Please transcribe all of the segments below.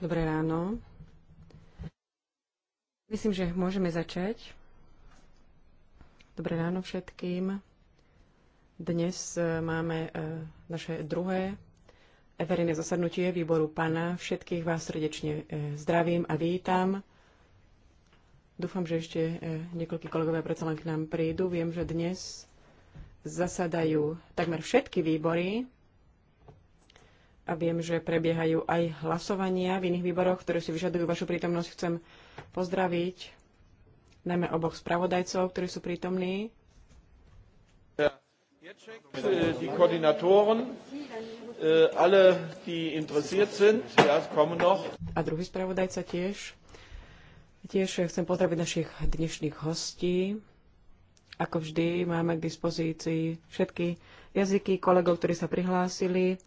Dobré ráno. Myslím, že môžeme začať. Dobré ráno všetkým. Dnes e, máme e, naše druhé verejné zasadnutie výboru pana. Všetkých vás srdečne e, zdravím a vítam. Dúfam, že ešte e, niekoľkí kolegovia predsa len k nám prídu. Viem, že dnes zasadajú takmer všetky výbory a viem, že prebiehajú aj hlasovania v iných výboroch, ktoré si vyžadujú vašu prítomnosť. Chcem pozdraviť najmä oboch spravodajcov, ktorí sú prítomní. Äh, die Koordinatoren, äh, alle, die interessiert sind, ja, kommen noch. A druhý spravodajca tiež Tiež chcem pozdraviť našich dnešných hostí. Ako vždy máme k dispozícii všetky jazyky kolegov, ktorí sa prihlásili.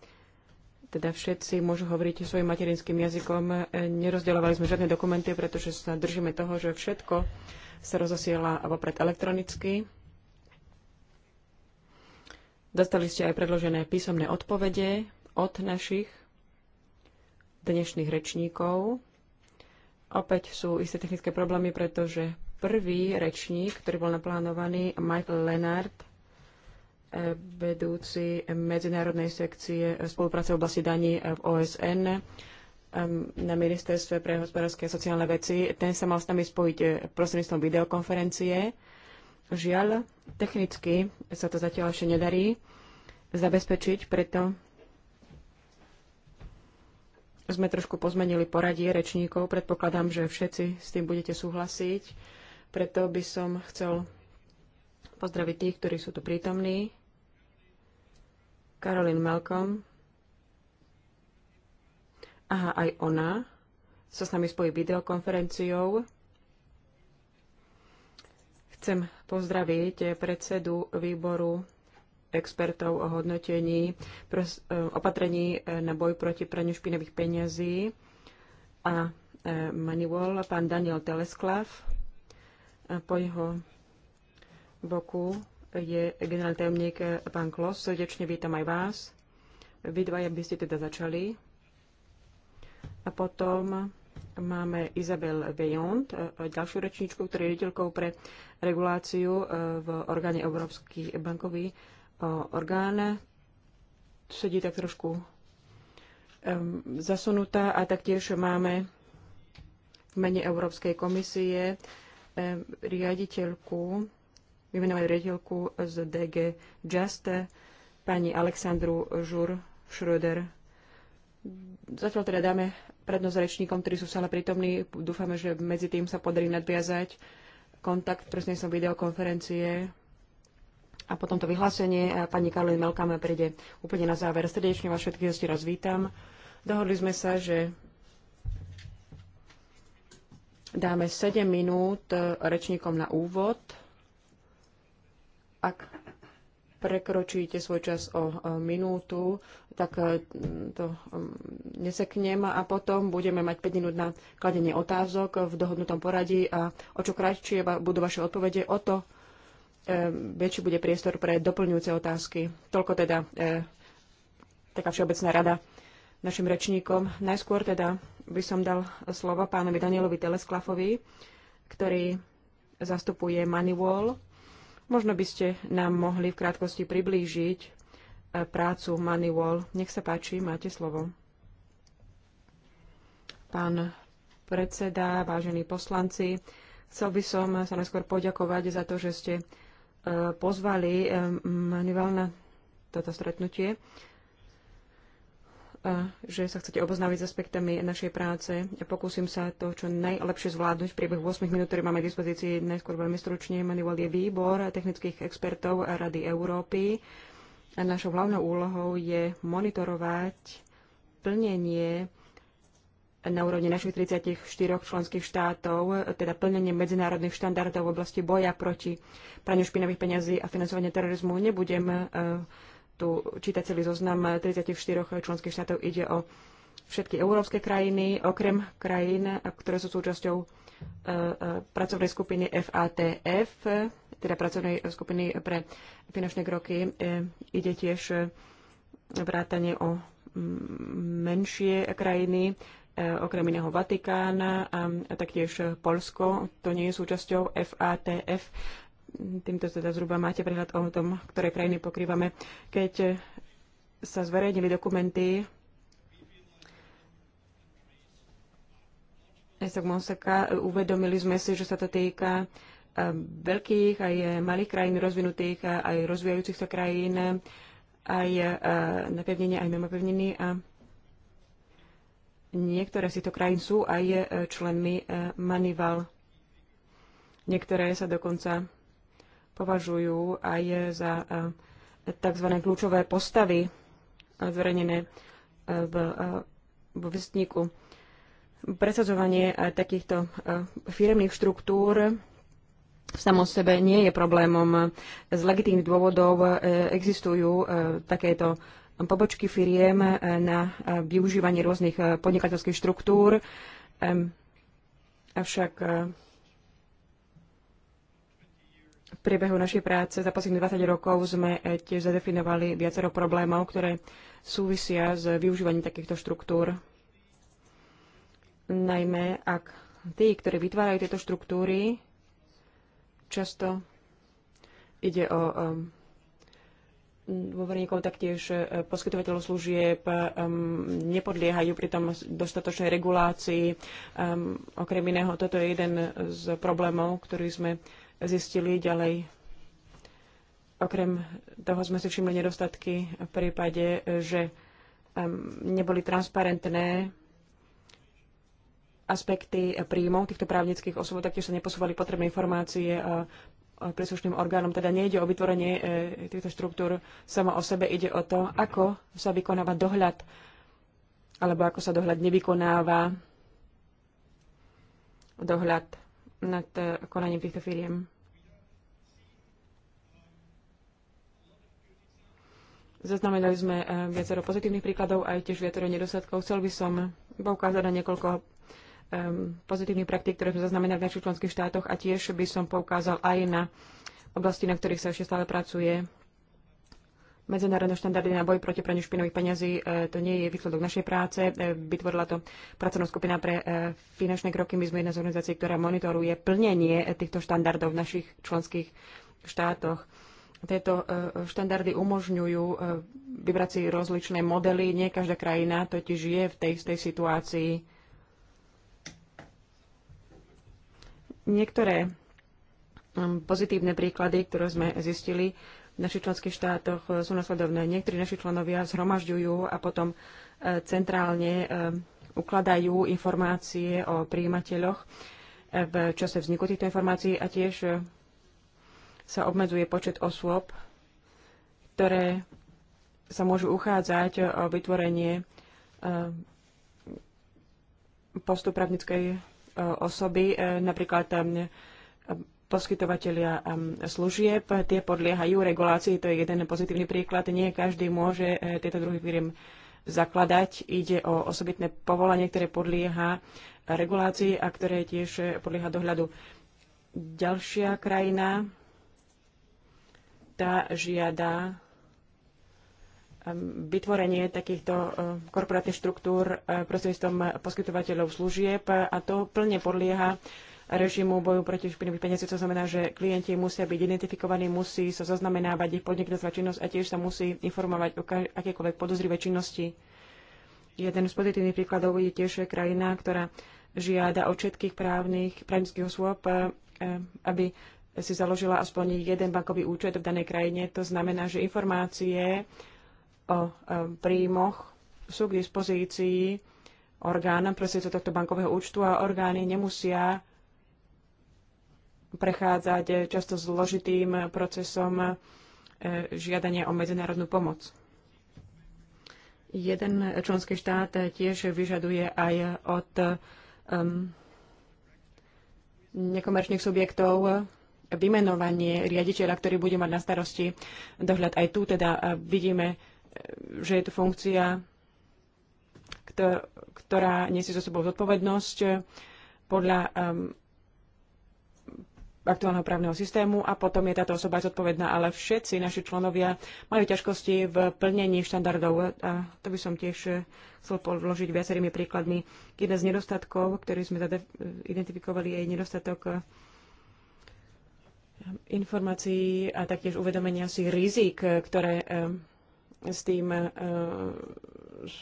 Teda všetci môžu hovoriť svojim materinským jazykom. Nerozdeľovali sme žiadne dokumenty, pretože sa držíme toho, že všetko sa rozosiela opred elektronicky. Dostali ste aj predložené písomné odpovede od našich dnešných rečníkov. Opäť sú isté technické problémy, pretože prvý rečník, ktorý bol naplánovaný, Michael Lenard, eh, vedúci medzinárodnej sekcie spolupráce v oblasti daní eh, v OSN eh, na Ministerstve pre hospodárske a sociálne veci. Ten sa mal s nami spojiť prostredníctvom videokonferencie. Žiaľ, technicky sa to zatiaľ ešte nedarí zabezpečiť, preto sme trošku pozmenili poradie rečníkov. Predpokladám, že všetci s tým budete súhlasiť. Preto by som chcel pozdraviť tých, ktorí sú tu prítomní. Karolín Malcolm. Aha, aj ona sa s nami spojí videokonferenciou. Chcem pozdraviť predsedu výboru expertov o hodnotení e, opatrení e, na boj proti praniu špinavých peňazí a e, Maniwol, pán Daniel Telesklav. Po jeho boku je generálny tajomník pán Klos. Srdečne vítam aj vás. Vy dvaja by ste teda začali. A potom máme Izabel Vejont, ďalšiu rečníčku, ktorá je riaditeľkou pre reguláciu v orgáne Európsky bankový orgán sedí tak trošku zasunutá a taktiež máme v mene Európskej komisie riaditeľku, vymenovať riaditeľku z DG Just, pani Alexandru Žur Schröder. Zatiaľ teda dáme prednosť rečníkom, ktorí sú stále prítomní. Dúfame, že medzi tým sa podarí nadviazať kontakt presne som videokonferencie a potom to vyhlásenie e, pani Karolín Melkáme príde úplne na záver. Srdečne vás všetkých hosti raz vítam. Dohodli sme sa, že dáme 7 minút e, rečníkom na úvod. Ak prekročíte svoj čas o minútu, tak e, to neseknem a potom budeme mať 5 minút na kladenie otázok v dohodnutom poradí a o čo kratšie budú vaše odpovede, o to Ehm, väčší bude priestor pre doplňujúce otázky. Toľko teda ehm, taká všeobecná rada našim rečníkom. Najskôr teda by som dal slovo pánovi Danielovi Telesklafovi, ktorý zastupuje Moneywall. Možno by ste nám mohli v krátkosti priblížiť e, prácu Moneywall. Nech sa páči, máte slovo. Pán predseda, vážení poslanci, chcel by som sa najskôr poďakovať za to, že ste E, pozvali e, Manuel na toto stretnutie, e, že sa chcete oboznámiť s aspektami našej práce. Ja pokúsim sa to čo najlepšie zvládnuť v priebehu 8 minút, ktoré máme k dispozícii najskôr veľmi stručne. Manuel je výbor technických expertov Rady Európy a našou hlavnou úlohou je monitorovať plnenie na úrovni našich 34 členských štátov, teda plnenie medzinárodných štandardov v oblasti boja proti praniu špinavých peňazí a financovania terorizmu. Nebudem e, tu čítať celý zoznam 34 členských štátov. Ide o všetky európske krajiny, okrem krajín, ktoré sú súčasťou e, e, pracovnej skupiny FATF, teda pracovnej skupiny pre finančné kroky. Ide tiež vrátanie o menšie krajiny, Eh, okrem iného Vatikána a taktiež Polsko. To nie je súčasťou FATF. Týmto teda zhruba máte prehľad o tom, ktoré krajiny pokrývame. Keď sa zverejnili dokumenty Esok Monseka, uvedomili sme si, že sa to týka eh, veľkých aj malých krajín, rozvinutých aj rozvíjajúcich sa krajín, aj eh, napevnenie, aj mimo a Niektoré z týchto krajín sú aj e, členmi e, Manival. Niektoré sa dokonca považujú aj za e, tzv. kľúčové postavy zverejnené v, v vestníku. Presadzovanie takýchto firemných štruktúr v samo sebe nie je problémom. Z legitímnych dôvodov existujú takéto pobočky firiem eh, na eh, využívanie rôznych eh, podnikateľských štruktúr. Avšak v priebehu našej práce za posledných 20 rokov sme tiež zadefinovali viacero problémov, ktoré súvisia s využívaním takýchto štruktúr. Najmä ak tí, ktorí vytvárajú tieto štruktúry, často ide o, o verejníkov taktiež e, poskytovateľov služieb nepodliehajú pri tom dostatočnej regulácii. Okrem iného, toto je jeden z problémov, ktorý sme zistili ďalej. Okrem toho sme si všimli nedostatky v prípade, že neboli transparentné aspekty príjmov týchto právnických osôb, taktiež sa neposúvali potrebné informácie príslušným orgánom. Teda nejde o vytvorenie e, týchto štruktúr samo o sebe, ide o to, ako sa vykonáva dohľad alebo ako sa dohľad nevykonáva dohľad nad e, konaním týchto firiem. Zaznamenali sme e, viacero pozitívnych príkladov aj tiež viacero nedostatkov. Chcel by som poukázať na niekoľko Um, pozitívnych praktík, ktoré sme zaznamenali v našich členských štátoch a tiež by som poukázal aj na oblasti, na ktorých sa ešte stále pracuje. Medzinárodné štandardy na boj proti praniu špinových peňazí, e, to nie je výsledok našej práce. E, vytvorila to pracovná skupina pre e, finančné kroky. My sme jedna z organizácií, ktorá monitoruje plnenie týchto štandardov v našich členských štátoch. Tieto štandardy umožňujú vybrať si rozličné modely. Nie každá krajina totiž je v tej istej situácii Niektoré um, pozitívne príklady, ktoré sme zistili v našich členských štátoch, uh, sú nasledovné. Niektorí naši členovia zhromažďujú a potom uh, centrálne uh, ukladajú informácie o príjimateľoch v čase vzniku týchto informácií a tiež sa obmedzuje počet osôb, ktoré sa môžu uchádzať o vytvorenie postupravnickej osoby, e, napríklad e, poskytovateľia e, služieb, tie podliehajú regulácii, to je jeden pozitívny príklad. Nie každý môže tieto druhy firiem zakladať. Ide o osobitné povolanie, ktoré podlieha regulácii a ktoré tiež podlieha dohľadu. Ďalšia krajina, tá žiada vytvorenie takýchto eh, korporátnych štruktúr eh, prostredstvom poskytovateľov služieb a to plne podlieha režimu boju proti špinavým peniazí. To znamená, že klienti musia byť identifikovaní, musí sa zaznamenávať ich podnikateľská činnosť a tiež sa musí informovať o akékoľvek podozrivé činnosti. Jeden z pozitívnych príkladov je tiež krajina, ktorá žiada od všetkých právnych, právnických osôb, eh, aby si založila aspoň jeden bankový účet v danej krajine. To znamená, že informácie o e, príjmoch sú k dispozícii orgánom prostredníctvom tohto bankového účtu a orgány nemusia prechádzať e, často zložitým e, procesom žiadania o medzinárodnú pomoc. Jeden členský štát tiež vyžaduje aj od um, nekomerčných subjektov vymenovanie riaditeľa, ktorý bude mať na starosti dohľad. Aj tu teda vidíme že je to funkcia, ktorá nesie so sebou zodpovednosť podľa um, aktuálneho právneho systému a potom je táto osoba zodpovedná, ale všetci naši členovia majú ťažkosti v plnení štandardov. A to by som tiež chcel vložiť viacerými príkladmi. Jeden z nedostatkov, ktorý sme identifikovali, je nedostatok um, informácií a taktiež uvedomenia si rizik, ktoré um, s tým e,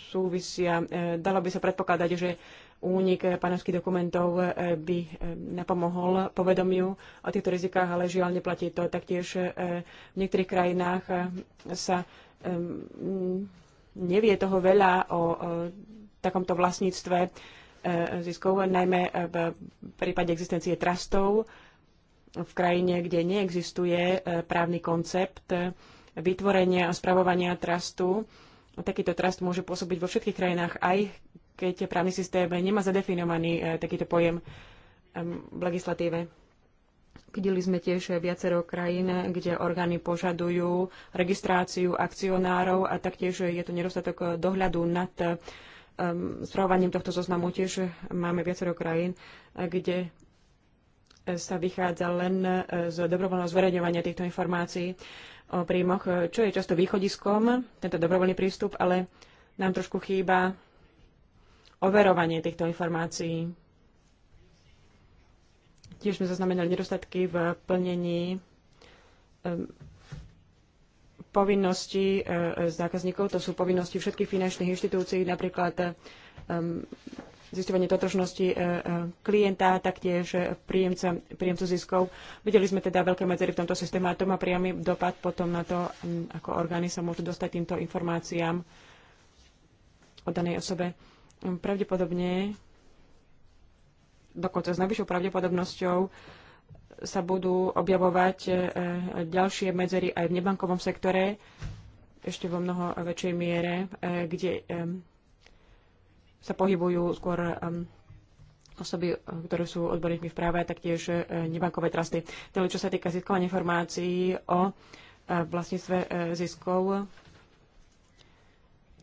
súvisia. E, dalo by sa predpokladať, že únik panovských dokumentov e, by napomohol povedomiu o týchto rizikách, ale žiaľ neplatí to. Taktiež v niektorých krajinách sa nevie toho veľa o takomto vlastníctve ziskov, najmä v prípade existencie trastov v krajine, kde neexistuje právny koncept vytvorenia a spravovania trastu. Takýto trast môže pôsobiť vo všetkých krajinách, aj keď právny systém nemá zadefinovaný eh, takýto pojem v legislatíve. Videli sme tiež viacero krajín, kde orgány požadujú registráciu akcionárov a taktiež je to nedostatok dohľadu nad spravovaním tohto zoznamu. Tiež máme viacero krajín, kde sa vychádza len eh, z dobrovoľného zverejňovania týchto informácií o príjmoch, čo je často východiskom, tento dobrovoľný prístup, ale nám trošku chýba overovanie týchto informácií. Tiež sme zaznamenali nedostatky v plnení povinnosti e, zákazníkov, to sú povinnosti všetkých finančných inštitúcií, napríklad zistovanie totožnosti e, e, klienta, taktiež príjemca, príjemcu ziskov. Videli sme teda veľké medzery v tomto systéme a to má priamy dopad potom na to, ako orgány sa môžu dostať týmto informáciám o danej osobe. Pravdepodobne, dokonca s najvyššou pravdepodobnosťou, sa budú objavovať e, ďalšie medzery aj v nebankovom sektore, ešte vo mnoho väčšej miere, kde sa pohybujú skôr um, osoby, um, ktoré sú odborníkmi v práve, taktiež e, nebankové trusty. Ďalej, čo sa týka získovania informácií o e, vlastníctve e, ziskov,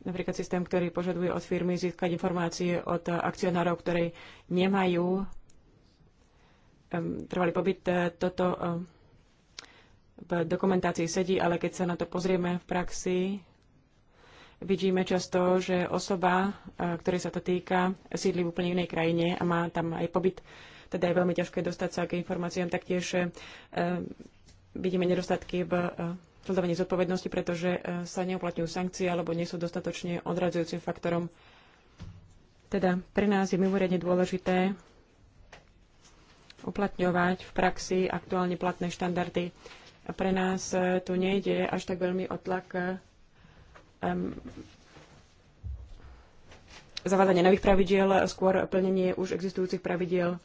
napríklad systém, ktorý požaduje od firmy získať informácie od akcionárov, ktorí nemajú trvalý pobyt, toto v dokumentácii sedí, ale keď sa na to pozrieme v praxi, Vidíme často, že osoba, e, ktorej sa to týka, sídli v úplne inej krajine a má tam aj pobyt, teda je veľmi ťažké dostať sa k informáciám. Taktiež e, vidíme nedostatky v e, sledovaní zodpovednosti, pretože sa neuplatňujú sankcie alebo nie sú dostatočne odradzujúcim faktorom. Teda pre nás je mimoriadne dôležité uplatňovať v praxi aktuálne platné štandardy. Pre nás tu nejde až tak veľmi o tlak zavádzanie nových pravidiel, skôr plnenie už existujúcich pravidiel.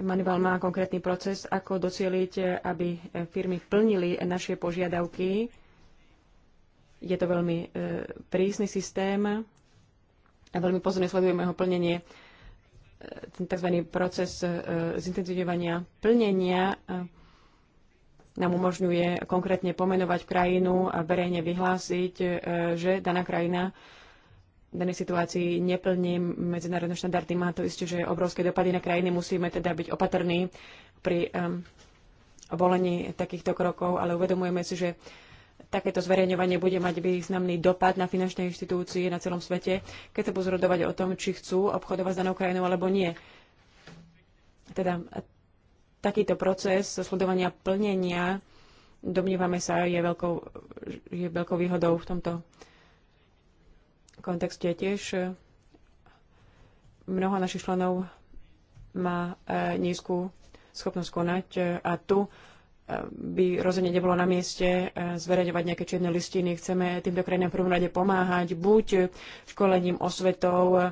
Manival má konkrétny proces, ako docieliť, aby firmy plnili naše požiadavky. Je to veľmi e, prísny systém a veľmi pozorne sledujeme jeho plnenie. E, ten tzv. proces e, zintenzívania plnenia nám umožňuje konkrétne pomenovať krajinu a verejne vyhlásiť, e, že daná krajina v danej situácii neplní medzinárodné štandardy. Má to isté, že obrovské dopady na krajiny. Musíme teda byť opatrní pri um, volení takýchto krokov, ale uvedomujeme si, že takéto zverejňovanie bude mať významný dopad na finančné inštitúcie na celom svete, keď sa pozorovať o tom, či chcú obchodovať s danou krajinou alebo nie. Teda takýto proces sledovania plnenia, domnívame sa, je veľkou, je veľkou výhodou v tomto kontexte tiež. E, mnoho našich členov má e, nízku schopnosť konať e, a tu by rozhodne nebolo na mieste zverejňovať nejaké čierne listiny. Chceme týmto krajinám v prvom rade pomáhať buď školením, osvetov.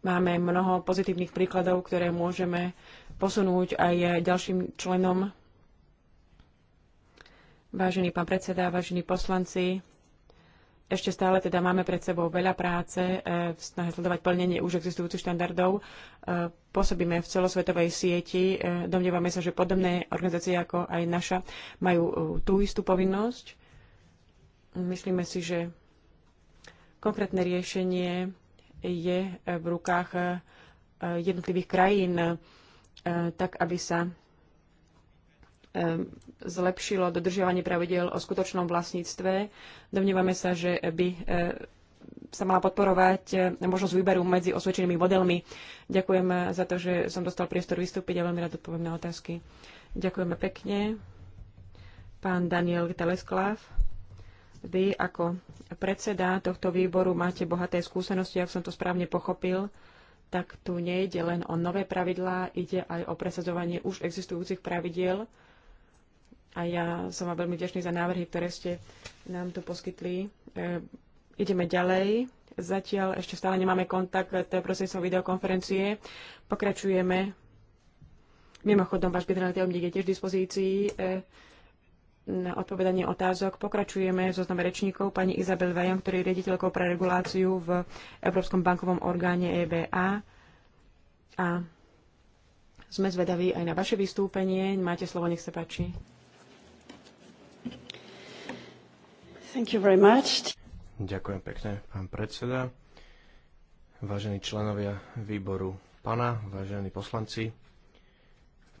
Máme mnoho pozitívnych príkladov, ktoré môžeme posunúť aj ďalším členom. Vážený pán predseda, vážení poslanci, ešte stále teda máme pred sebou veľa práce e, v snahe sledovať plnenie už existujúcich štandardov. E, pôsobíme v celosvetovej sieti. E, domnievame sa, že podobné organizácie ako aj naša majú tú istú povinnosť. Myslíme si, že konkrétne riešenie je v rukách eh, eh, jednotlivých krajín, eh, tak aby sa zlepšilo dodržiavanie pravidel o skutočnom vlastníctve. Domnievame sa, že by sa mala podporovať možnosť výberu medzi osvedčenými modelmi. Ďakujem za to, že som dostal priestor vystúpiť a veľmi rád odpoviem na otázky. Ďakujeme pekne. Pán Daniel Telesklav. Vy ako predseda tohto výboru máte bohaté skúsenosti, ak som to správne pochopil, tak tu nejde len o nové pravidlá, ide aj o presadzovanie už existujúcich pravidiel. A ja som vám veľmi vďačný za návrhy, ktoré ste nám tu poskytli. E, ideme ďalej. Zatiaľ ešte stále nemáme kontakt prostredstvom videokonferencie. Pokračujeme. Mimochodom, váš generálny tajomník je tiež v dispozícii. E, na odpovedanie otázok. Pokračujeme so zozname rečníkov pani Izabel Vajon, ktorý je riaditeľkou pre reguláciu v Európskom bankovom orgáne EBA. A sme zvedaví aj na vaše vystúpenie. Máte slovo, nech sa páči. Thank you very much. Ďakujem pekne, pán predseda. Vážení členovia výboru pana, vážení poslanci,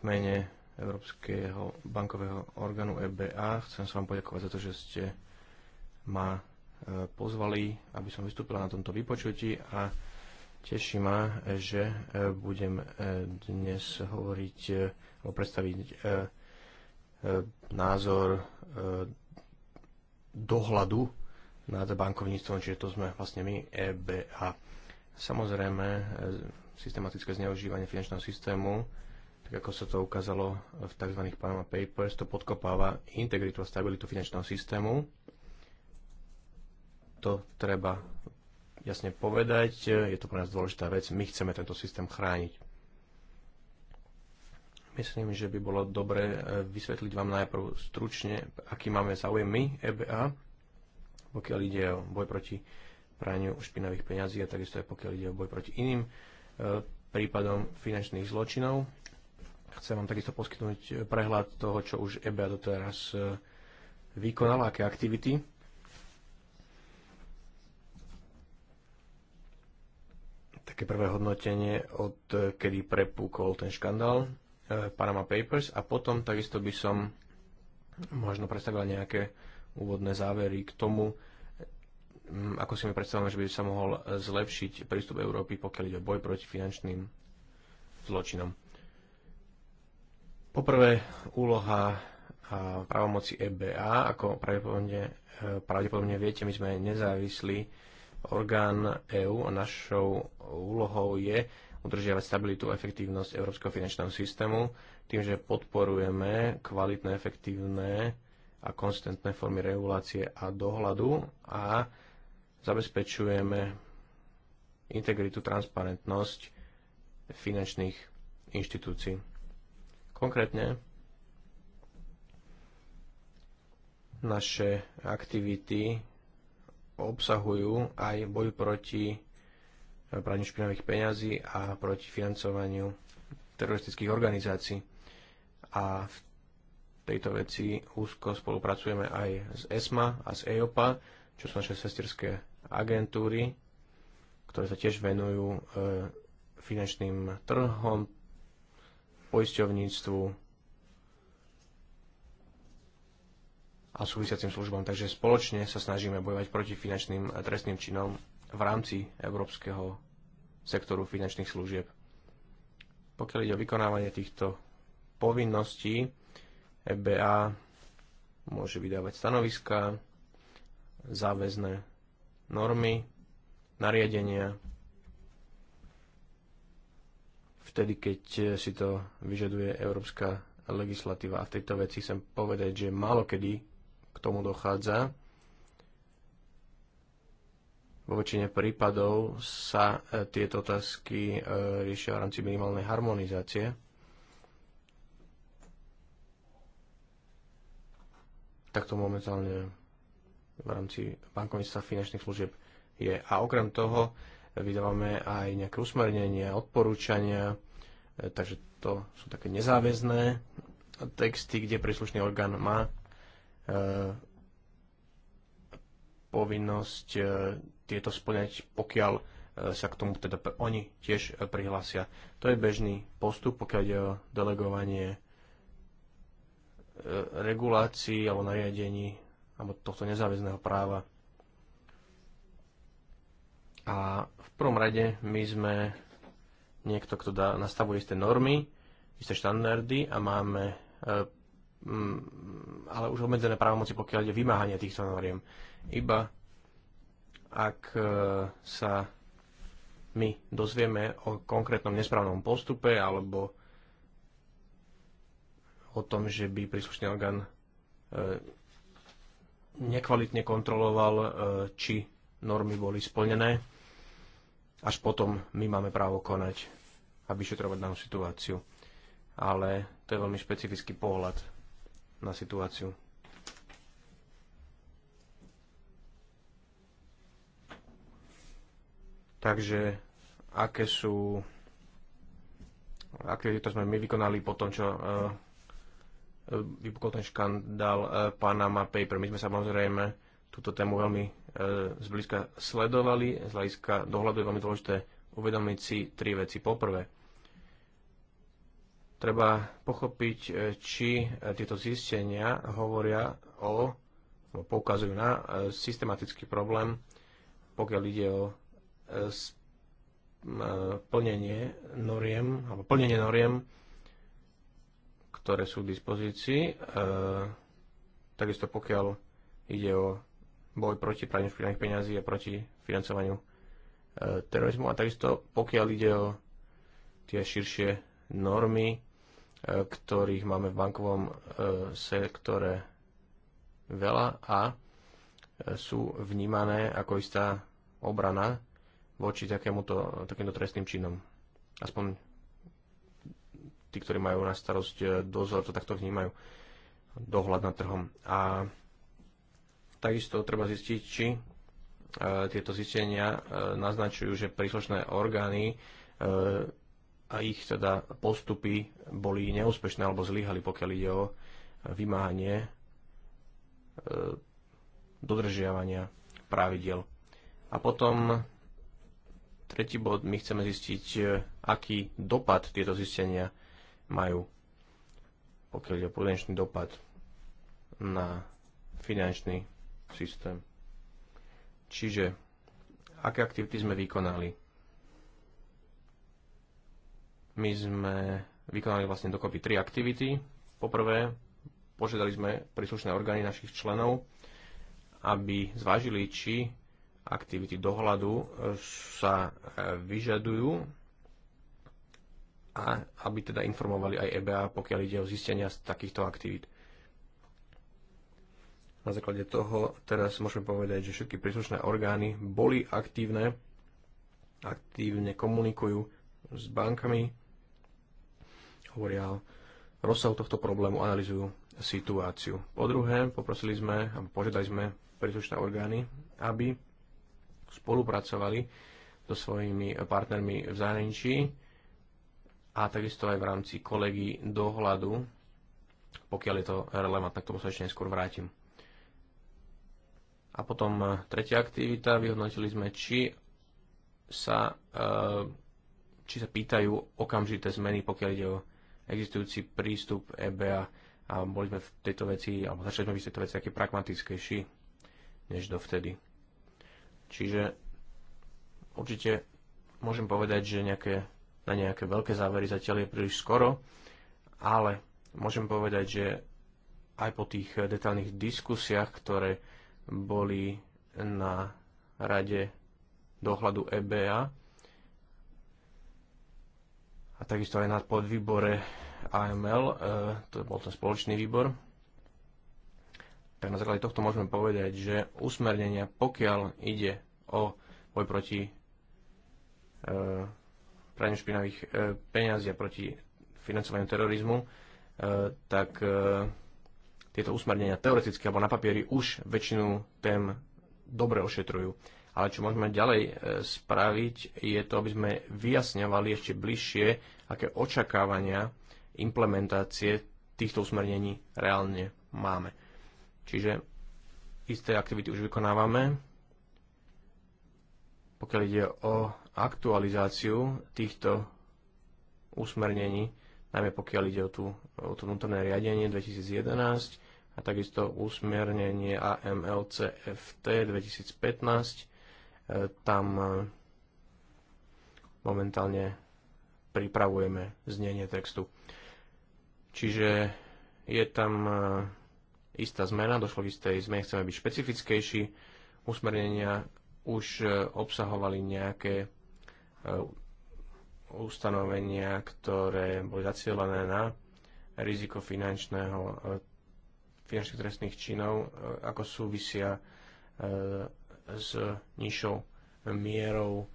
v mene Európskeho bankového orgánu EBA. Chcem sa vám poďakovať za to, že ste ma e, pozvali, aby som vystúpila na tomto vypočutí a teší ma, že e, budem e, dnes hovoriť alebo predstaviť názor dohľadu nad bankovníctvom, čiže to sme vlastne my EBA. Samozrejme, systematické zneužívanie finančného systému tak ako sa to ukázalo v tzv. Panama Papers, to podkopáva integritu a stabilitu finančného systému. To treba jasne povedať, je to pre nás dôležitá vec, my chceme tento systém chrániť. Myslím, že by bolo dobre eh, vysvetliť vám najprv stručne, aký máme záujem my, EBA, pokiaľ ide o boj proti praniu špinavých peňazí a takisto aj pokiaľ ide o boj proti iným eh, prípadom finančných zločinov Chcem vám takisto poskytnúť prehľad toho, čo už EBA doteraz e, vykonala, aké aktivity. Také prvé hodnotenie, od e, kedy prepúkol ten škandál e, Panama Papers a potom takisto by som možno predstavila nejaké úvodné závery k tomu, ako si mi predstavujeme, že by sa mohol zlepšiť prístup Európy, pokiaľ ide o boj proti finančným zločinom. Poprvé úloha a právomoci EBA, ako pravdepodobne, e, pravdepodobne viete, my sme nezávislí orgán EÚ a našou úlohou je udržiavať stabilitu a efektívnosť európskeho finančného systému tým, že podporujeme kvalitné, efektívne a konstantné formy regulácie a dohľadu a zabezpečujeme integritu, transparentnosť finančných inštitúcií. Konkrétne naše aktivity obsahujú aj boj proti eh, praniu špinavých peňazí a proti financovaniu teroristických organizácií. A v tejto veci úzko spolupracujeme aj s ESMA a s EOPA, čo sú naše sesterské agentúry, ktoré sa tiež venujú eh, finančným trhom, poisťovníctvu a súvisiacim službám. Takže spoločne sa snažíme bojovať proti finančným a trestným činom v rámci európskeho sektoru finančných služieb. Pokiaľ ide o vykonávanie týchto povinností, EBA môže vydávať stanoviska, záväzné normy, nariadenia vtedy, keď e, si to vyžaduje európska legislatíva. A v tejto veci chcem povedať, že málo kedy k tomu dochádza. Vo väčšine prípadov sa e, tieto otázky e, riešia v rámci minimálnej harmonizácie. Takto momentálne v rámci bankovníctva finančných služieb je. A okrem toho, vydávame aj nejaké usmernenia, odporúčania, e, takže to sú také nezáväzné texty, kde príslušný orgán má e, povinnosť e, tieto splňať, pokiaľ sa k tomu teda oni tiež prihlásia. To je bežný postup, pokiaľ ide o delegovanie regulácií alebo nariadení alebo tohto nezáväzného práva a v prvom rade my sme niekto, kto dá, nastavuje isté normy, isté štandardy a máme e, m, ale už obmedzené právomoci, pokiaľ ide vymáhanie týchto noriem. Iba ak e, sa my dozvieme o konkrétnom nesprávnom postupe alebo o tom, že by príslušný orgán e, nekvalitne kontroloval, e, či normy boli splnené. Až potom my máme právo konať a vyšetrovať danú situáciu. Ale to je veľmi špecifický pohľad na situáciu. Takže aké sú aktivity, ktoré sme my vykonali po tom, čo uh, vypukol ten škandál uh, Panama Paper. My sme samozrejme túto tému veľmi E, zblízka sledovali. Z hľadiska dohľadu je veľmi dôležité uvedomiť si tri veci. Poprvé, treba pochopiť, e, či e, tieto zistenia hovoria o, poukazujú na systematický problém, pokiaľ ide o plnenie noriem, alebo plnenie noriem, ktoré sú k dispozícii. Takisto pokiaľ ide o boj proti praniu špinavých peňazí a proti financovaniu e, terorizmu. A takisto, pokiaľ ide o tie širšie normy, e, ktorých máme v bankovom e, sektore veľa a e, sú vnímané ako istá obrana voči takémuto, takýmto trestným činom. Aspoň tí, ktorí majú na starosť e, dozor, to takto vnímajú dohľad nad trhom. A Takisto treba zistiť, či e, tieto zistenia e, naznačujú, že príslušné orgány e, a ich teda postupy boli neúspešné alebo zlyhali, pokiaľ ide o vymáhanie dodržiavania pravidel. A potom tretí bod, my chceme zistiť, aký dopad tieto zistenia majú, pokiaľ je o dopad na finančný systém. Čiže, aké aktivity sme vykonali? My sme vykonali vlastne dokopy tri aktivity. Poprvé, požiadali sme príslušné orgány našich členov, aby zvážili, či aktivity dohľadu sa e, vyžadujú a aby teda informovali aj EBA, pokiaľ ide o zistenia z takýchto aktivít. Na základe toho teraz môžeme povedať, že všetky príslušné orgány boli aktívne, aktívne komunikujú s bankami, hovoria rozsahu tohto problému, analizujú situáciu. Po druhé, poprosili sme, a požiadali sme príslušné orgány, aby spolupracovali so svojimi partnermi v zahraničí a takisto aj v rámci kolegy dohľadu, pokiaľ je to relevantné, k tomu sa ešte neskôr vrátim. A potom e, tretia aktivita, vyhodnotili sme, či sa, e, či sa pýtajú okamžité zmeny, pokiaľ ide o existujúci prístup EBA a boli sme v tejto veci, alebo začali sme byť v tejto veci také pragmatickejší než dovtedy. Čiže určite môžem povedať, že nejaké, na nejaké veľké závery zatiaľ je príliš skoro, ale môžem povedať, že aj po tých detailných diskusiách, ktoré boli na rade dohľadu EBA a takisto aj na podvýbore AML, e, to bol ten spoločný výbor. Tak na základe tohto môžeme povedať, že usmernenia, pokiaľ ide o boj proti e, praniu špinavých e, peňazí a proti financovaniu terorizmu, tak tieto usmernenia teoreticky alebo na papieri už väčšinu tém dobre ošetrujú. Ale čo môžeme ďalej e, spraviť, je to, aby sme vyjasňovali ešte bližšie, aké očakávania implementácie týchto usmernení reálne máme. Čiže isté aktivity už vykonávame. Pokiaľ ide o aktualizáciu týchto usmernení, najmä pokiaľ ide o, tú, o to vnútorné riadenie 2011 a takisto usmernenie AMLCFT 2015. E, tam e, momentálne pripravujeme znenie textu. Čiže je tam e, istá zmena, došlo k istej zmene, chceme byť špecifickejší, usmernenia už obsahovali nejaké ustanovenia, ktoré boli zacielené na riziko finančného, e, finančných trestných činov, e, ako súvisia e, s nižšou mierou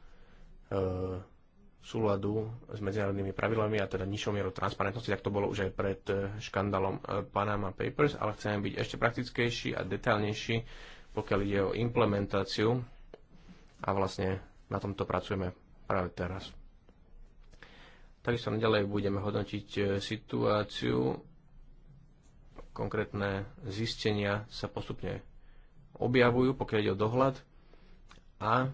súladu s medzinárodnými pravidlami a teda nižšou mierou transparentnosti, tak to bolo už aj pred škandalom Panama Papers, ale chceme byť ešte praktickejší a detailnejší, pokiaľ ide o implementáciu a vlastne na tomto pracujeme práve teraz. Takisto naďalej budeme hodnotiť e, situáciu. Konkrétne zistenia sa postupne objavujú, pokiaľ ide o dohľad. A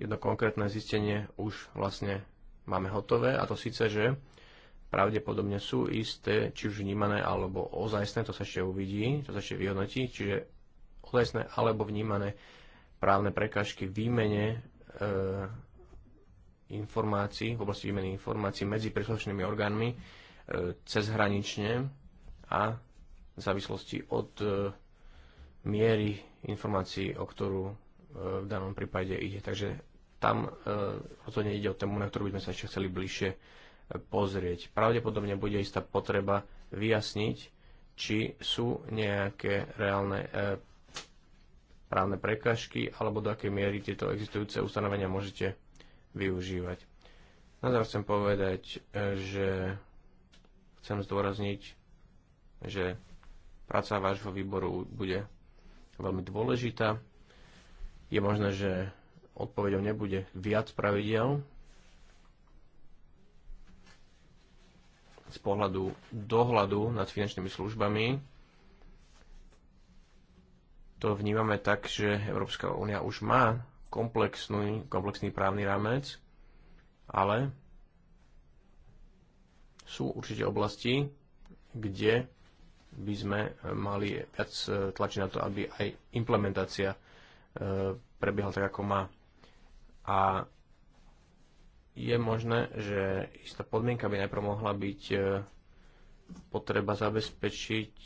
jedno konkrétne zistenie už vlastne máme hotové, a to síce, že pravdepodobne sú isté, či už vnímané alebo ozajstné, to sa ešte uvidí, to sa ešte vyhodnotí, čiže ozajstné alebo vnímané právne prekážky v výmene e, informácií, v oblasti výmeny informácií medzi príslušnými orgánmi e, cezhranične a v závislosti od e, miery informácií, o ktorú v danom prípade ide. Takže tam rozhodne ide o tému, na ktorú by sme sa ešte chceli bližšie pozrieť. Pravdepodobne bude istá potreba vyjasniť, či sú nejaké reálne právne prekažky alebo do akej miery tieto existujúce ustanovenia môžete využívať. Na záver chcem povedať, e, že chcem zdôrazniť, že práca vášho výboru bude veľmi dôležitá. Je možné, že odpovedou nebude viac pravidel z pohľadu dohľadu nad finančnými službami, to vnímame tak, že Európska únia už má komplexný, komplexný právny rámec, ale sú určite oblasti, kde by sme mali viac e, tlačiť na to, aby aj implementácia e, prebiehala tak, ako má. A je možné, že istá podmienka by najprv mohla byť e, potreba zabezpečiť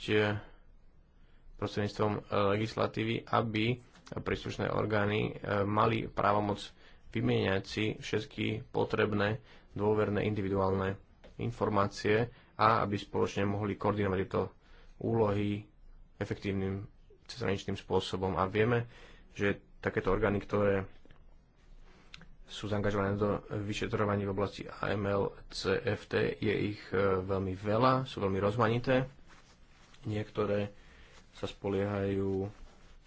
prostredníctvom e, legislatívy, aby príslušné orgány e, mali právomoc vymieňať si všetky potrebné dôverné individuálne informácie a aby spoločne mohli koordinovať tieto úlohy efektívnym cezhraničným spôsobom. A vieme, že takéto orgány, ktoré sú zaangažované do vyšetrovaní v oblasti AML, CFT, je ich e, veľmi veľa, sú veľmi rozmanité. Niektoré sa spoliehajú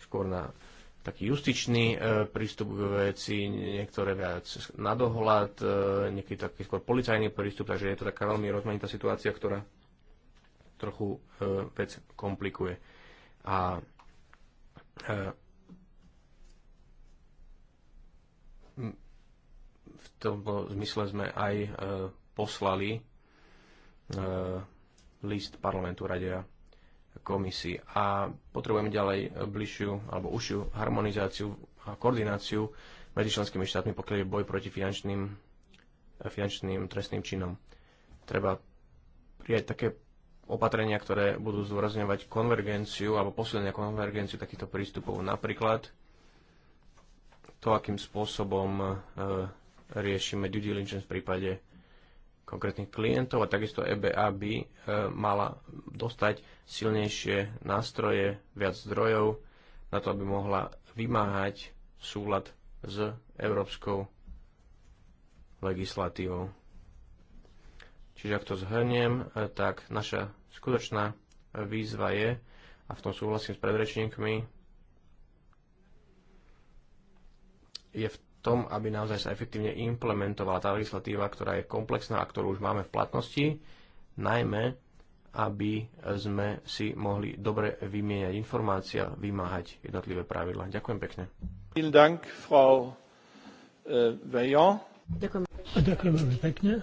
skôr na taký justičný e, prístup k veci, niektoré viac na dohľad, e, niekedy taký skôr policajný prístup, takže je to taká veľmi rozmanitá situácia, ktorá trochu e, vec komplikuje. A v tom zmysle sme aj poslali list parlamentu Radia komisí. A potrebujeme ďalej bližšiu alebo užšiu harmonizáciu a koordináciu medzi členskými štátmi, pokiaľ je boj proti finančným, finančným trestným činom. Treba prijať také opatrenia, ktoré budú zdôrazňovať konvergenciu alebo posilnenia konvergenciu takýchto prístupov. Napríklad to, akým spôsobom e, riešime due diligence v prípade konkrétnych klientov a takisto EBA by e, mala dostať silnejšie nástroje, viac zdrojov na to, aby mohla vymáhať súlad s európskou legislatívou. Čiže ak to zhrniem, e, tak naša skutočná výzva je, a v tom súhlasím s predrečníkmi, je v tom, aby naozaj sa efektívne implementovala tá legislatíva, ktorá je komplexná a ktorú už máme v platnosti, najmä aby sme si mohli dobre vymieňať informácia, vymáhať jednotlivé pravidla. Ďakujem pekne. Äh, Ďakujem. Ďakujem veľmi pekne.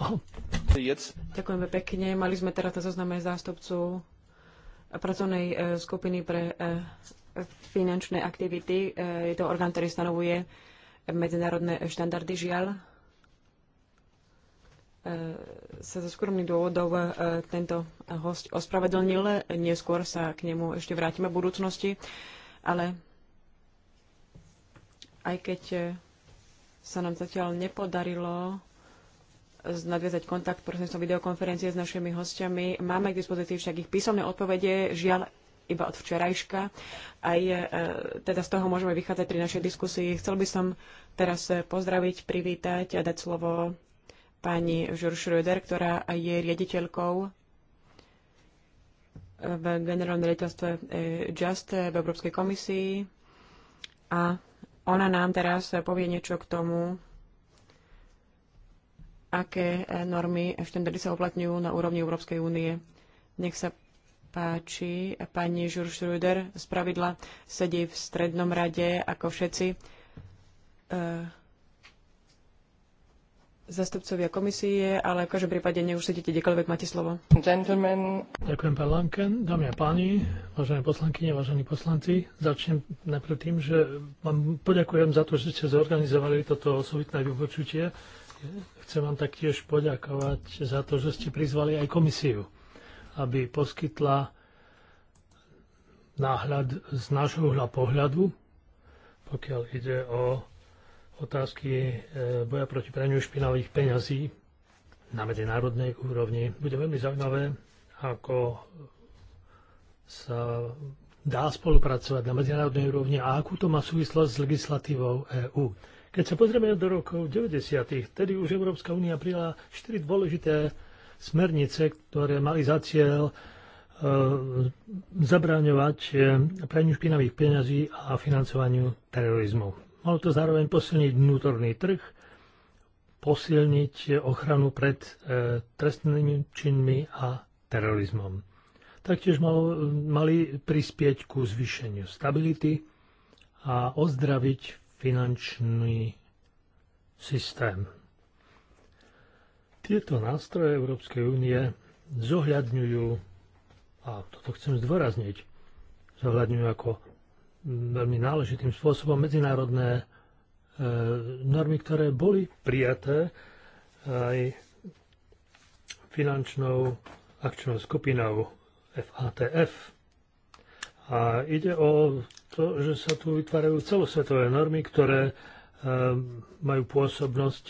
Oh. Ďakujem pekne. Mali sme teraz na zozname zástupcu pracovnej e, skupiny pre e, finančné aktivity. E, je to orgán, ktorý stanovuje medzinárodné štandardy žiaľ e, sa zo skromných dôvodov e, tento host ospravedlnil. Neskôr sa k nemu ešte vrátime v budúcnosti, ale aj keď e, sa nám zatiaľ nepodarilo nadviazať kontakt prostredníctvom videokonferencie s našimi hostiami. Máme k dispozícii však ich písomné odpovede. Žiaľ, iba od včerajška. Aj e, teda z toho môžeme vychádzať pri našej diskusii. Chcel by som teraz e, pozdraviť, privítať a dať slovo pani Žur Schröder, ktorá je riaditeľkou e, v generálnom riaditeľstve Just v Európskej komisii. A ona nám teraz povie niečo k tomu, aké normy štandardy sa uplatňujú na úrovni Európskej únie. Nech sa páči, pani Žuršruder z pravidla sedí v strednom rade, ako všetci. Eh, zastupcovia komisie, ale v každom prípade nech sedíte kdekoľvek, máte slovo. Gentlemen. Ďakujem, pán Lanken. Dámy a páni, vážené poslankyne, vážení poslanci, začnem najprv tým, že vám poďakujem za to, že ste zorganizovali toto osobitné vypočutie. Chcem vám taktiež poďakovať za to, že ste prizvali aj komisiu aby poskytla náhľad z nášho uhla pohľadu, pokiaľ ide o otázky e, boja proti praniu špinavých peňazí na medzinárodnej úrovni. Bude veľmi zaujímavé, ako sa dá spolupracovať na medzinárodnej úrovni a akú to má súvislosť s legislatívou EÚ. Keď sa pozrieme do rokov 90., vtedy už Európska únia prijala štyri dôležité smernice, ktoré mali za cieľ e, zabraňovať e, praniu špinavých peňazí a financovaniu terorizmu. Malo to zároveň posilniť vnútorný trh, posilniť ochranu pred e, trestnými činmi a terorizmom. Taktiež malo, mali prispieť ku zvýšeniu stability a ozdraviť finančný systém. Tieto nástroje Európskej únie zohľadňujú, a toto chcem zdôrazniť, zohľadňujú ako veľmi náležitým spôsobom medzinárodné e, normy, ktoré boli prijaté aj finančnou akčnou skupinou FATF. A ide o to, že sa tu vytvárajú celosvetové normy, ktoré e, majú pôsobnosť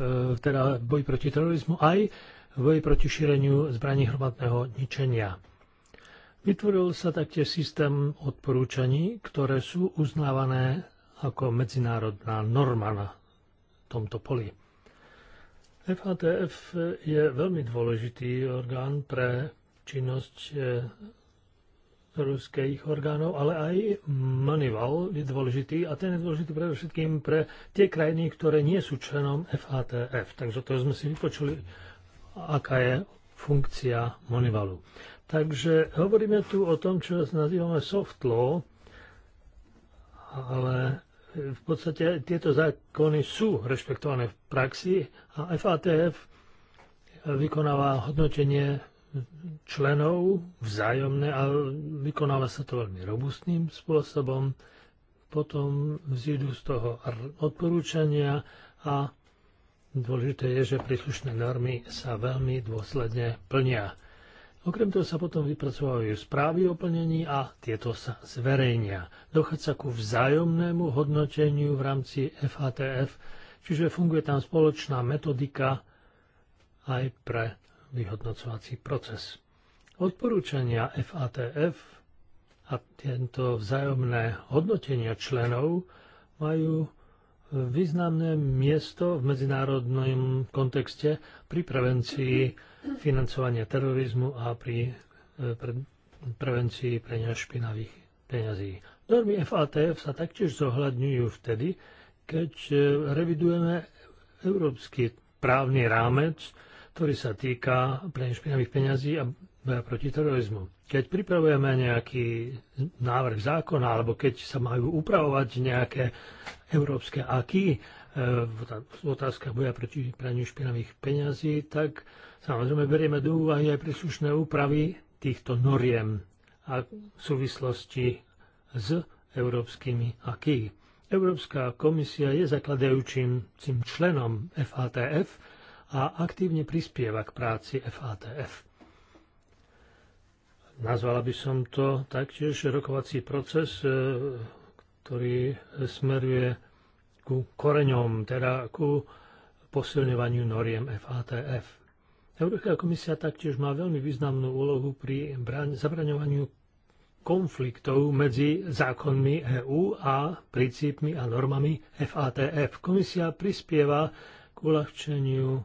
E, teda boj proti terorizmu, aj boj proti šíreniu zbraní hromadného ničenia. Vytvoril sa taktiež systém odporúčaní, ktoré sú uznávané ako medzinárodná norma na tomto poli. FATF je veľmi dôležitý orgán pre činnosť e, ruských orgánov, ale aj Manival je dôležitý a ten je dôležitý predovšetkým pre tie krajiny, ktoré nie sú členom FATF. Takže to sme si vypočuli, aká je funkcia Manivalu. Takže hovoríme tu o tom, čo nazývame soft law, ale v podstate tieto zákony sú rešpektované v praxi a FATF vykonáva hodnotenie členov vzájomné a vykonáva sa to veľmi robustným spôsobom. Potom vzídu z toho odporúčania a dôležité je, že príslušné normy sa veľmi dôsledne plnia. Okrem toho sa potom vypracovajú správy o plnení a tieto sa zverejnia. Dochádza ku vzájomnému hodnoteniu v rámci FATF, čiže funguje tam spoločná metodika aj pre vyhodnocovací proces. Odporúčania FATF a tento vzájomné hodnotenia členov majú významné miesto v medzinárodnom kontexte pri prevencii financovania terorizmu a pri e, prevencii prenia špinavých peňazí. Normy FATF sa taktiež zohľadňujú vtedy, keď e, revidujeme európsky právny rámec ktorý sa týka pre špinavých peňazí a boja proti terorizmu. Keď pripravujeme nejaký návrh zákona, alebo keď sa majú upravovať nejaké európske aky e, v otázkach boja proti praniu špinavých peňazí, tak samozrejme berieme do úvahy aj príslušné úpravy týchto noriem a v súvislosti s európskymi aky. Európska komisia je zakladajúcim členom FATF, a aktívne prispieva k práci FATF. Nazvala by som to taktiež rokovací proces, e, ktorý smeruje ku koreňom, teda ku posilňovaniu noriem FATF. Európska komisia taktiež má veľmi významnú úlohu pri zabraňovaniu konfliktov medzi zákonmi EÚ a princípmi a normami FATF. Komisia prispieva k uľahčeniu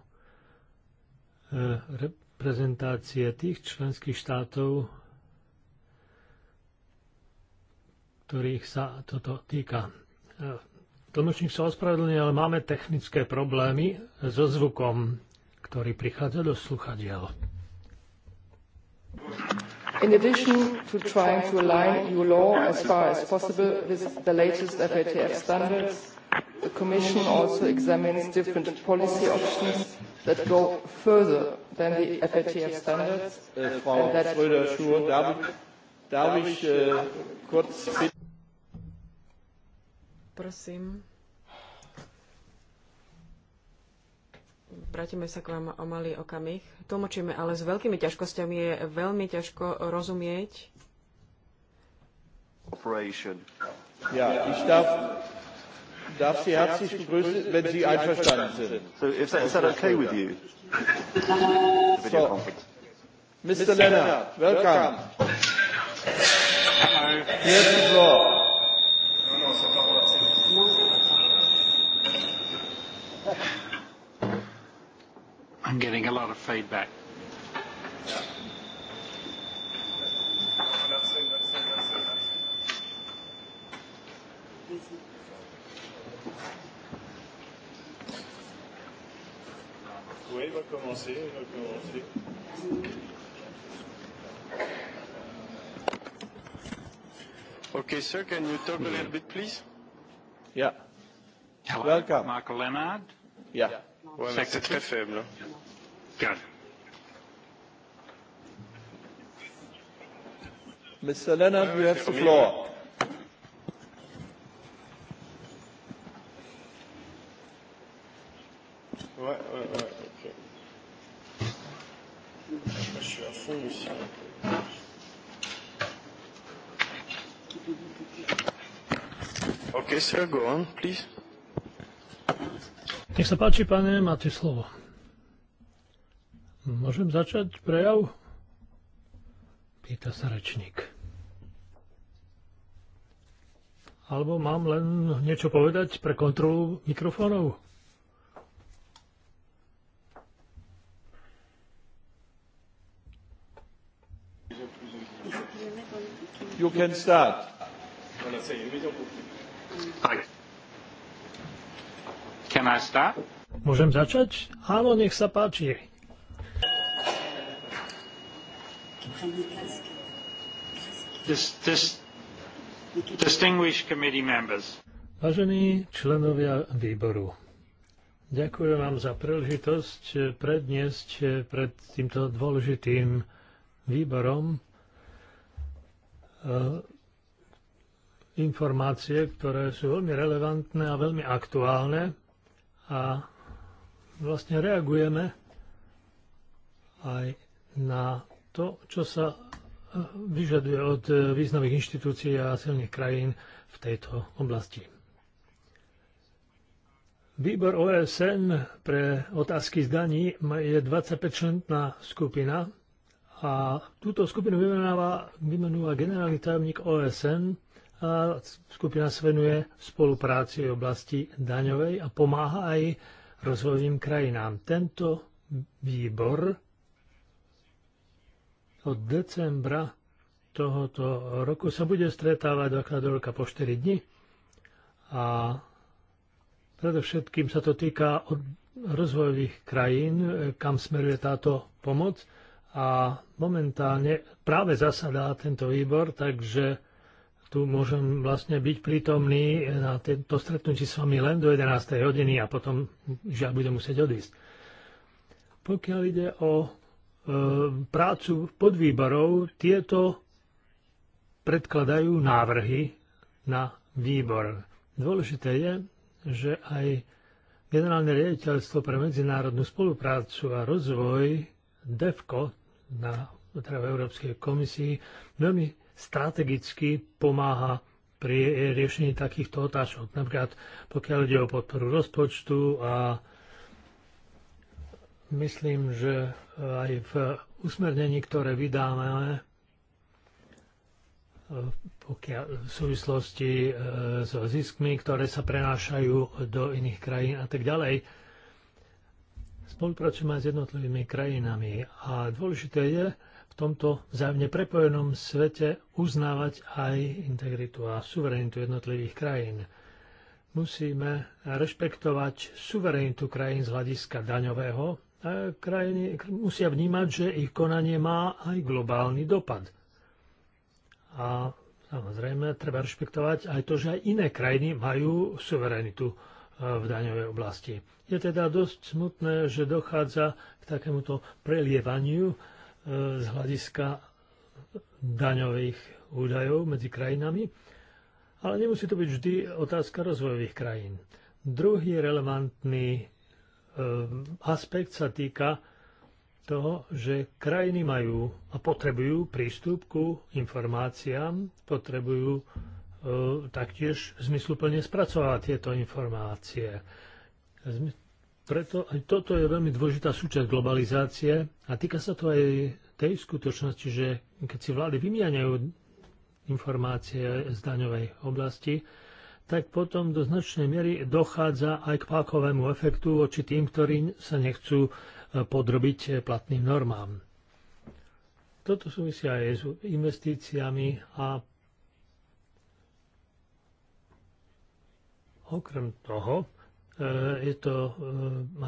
E, reprezentácie tých členských štátov, ktorých sa toto týka. E, tlmočník sa ospravedlňuje, ale máme technické problémy so zvukom, ktorý prichádza do sluchadiel. In addition to trying to align EU law as far as possible with the latest FATF standards, The Commission also examines different policy options that go further than the FATF standards. Uh, Frau Schröder-Schur, darf, äh, darf ich äh, kurz Prosím. Vrátime sa k vám o malý okamih. Tlmočíme, ale s veľkými ťažkosťami je veľmi ťažko rozumieť. Operation. Ja, ich darf darf Sie herzlich begrüßen, wenn Sie einverstanden sind. So, if that, is that okay with you? so, Mr. Leonard, welcome. Hello. Here's the floor. I'm getting a lot of feedback. commencer. Okay, sir, can you talk a little bit, please? Yeah. Hello, Welcome. Marco Leonard. Yeah. ouais, mais très faible. Good. Mr. Leonard, you have the floor. Okay, sir, go on, please. Nech sa páči, pane, máte slovo. Môžem začať prejav? Pýta sa rečník. Alebo mám len niečo povedať pre kontrolu mikrofónov? You can start. No, no, Hi. Can I start? Môžem začať? Áno, nech sa páči. This, this, distinguished committee members. Vážení členovia výboru, ďakujem vám za príležitosť predniesť pred týmto dôležitým výborom eh, informácie, ktoré sú veľmi relevantné a veľmi aktuálne a vlastne reagujeme aj na to, čo sa e, vyžaduje od e, významných inštitúcií a silných krajín v tejto oblasti. Výbor OSN pre otázky zdaní je 25-členná skupina a túto skupinu vymenúva, vymenúva generálny tajomník OSN a skupina sa venuje spolupráci v oblasti daňovej a pomáha aj rozvojovým krajinám. Tento výbor od decembra tohoto roku sa bude stretávať dvakrát do roka po 4 dni a predovšetkým sa to týka od rozvojových krajín, kam smeruje táto pomoc a momentálne práve zasadá tento výbor, takže tu môžem vlastne byť prítomný na tento stretnutí s vami len do 11. hodiny a potom žiaľ budem musieť odísť. Pokiaľ ide o e, prácu podvýborov, tieto predkladajú návrhy na výbor. Dôležité je, že aj Generálne riaditeľstvo pre medzinárodnú spoluprácu a rozvoj DEFCO na teda v Európskej komisii veľmi strategicky pomáha pri riešení takýchto otázok. Napríklad pokiaľ ide o podporu rozpočtu a myslím, že aj v usmernení, ktoré vydáme pokiaľ, v súvislosti e, so ziskmi, ktoré sa prenášajú do iných krajín a tak ďalej, spolupracujeme s jednotlivými krajinami. A dôležité je, tomto vzájomne prepojenom svete uznávať aj integritu a suverenitu jednotlivých krajín. Musíme rešpektovať suverenitu krajín z hľadiska daňového a krajiny musia vnímať, že ich konanie má aj globálny dopad. A samozrejme treba rešpektovať aj to, že aj iné krajiny majú suverenitu e, v daňovej oblasti. Je teda dosť smutné, že dochádza k takémuto prelievaniu z hľadiska daňových údajov medzi krajinami, ale nemusí to byť vždy otázka rozvojových krajín. Druhý relevantný e, aspekt sa týka toho, že krajiny majú a potrebujú prístup ku informáciám, potrebujú e, taktiež zmysluplne spracovať tieto informácie. Preto aj toto je veľmi dôležitá súčasť globalizácie a týka sa to aj tej skutočnosti, že keď si vlády vymieňajú informácie z daňovej oblasti, tak potom do značnej miery dochádza aj k pákovému efektu voči tým, ktorí sa nechcú e, podrobiť platným normám. Toto súvisí aj s investíciami a okrem toho Eh, je to eh,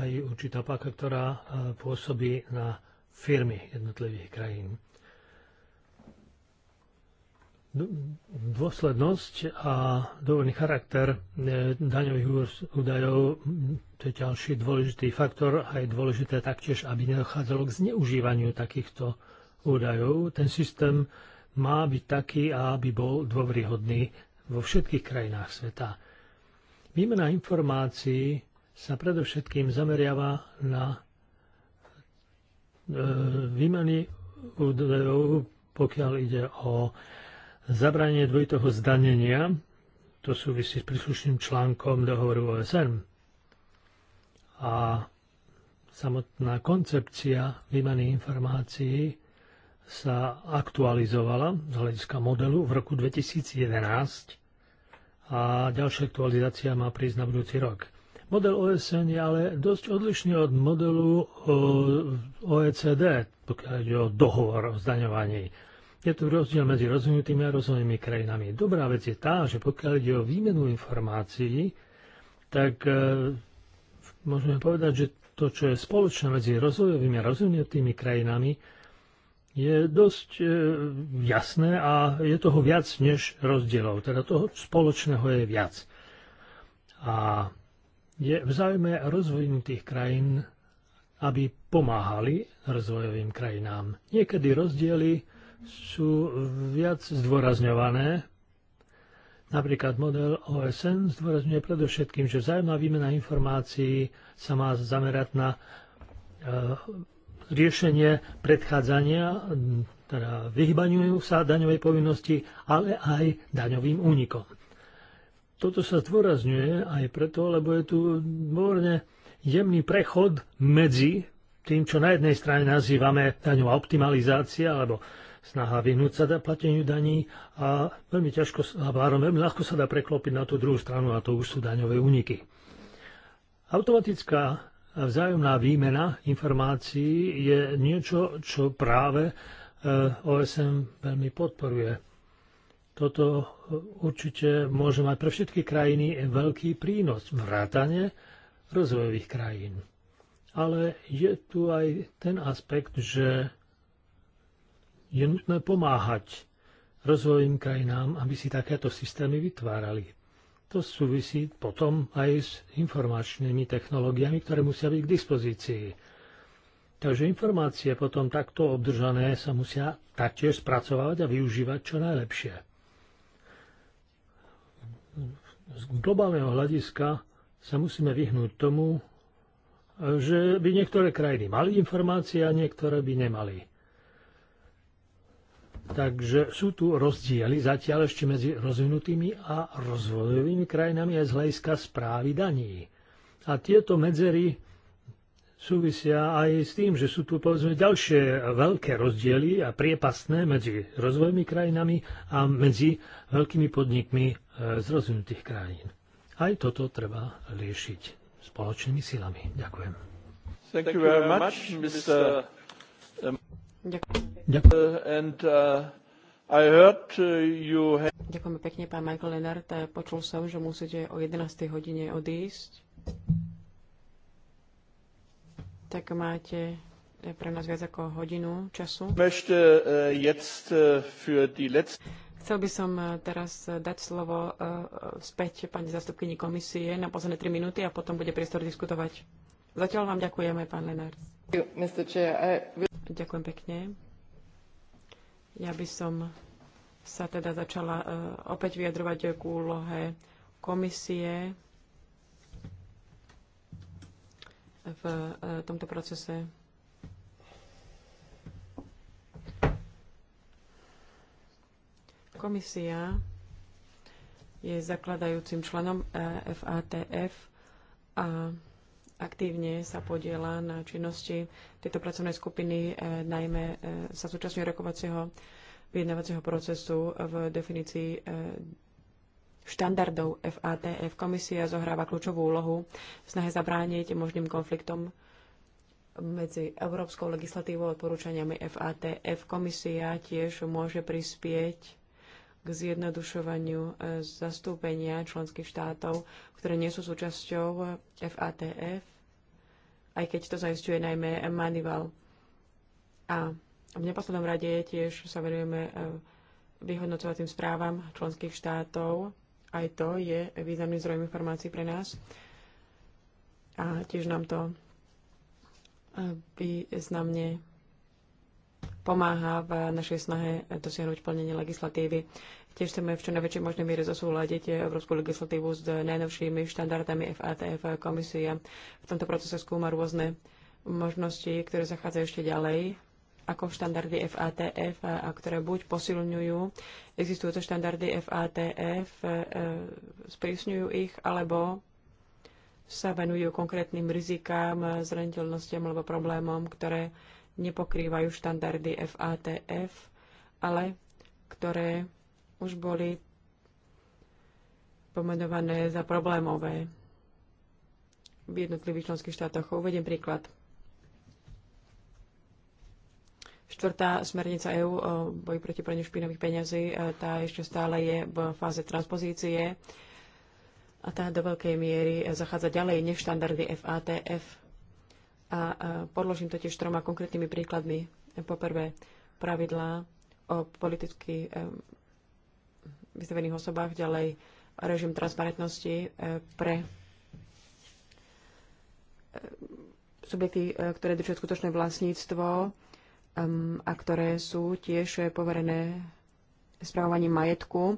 aj určitá páka, ktorá eh, pôsobí na firmy jednotlivých krajín. Dôslednosť a dovolný charakter daňových údajov to je ďalší dôležitý faktor a je dôležité taktiež, aby nedochádzalo k zneužívaniu takýchto údajov. Ten systém má byť taký, aby bol dôveryhodný vo všetkých krajinách sveta. Výmena informácií sa predovšetkým zameriava na e, výmeny údajov, pokiaľ ide o zabranie dvojitého zdanenia. To súvisí s príslušným článkom dohovoru OSN. A samotná koncepcia výmeny informácií sa aktualizovala z hľadiska modelu v roku 2011 a ďalšia aktualizácia má prísť na budúci rok. Model OSN je ale dosť odlišný od modelu OECD, pokiaľ ide o dohovor o zdaňovaní. Je tu rozdiel medzi rozvinutými a rozvojnými krajinami. Dobrá vec je tá, že pokiaľ ide o výmenu informácií, tak e, môžeme povedať, že to, čo je spoločné medzi rozvojovými a rozvinutými krajinami, je dosť e, jasné a je toho viac než rozdielov. Teda toho spoločného je viac. A je v záujme rozvinutých krajín, aby pomáhali rozvojovým krajinám. Niekedy rozdiely sú viac zdôrazňované. Napríklad model OSN zdôrazňuje predovšetkým, že vzájomná výmena informácií sa má zamerať na e, riešenie predchádzania, teda vyhybaniu sa daňovej povinnosti, ale aj daňovým únikom. Toto sa zdôrazňuje aj preto, lebo je tu dôvodne jemný prechod medzi tým, čo na jednej strane nazývame daňová optimalizácia alebo snaha vyhnúť sa da plateniu daní a veľmi ťažko a várom, veľmi ľahko sa dá preklopiť na tú druhú stranu a to už sú daňové úniky. Automatická vzájomná výmena informácií je niečo, čo práve e, OSM veľmi podporuje. Toto určite môže mať pre všetky krajiny veľký prínos, vrátane rozvojových krajín. Ale je tu aj ten aspekt, že je nutné pomáhať rozvojovým krajinám, aby si takéto systémy vytvárali to súvisí potom aj s informačnými technológiami, ktoré musia byť k dispozícii. Takže informácie potom takto obdržané sa musia taktiež spracovať a využívať čo najlepšie. Z globálneho hľadiska sa musíme vyhnúť tomu, že by niektoré krajiny mali informácie a niektoré by nemali. Takže sú tu rozdiely zatiaľ ešte medzi rozvinutými a rozvojovými krajinami aj z hľadiska správy daní. A tieto medzery súvisia aj s tým, že sú tu povedzme ďalšie veľké rozdiely a priepastné medzi rozvojovými krajinami a medzi veľkými podnikmi e, z rozvinutých krajín. Aj toto treba riešiť spoločnými silami. Ďakujem. Thank you very much, Mr. Ďakujem. Uh, uh, ďakujeme pekne, pán Michael Lennart. Eh, počul som, že musíte o 11. hodine odísť. Tak máte eh, pre nás viac ako hodinu času. Äh, äh, Chcel by som eh, teraz dať slovo späť pani zastupkyni komisie na posledné tri minúty a potom bude priestor diskutovať. Zatiaľ vám ďakujeme, pán Lenár. Ďakujem pekne. Ja by som sa teda začala e, opäť vyjadrovať k úlohe komisie v e, tomto procese. Komisia je zakladajúcim členom FATF e, a aktívne sa podiela na činnosti tejto pracovnej skupiny, e, najmä e, sa súčasňuje rokovacieho vyjednávacieho procesu v definícii e, štandardov FATF. Komisia zohráva kľúčovú úlohu v snahe zabrániť možným konfliktom medzi európskou legislatívou a odporúčaniami FATF. Komisia tiež môže prispieť k zjednodušovaniu e, zastúpenia členských štátov, ktoré nie sú súčasťou FATF, aj keď to zaistuje najmä Manival. A v neposlednom rade tiež sa venujeme e, vyhodnocovacím správam členských štátov. Aj to je významný zdroj informácií pre nás. A tiež nám to e, významne pomáha v našej snahe dosiahnuť plnenie legislatívy. Tiež chceme v čo najväčšej možnej miere zosúľadiť európsku legislatívu s najnovšími štandardami FATF. Komisia v tomto procese skúma rôzne možnosti, ktoré zachádzajú ešte ďalej ako štandardy FATF, a ktoré buď posilňujú existujúce štandardy FATF, e, sprísňujú ich, alebo sa venujú konkrétnym rizikám, zraniteľnostiam alebo problémom, ktoré nepokrývajú štandardy FATF, ale ktoré už boli pomenované za problémové v jednotlivých členských štátoch. Uvediem príklad. Štvrtá smernica EÚ o boji proti praniu špinových peňazí, e, tá ešte stále je v fáze transpozície a tá do veľkej miery e, zachádza ďalej než štandardy FATF. A podložím to tiež troma konkrétnymi príkladmi. Poprvé, pravidlá o politicky vystavených osobách, ďalej režim transparentnosti e, pre e, subjekty, e, ktoré držia skutočné vlastníctvo a ktoré sú tiež poverené spravovaním majetku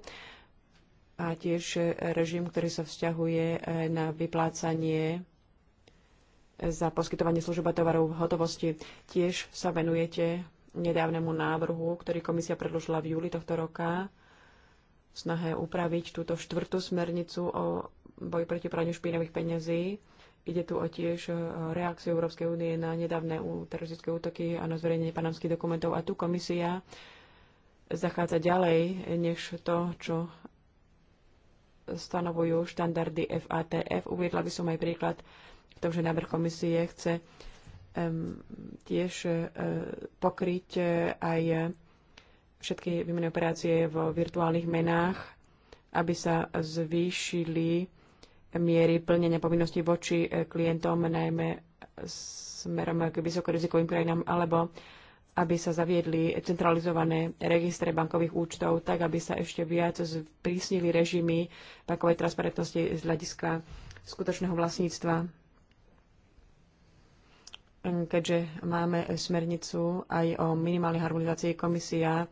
a tiež režim, ktorý sa vzťahuje na vyplácanie za poskytovanie služieb a tovarov v hotovosti. Tiež sa venujete nedávnemu návrhu, ktorý komisia predložila v júli tohto roka v snahe upraviť túto štvrtú smernicu o boji proti praniu špinavých peňazí. Ide tu o tiež e, reakciu Európskej únie na nedávne teroristické útoky a na zverejnenie panamských dokumentov. A tu komisia zachádza ďalej, než to, čo stanovujú štandardy FATF. Uviedla by som aj príklad že návrh komisie chce tiež e, pokryť e, aj všetky výmenné operácie vo virtuálnych menách, aby sa zvýšili miery plnenia povinností voči e, klientom, najmä smerom k vysokorizikovým krajinám, alebo aby sa zaviedli centralizované registre bankových účtov, tak aby sa ešte viac prísnili režimy bankovej transparentnosti z hľadiska skutočného vlastníctva keďže máme smernicu aj o minimálnej harmonizácii komisia,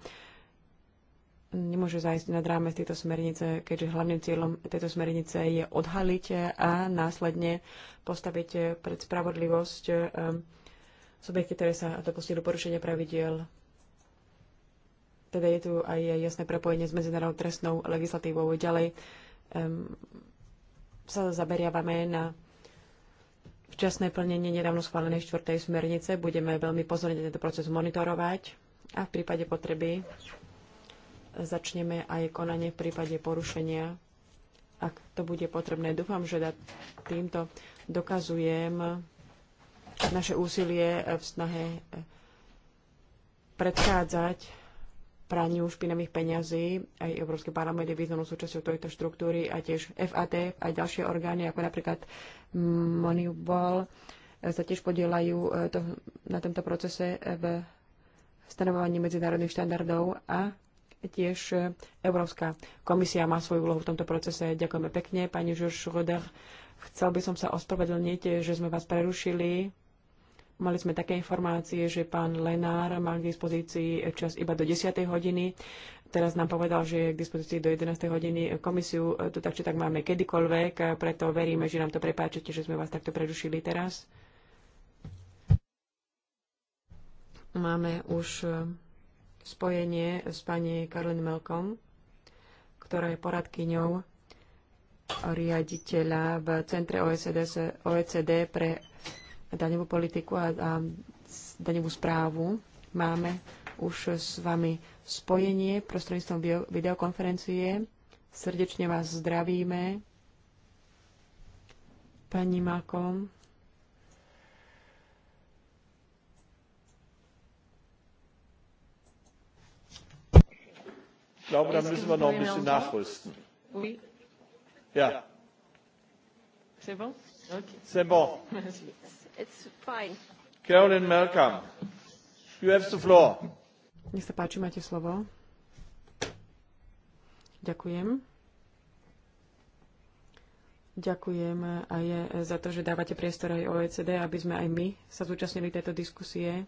nemôže zájsť nad rámec tejto smernice, keďže hlavným cieľom tejto smernice je odhaliť a následne postaviť pred spravodlivosť eh, subjekty, ktoré sa dopustili porušenia pravidiel. Teda je tu aj jasné prepojenie s medzinárodnou trestnou legislatívou. Ďalej sa zaberiavame na včasné plnenie nedávno schválenej štvrtej smernice. Budeme veľmi pozorne tento proces monitorovať a v prípade potreby začneme aj konanie v prípade porušenia, ak to bude potrebné. Dúfam, že týmto dokazujem naše úsilie v snahe eh, predchádzať praniu špinavých peňazí. Aj Európsky parlament je významnou súčasťou tejto štruktúry a tiež FAT a ďalšie orgány, ako napríklad Moneyball e, sa tiež podielajú e, to, na tomto procese v stanovovaní medzinárodných štandardov a tiež e, Európska komisia má svoju úlohu v tomto procese. Ďakujeme pekne. Pani Žurš Roder, chcel by som sa ospravedlniť, že sme vás prerušili. Mali sme také informácie, že pán Lenár má k dispozícii čas iba do 10. hodiny. Teraz nám povedal, že je k dispozícii do 11. hodiny. Komisiu e, tu tak či tak máme kedykoľvek, e, preto veríme, že nám to prepáčete, že sme vás takto prerušili teraz. Máme už e, spojenie s pani Karlin Melkom, ktorá je poradkyňou riaditeľa v Centre OECD, OECD pre daňovú politiku a, a daňovú správu. Máme už s vami spojenie prostredníctvom videokonferencie. Srdečne vás zdravíme. Pani Makom. Ich glaube, da müssen wir noch ein bisschen nachrüsten. Oui. Ja. C'est bon? Okay. C'est bon. It's fine. Carolyn Malcolm, you have the floor. Nech sa páči, máte slovo. Ďakujem. Ďakujem aj za to, že dávate priestor aj OECD, aby sme aj my sa zúčastnili tejto diskusie.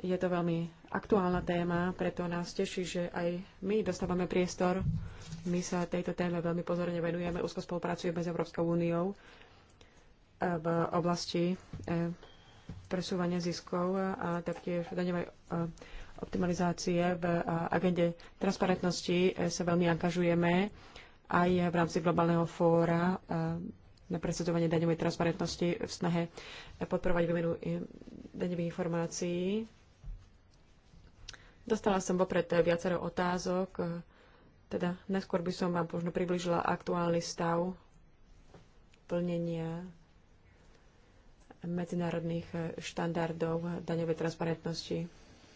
Je to veľmi aktuálna téma, preto nás teší, že aj my dostávame priestor. My sa tejto téme veľmi pozorne venujeme, úzko spolupracujeme s Európskou úniou eh, v oblasti eh, presúvania ziskov a taktiež daňovej eh, optimalizácie v agende transparentnosti e, sa veľmi angažujeme aj v rámci globálneho fóra e, na presadzovanie daňovej transparentnosti v snahe e, podporovať výmenu daňových informácií. Dostala som vopred viacero otázok, teda najskôr by som vám možno približila aktuálny stav plnenia medzinárodných štandardov daňovej transparentnosti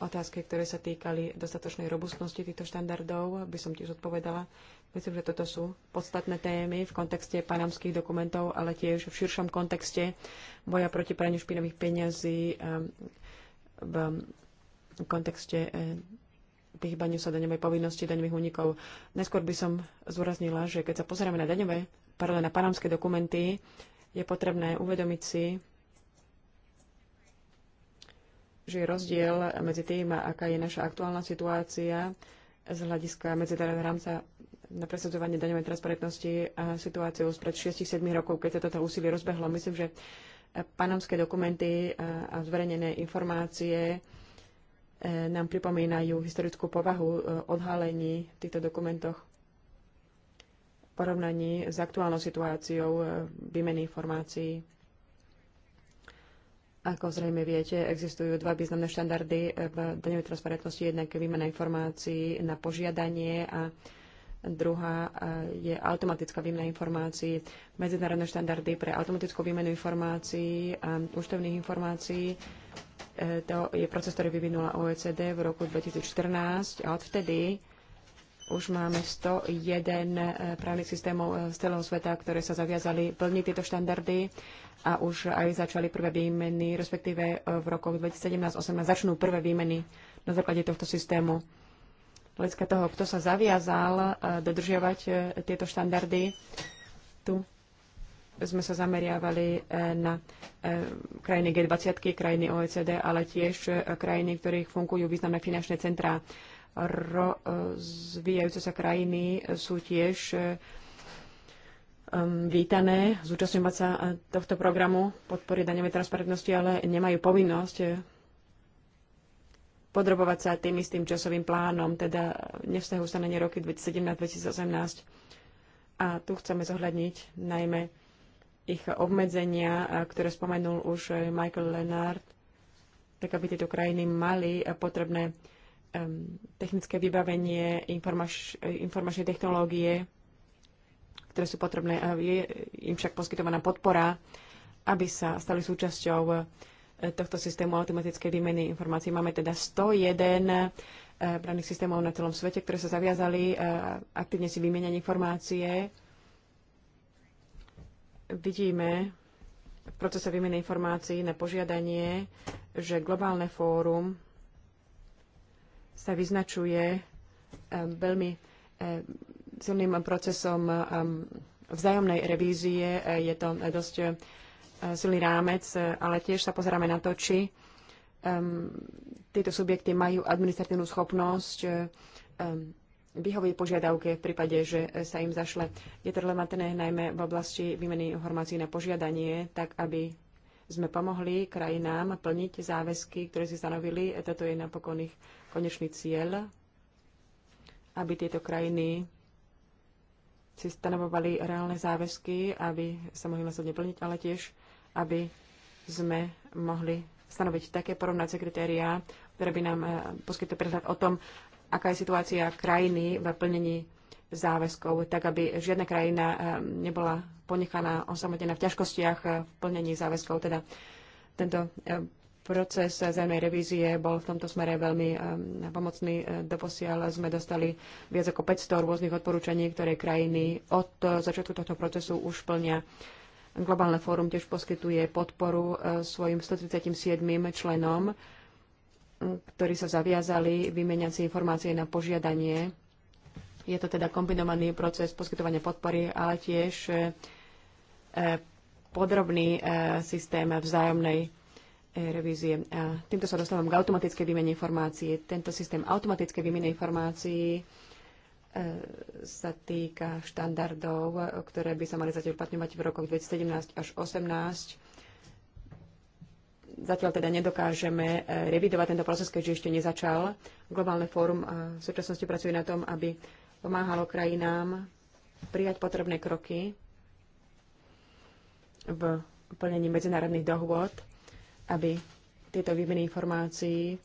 otázky, ktoré sa týkali dostatočnej robustnosti týchto štandardov, by som tiež odpovedala. Myslím, že toto sú podstatné témy v kontexte panamských dokumentov, ale tiež v širšom kontexte boja proti praniu špinavých peňazí ehm, v kontexte tých eh, sa daňovej povinnosti daňových únikov. Neskôr by som zdôraznila, že keď sa pozrieme na daňové, pardon, na panamské dokumenty, je potrebné uvedomiť si, že je rozdiel medzi tým, aká je naša aktuálna situácia z hľadiska medzinárodného rámca na presadzovanie daňovej transparentnosti a situáciou spred 6-7 rokov, keď sa toto úsilie rozbehlo. Myslím, že panomské dokumenty a zverejnené informácie e, nám pripomínajú historickú povahu e, odhalení v týchto dokumentoch v porovnaní s aktuálnou situáciou e, výmeny informácií. Ako zrejme viete, existujú dva významné štandardy v daňovej transparentnosti. Jednak je výmena informácií na požiadanie a druhá e, je automatická výmena informácií. Medzinárodné štandardy pre automatickú výmenu informácií a účtovných informácií. E, to je proces, ktorý vyvinula OECD v roku 2014 a odvtedy už máme 101 eh, právnych systémov eh, z celého sveta, ktoré sa zaviazali plniť tieto štandardy a už aj začali prvé výmeny, respektíve eh, v rokoch 2017-2018 začnú prvé výmeny na základe tohto systému. Hľadiska toho, kto sa zaviazal dodržiavať tieto štandardy, tu sme sa zameriavali na krajiny G20, krajiny OECD, ale tiež krajiny, ktorých fungujú významné finančné centrá rozvíjajúce sa krajiny sú tiež e, vítané zúčastňovať sa e, tohto programu podpory daňovej transparentnosti, ale nemajú povinnosť e, podrobovať sa tým istým časovým plánom, teda nevzťahujú sa na ne roky 2017-2018. A tu chceme zohľadniť najmä ich obmedzenia, ktoré spomenul už Michael Lenard, tak aby tieto krajiny mali potrebné technické vybavenie, informač, informačné technológie, ktoré sú potrebné, je im však poskytovaná podpora, aby sa stali súčasťou e, tohto systému automatickej výmeny informácií. Máme teda 101 e, branných systémov na celom svete, ktoré sa zaviazali e, aktívne si vymieňať informácie. Vidíme v procese výmeny informácií na požiadanie, že globálne fórum sa vyznačuje eh, veľmi eh, silným procesom eh, vzájomnej revízie. Je to dosť silný rámec, ale tiež sa pozeráme na to, či ehm, tieto subjekty majú administratívnu schopnosť ehm, vyhovej požiadavke v prípade, že sa im zašle. Je to relevantné najmä v oblasti výmeny informácií na požiadanie, tak aby sme pomohli krajinám plniť záväzky, ktoré si stanovili. Toto je napokon ich konečný cieľ, aby tieto krajiny si stanovovali reálne záväzky, aby sa mohli následne plniť, ale tiež, aby sme mohli stanoviť také porovnacie kritériá, ktoré by nám e, poskytli prehľad o tom, aká je situácia krajiny v plnení záväzkov, tak aby žiadna krajina e, nebola ponechaná osamotená v ťažkostiach e, v plnení záväzkov. Teda tento Proces zemnej revízie bol v tomto smere veľmi pomocný. E, doposiaľ sme dostali viac ako 500 rôznych odporúčaní, ktoré krajiny od začiatku tohto procesu už plnia. Globálne fórum tiež poskytuje podporu e, svojim 137 členom, ktorí sa zaviazali vymeniať si informácie na požiadanie. Je to teda kombinovaný proces poskytovania podpory, ale tiež e, podrobný systém vzájomnej revízie. A týmto sa dostávam k automatické výmene informácií. Tento systém automatické výmene informácií e, sa týka štandardov, ktoré by sa mali zatiaľ uplatňovať v rokoch 2017 až 2018. Zatiaľ teda nedokážeme e, revidovať tento proces, keďže ešte nezačal. Globálne fórum e, v súčasnosti pracuje na tom, aby pomáhalo krajinám prijať potrebné kroky v plnení medzinárodných dohôd aby tieto výmeny informácií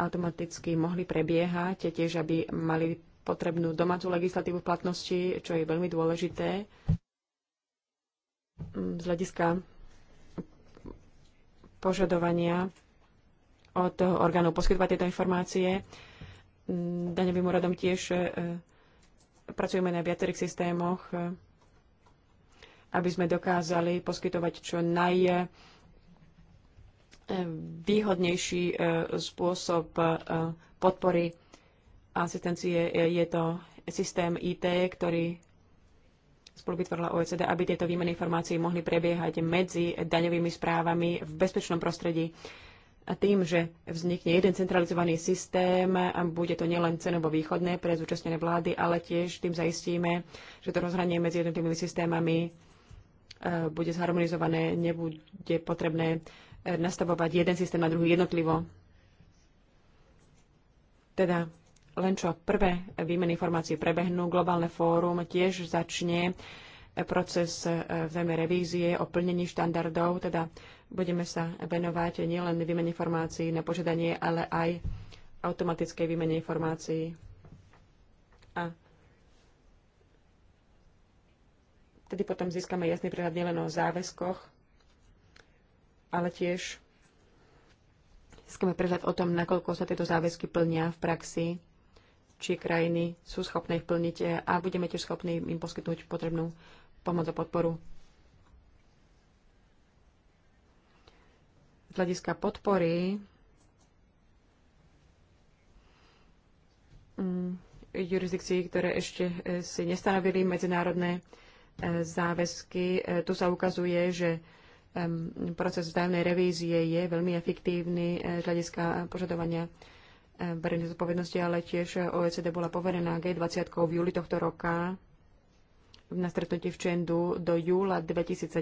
automaticky mohli prebiehať, tiež aby mali potrebnú domácu legislatívu v platnosti, čo je veľmi dôležité mm, z hľadiska požadovania od toho orgánu poskytovať tieto informácie. Mm, daňovým úradom tiež e, pracujeme na viacerých systémoch, e, aby sme dokázali poskytovať čo naj E, výhodnejší e, spôsob e, podpory asistencie. Je to systém IT, ktorý spolu vytvorila OECD, aby tieto výmeny informácií mohli prebiehať medzi daňovými správami v bezpečnom prostredí. A tým, že vznikne jeden centralizovaný systém, a bude to nielen cenovo východné pre zúčastnené vlády, ale tiež tým zaistíme, že to rozhranie medzi jednotlivými systémami bude zharmonizované, nebude potrebné nastavovať jeden systém na druhý jednotlivo. Teda len čo prvé výmeny informácií prebehnú, globálne fórum tiež začne proces e, vzájomnej revízie o plnení štandardov, teda budeme sa venovať nielen výmene informácií na požiadanie, ale aj automatickej výmene informácií. A tedy potom získame jasný prehľad nielen o záväzkoch, ale tiež získame prehľad o tom, nakoľko sa tieto záväzky plnia v praxi, či krajiny sú schopné ich plniť a budeme tiež schopní im poskytnúť potrebnú pomoc a podporu. Z hľadiska podpory mm, jurisdikcií, ktoré ešte eh, si nestanovili medzinárodné eh, záväzky. Eh, tu sa ukazuje, že proces vzájomnej revízie je veľmi efektívny eh, z hľadiska požadovania eh, verejnej zodpovednosti, ale tiež eh, OECD bola poverená G20 v júli tohto roka na stretnutí v Čendu do júla 2017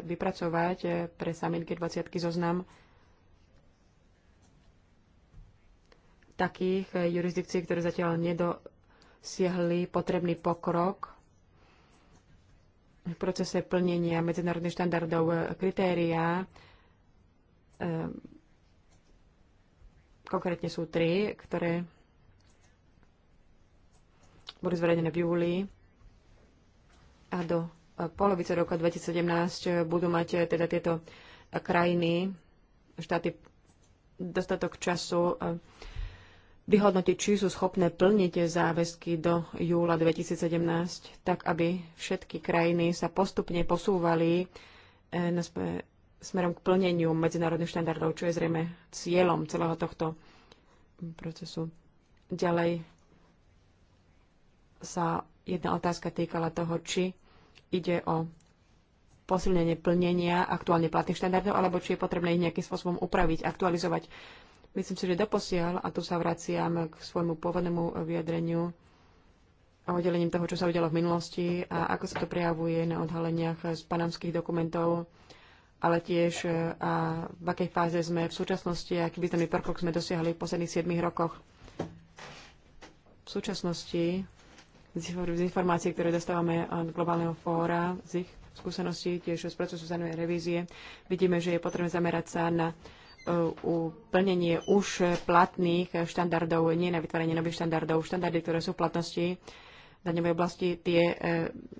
vypracovať pre summit G20 zoznam takých jurisdikcií, ktoré zatiaľ nedosiahli potrebný pokrok v procese plnenia medzinárodných štandardov e, kritériá. E, konkrétne sú tri, ktoré boli zverejnené v júli a do e, polovice roka 2017 budú mať teda tieto krajiny, štáty dostatok času vyhodnotiť, či sú schopné plniť záväzky do júla 2017, tak aby všetky krajiny sa postupne posúvali eh, na smerom k plneniu medzinárodných štandardov, čo je zrejme cieľom celého tohto procesu. Ďalej sa jedna otázka týkala toho, či ide o posilnenie plnenia aktuálne platných štandardov, alebo či je potrebné ich nejakým spôsobom upraviť, aktualizovať. Myslím si, že doposiaľ, a tu sa vraciam k svojmu pôvodnému vyjadreniu a oddelením toho, čo sa udialo v minulosti a ako sa to prejavuje na odhaleniach z panamských dokumentov, ale tiež e, a v akej fáze sme v súčasnosti, a aký významný pokrok sme dosiahli v posledných 7 rokoch. V súčasnosti z informácií, ktoré dostávame od globálneho fóra, z ich skúseností, tiež z procesu zanovej revízie, vidíme, že je potrebné zamerať sa na plnenie už platných štandardov, nie na vytváranie nových štandardov. Štandardy, ktoré sú v platnosti daňovej oblasti, tie e,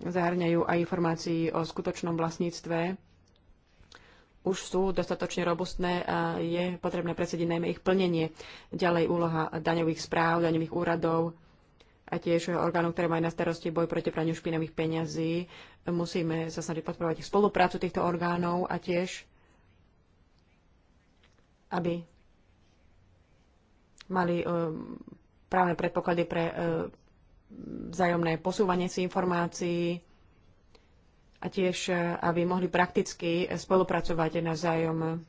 zahrňajú aj informácií o skutočnom vlastníctve. Už sú dostatočne robustné a je potrebné presediť najmä ich plnenie. Ďalej úloha daňových správ, daňových úradov a tiež orgánov, ktoré majú na starosti boj proti praniu špinavých peňazí. Musíme sa snažiť podporovať ich spoluprácu týchto orgánov a tiež aby mali eh, právne predpoklady pre eh, vzájomné posúvanie si informácií a tiež, eh, aby mohli prakticky spolupracovať navzájom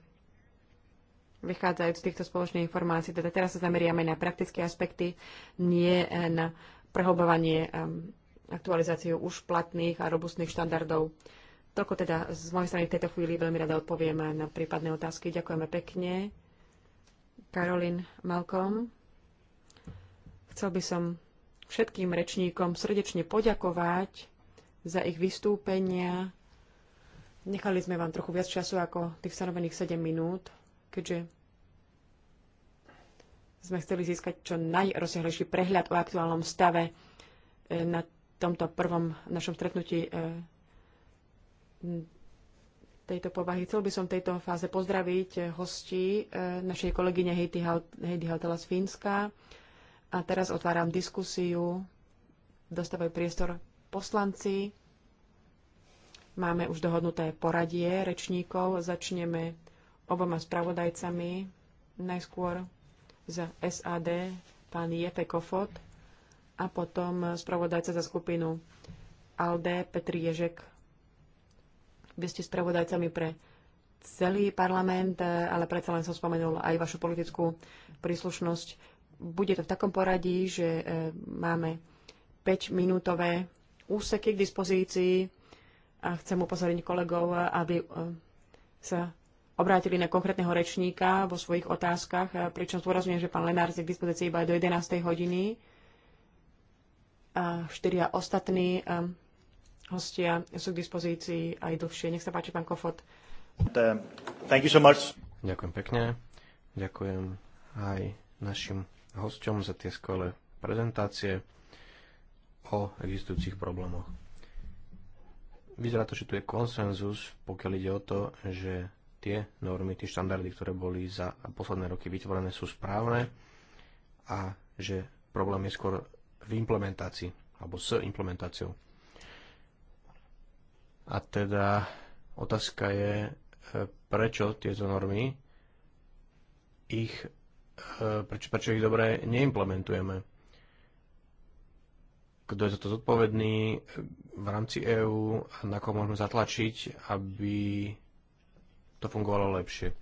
vychádzajúc z týchto spoločných informácií. Teda teraz sa zameriame na praktické aspekty, nie na prehlbovanie aktualizáciu už platných a robustných štandardov. Toľko teda z mojej strany v tejto chvíli veľmi rada odpoviem na prípadné otázky. Ďakujeme pekne. Karolín Malkom. Chcel by som všetkým rečníkom srdečne poďakovať za ich vystúpenia. Nechali sme vám trochu viac času ako tých stanovených 7 minút, keďže sme chceli získať čo najrozsiahlejší prehľad o aktuálnom stave eh, na tomto prvom našom stretnutí eh, tejto povahy. Chcel by som v tejto fáze pozdraviť eh, hostí eh, našej kolegyne Heidi Hautala z Fínska. A teraz otváram diskusiu. Dostávajú priestor poslanci. Máme už dohodnuté poradie rečníkov. Začneme oboma spravodajcami. Najskôr za SAD pán Jefe Kofot a potom spravodajca za skupinu ALDE Petr Ježek vy ste spravodajcami pre celý parlament, ale predsa len som spomenul aj vašu politickú príslušnosť. Bude to v takom poradí, že e, máme 5-minútové úseky k dispozícii a chcem upozorniť kolegov, aby e, sa obrátili na konkrétneho rečníka vo svojich otázkach, e, pričom zdôrazňujem, že pán Lenár je k dispozícii iba do 11. hodiny a štyria ostatní hostia sú k dispozícii aj dlhšie. Nech sa páči, pán Kofot. Thank you so much. Ďakujem pekne. Ďakujem aj našim hostom za tie skvelé prezentácie o existujúcich problémoch. Vyzerá to, že tu je konsenzus, pokiaľ ide o to, že tie normy, tie štandardy, ktoré boli za posledné roky vytvorené, sú správne a že problém je skôr v implementácii alebo s implementáciou. A teda otázka je, e, prečo tieto normy ich, e, prečo, prečo ich dobre neimplementujeme. Kto je za to zodpovedný e, v rámci EÚ a na koho môžeme zatlačiť, aby to fungovalo lepšie.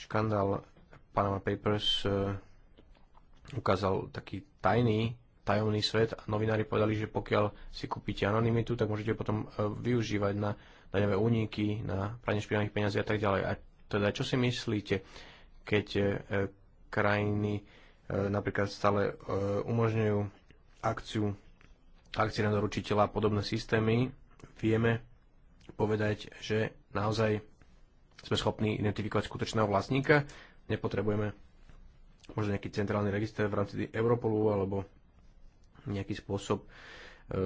Škandál Panama Papers ukázal taký tajný tajomný svet a novinári povedali, že pokiaľ si kúpite anonymitu, tak môžete potom e, využívať na daňové úniky, na pranie špinavých peniazí a tak ďalej. A teda čo si myslíte, keď e, e, krajiny napríklad stále umožňujú akciu akcie na doručiteľa a podobné systémy, vieme povedať, že naozaj sme schopní identifikovať skutočného vlastníka, nepotrebujeme možno nejaký centrálny register v rámci Europolu alebo nejaký spôsob e,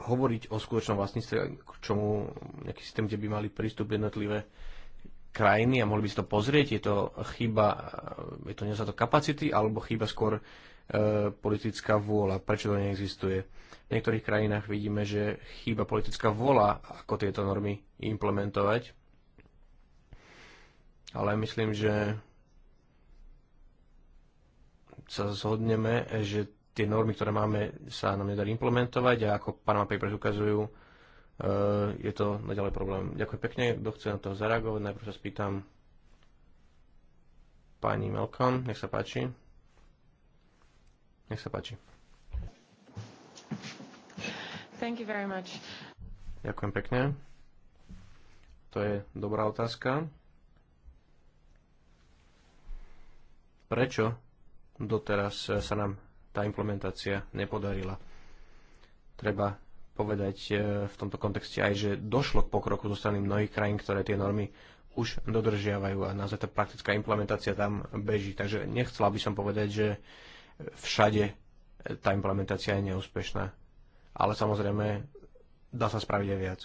hovoriť o skutočnom vlastníctve, k čomu nejaký systém, kde by mali prístup jednotlivé krajiny a mohli by si to pozrieť, je to chyba, e, je to nezáto kapacity alebo chyba skôr e, politická vôľa, prečo to neexistuje. V niektorých krajinách vidíme, že chyba politická vôľa, ako tieto normy implementovať. Ale myslím, že sa zhodneme, že tie normy, ktoré máme, sa nám nedarí implementovať a ako Panama Papers ukazujú, e, je to naďalej problém. Ďakujem pekne, kto chce na to zareagovať, najprv sa spýtam pani Melkon, nech sa páči. Nech sa páči. Thank you very much. Ďakujem pekne. To je dobrá otázka. Prečo doteraz sa nám tá implementácia nepodarila. Treba povedať e, v tomto kontexte aj, že došlo k pokroku zo strany mnohých krajín, ktoré tie normy už dodržiavajú a naozaj tá praktická implementácia tam beží. Takže nechcela by som povedať, že všade tá implementácia je neúspešná. Ale samozrejme, dá sa spraviť aj viac.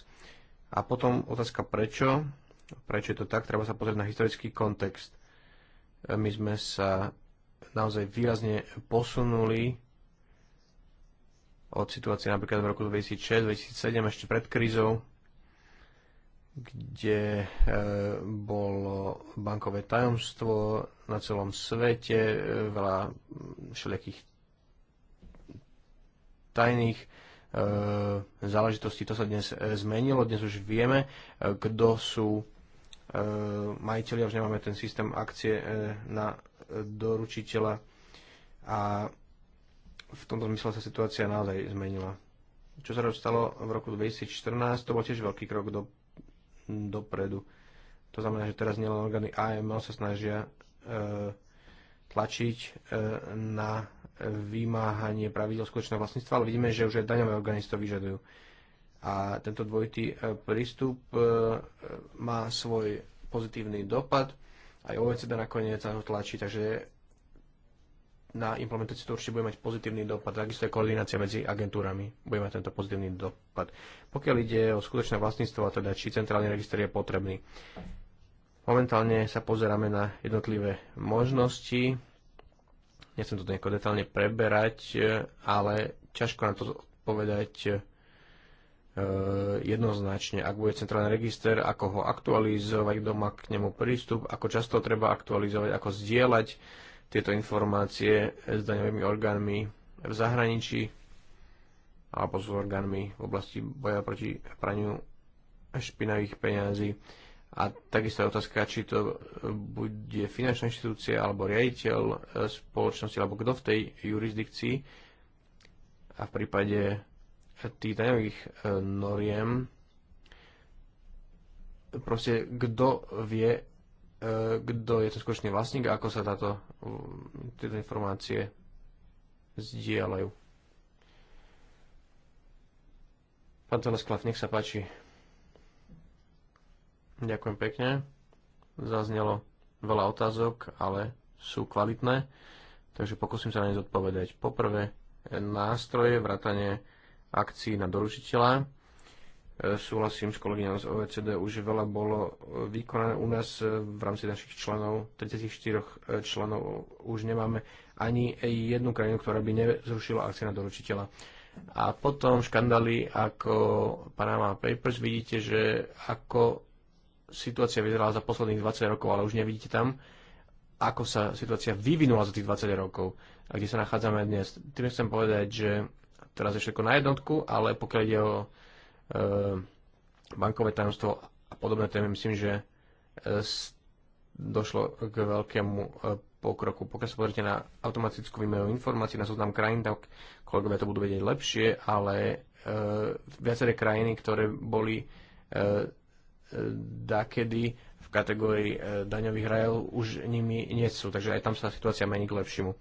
A potom otázka prečo. Prečo je to tak? Treba sa pozrieť na historický kontext. E, my sme sa naozaj výrazne posunuli od situácie napríklad v roku 2006-2007 ešte pred krízou, kde e, bolo bankové tajomstvo na celom svete, e, veľa všelijakých tajných e, záležitostí. To sa dnes e, zmenilo, dnes už vieme, e, kto sú e, majiteľi, už nemáme ten systém akcie na doručiteľa a v tomto zmysle sa situácia naozaj zmenila. Čo sa stalo v roku 2014, to bol tiež veľký krok do, dopredu. To znamená, že teraz nielen orgány AML sa snažia e, tlačiť e, na vymáhanie pravidel skutočného vlastníctva, ale vidíme, že už aj daňové orgány to vyžadujú. A tento dvojitý e, prístup e, e, má svoj pozitívny dopad. Aj OECD nakoniec sa ho tlačí, takže na implementáciu to určite bude mať pozitívny dopad. Takisto je koordinácia medzi agentúrami. Bude mať tento pozitívny dopad. Pokiaľ ide o skutočné vlastníctvo, a teda či centrálny register je potrebný. Momentálne sa pozeráme na jednotlivé možnosti. Nechcem to nejako detálne preberať, ale ťažko na to povedať E, jednoznačne, ak bude centrálny register, ako ho aktualizovať, kto má k nemu prístup, ako často treba aktualizovať, ako zdieľať tieto informácie s daňovými orgánmi v zahraničí alebo s orgánmi v oblasti boja proti praniu špinavých peňazí. A takisto je otázka, či to bude finančná inštitúcia alebo riaditeľ e, spoločnosti alebo kto v tej jurisdikcii a v prípade tých e, noriem, proste kto vie, e, kto je to skutočný vlastník a ako sa táto, tieto informácie zdieľajú. Pán Telesklav, nech sa páči. Ďakujem pekne. Zaznelo veľa otázok, ale sú kvalitné, takže pokúsim sa na ne zodpovedať. Poprvé, e, nástroje, vrátanie akcií na doručiteľa. E, súhlasím s kolegyňou z OECD, už veľa bolo vykonané u nás e, v rámci našich členov, 34 e, členov, už nemáme ani jednu krajinu, ktorá by nezrušila akcie na doručiteľa. A potom škandály ako Panama Papers, vidíte, že ako situácia vyzerala za posledných 20 rokov, ale už nevidíte tam, ako sa situácia vyvinula za tých 20 rokov a kde sa nachádzame dnes. Tým chcem povedať, že teraz je všetko na jednotku, ale pokiaľ ide o e, bankové tajomstvo a podobné témy, myslím, že e, s, došlo k veľkému e, pokroku. Pokiaľ sa pozrite na automatickú výmenu informácií na zoznam krajín, tak kolegovia to budú vedieť lepšie, ale e, viaceré krajiny, ktoré boli e, e dakedy v kategórii e, daňových rajov už nimi nie sú. Takže aj tam sa situácia mení k lepšiemu.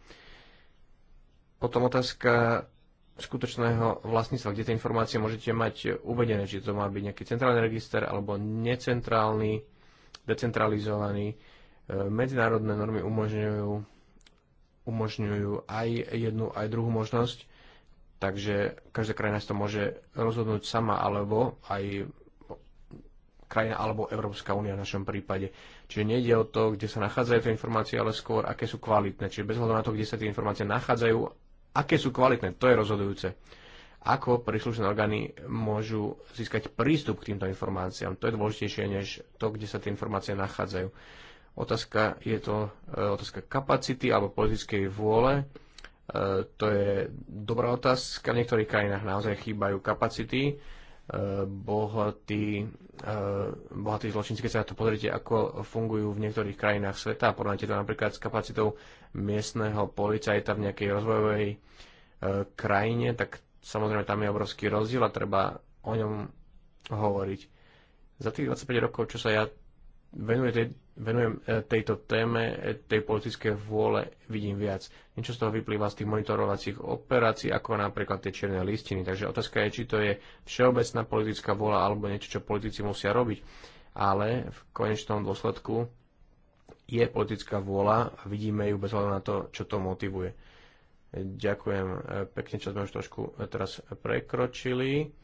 Potom otázka skutočného vlastníctva, kde tie informácie môžete mať uvedené, či to má byť nejaký centrálny register alebo necentrálny, decentralizovaný. E, medzinárodné normy umožňujú, umožňujú aj jednu, aj druhú možnosť, takže každá krajina si to môže rozhodnúť sama alebo aj krajina alebo Európska únia v našom prípade. Čiže nejde o to, kde sa nachádzajú tie informácie, ale skôr aké sú kvalitné. Čiže bez hľadu na to, kde sa tie informácie nachádzajú, aké sú kvalitné, to je rozhodujúce. Ako príslušné orgány môžu získať prístup k týmto informáciám, to je dôležitejšie než to, kde sa tie informácie nachádzajú. Otázka je to e, otázka kapacity alebo politickej vôle. E, to je dobrá otázka. V niektorých krajinách naozaj chýbajú kapacity. E, bohatí, bohatí zločinci, keď sa na to pozrite, ako fungujú v niektorých krajinách sveta, porovnáte to napríklad s kapacitou miestneho policajta v nejakej rozvojovej e, krajine, tak samozrejme tam je obrovský rozdiel a treba o ňom hovoriť. Za tých 25 rokov, čo sa ja venujem, tej, venujem e, tejto téme, e, tej politické vôle, vidím viac. Niečo z toho vyplýva z tých monitorovacích operácií, ako napríklad tie čierne listiny. Takže otázka je, či to je všeobecná politická vôľa alebo niečo, čo politici musia robiť. Ale v konečnom dôsledku je politická vôľa a vidíme ju bez hľadu na to, čo to motivuje. Ďakujem e, pekne, čo sme už trošku e, teraz prekročili.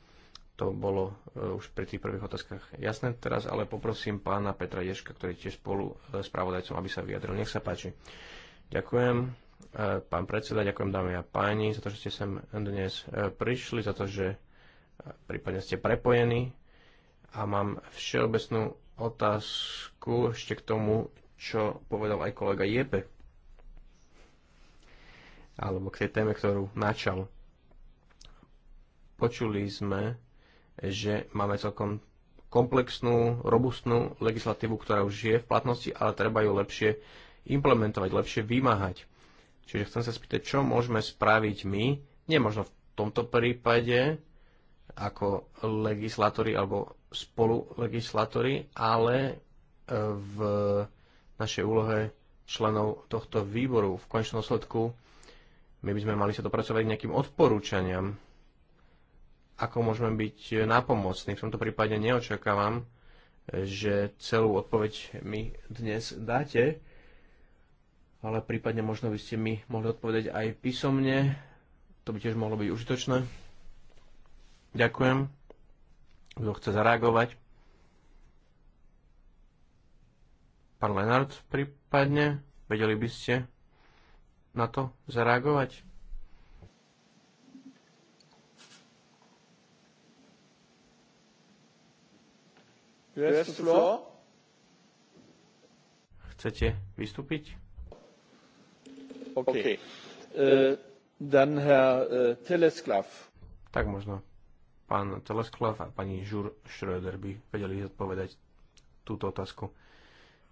To bolo e, už pri tých prvých otázkach jasné. Teraz ale poprosím pána Petra Ješka, ktorý tiež spolu s pravodajcom, aby sa vyjadril. Nech sa páči. Ďakujem, pán predseda, ďakujem dámy a páni za to, že ste sem dnes prišli, za to, že prípadne ste prepojení. A mám všeobecnú otázku ešte k tomu, čo povedal aj kolega Jepe. Alebo k tej téme, ktorú načal. Počuli sme, že máme celkom komplexnú, robustnú legislatívu, ktorá už je v platnosti, ale treba ju lepšie implementovať, lepšie vymáhať. Čiže chcem sa spýtať, čo môžeme spraviť my, nemožno v tomto prípade ako legislatóri alebo spolulegislatóri, ale e, v našej úlohe členov tohto výboru. V končnom sledku my by sme mali sa dopracovať k nejakým odporúčaniam, ako môžeme byť nápomocní. V tomto prípade neočakávam, že celú odpoveď mi dnes dáte, ale prípadne možno by ste mi mohli odpovedať aj písomne. To by tiež mohlo byť užitočné. Ďakujem. Kto chce zareagovať? Pán Lenard prípadne, vedeli by ste na to zareagovať? Chcete vystúpiť? OK. Eh, dan Herr eh, Telesklav. Tak možno pán Telesklav a pani Žur Schröder by vedeli odpovedať túto otázku.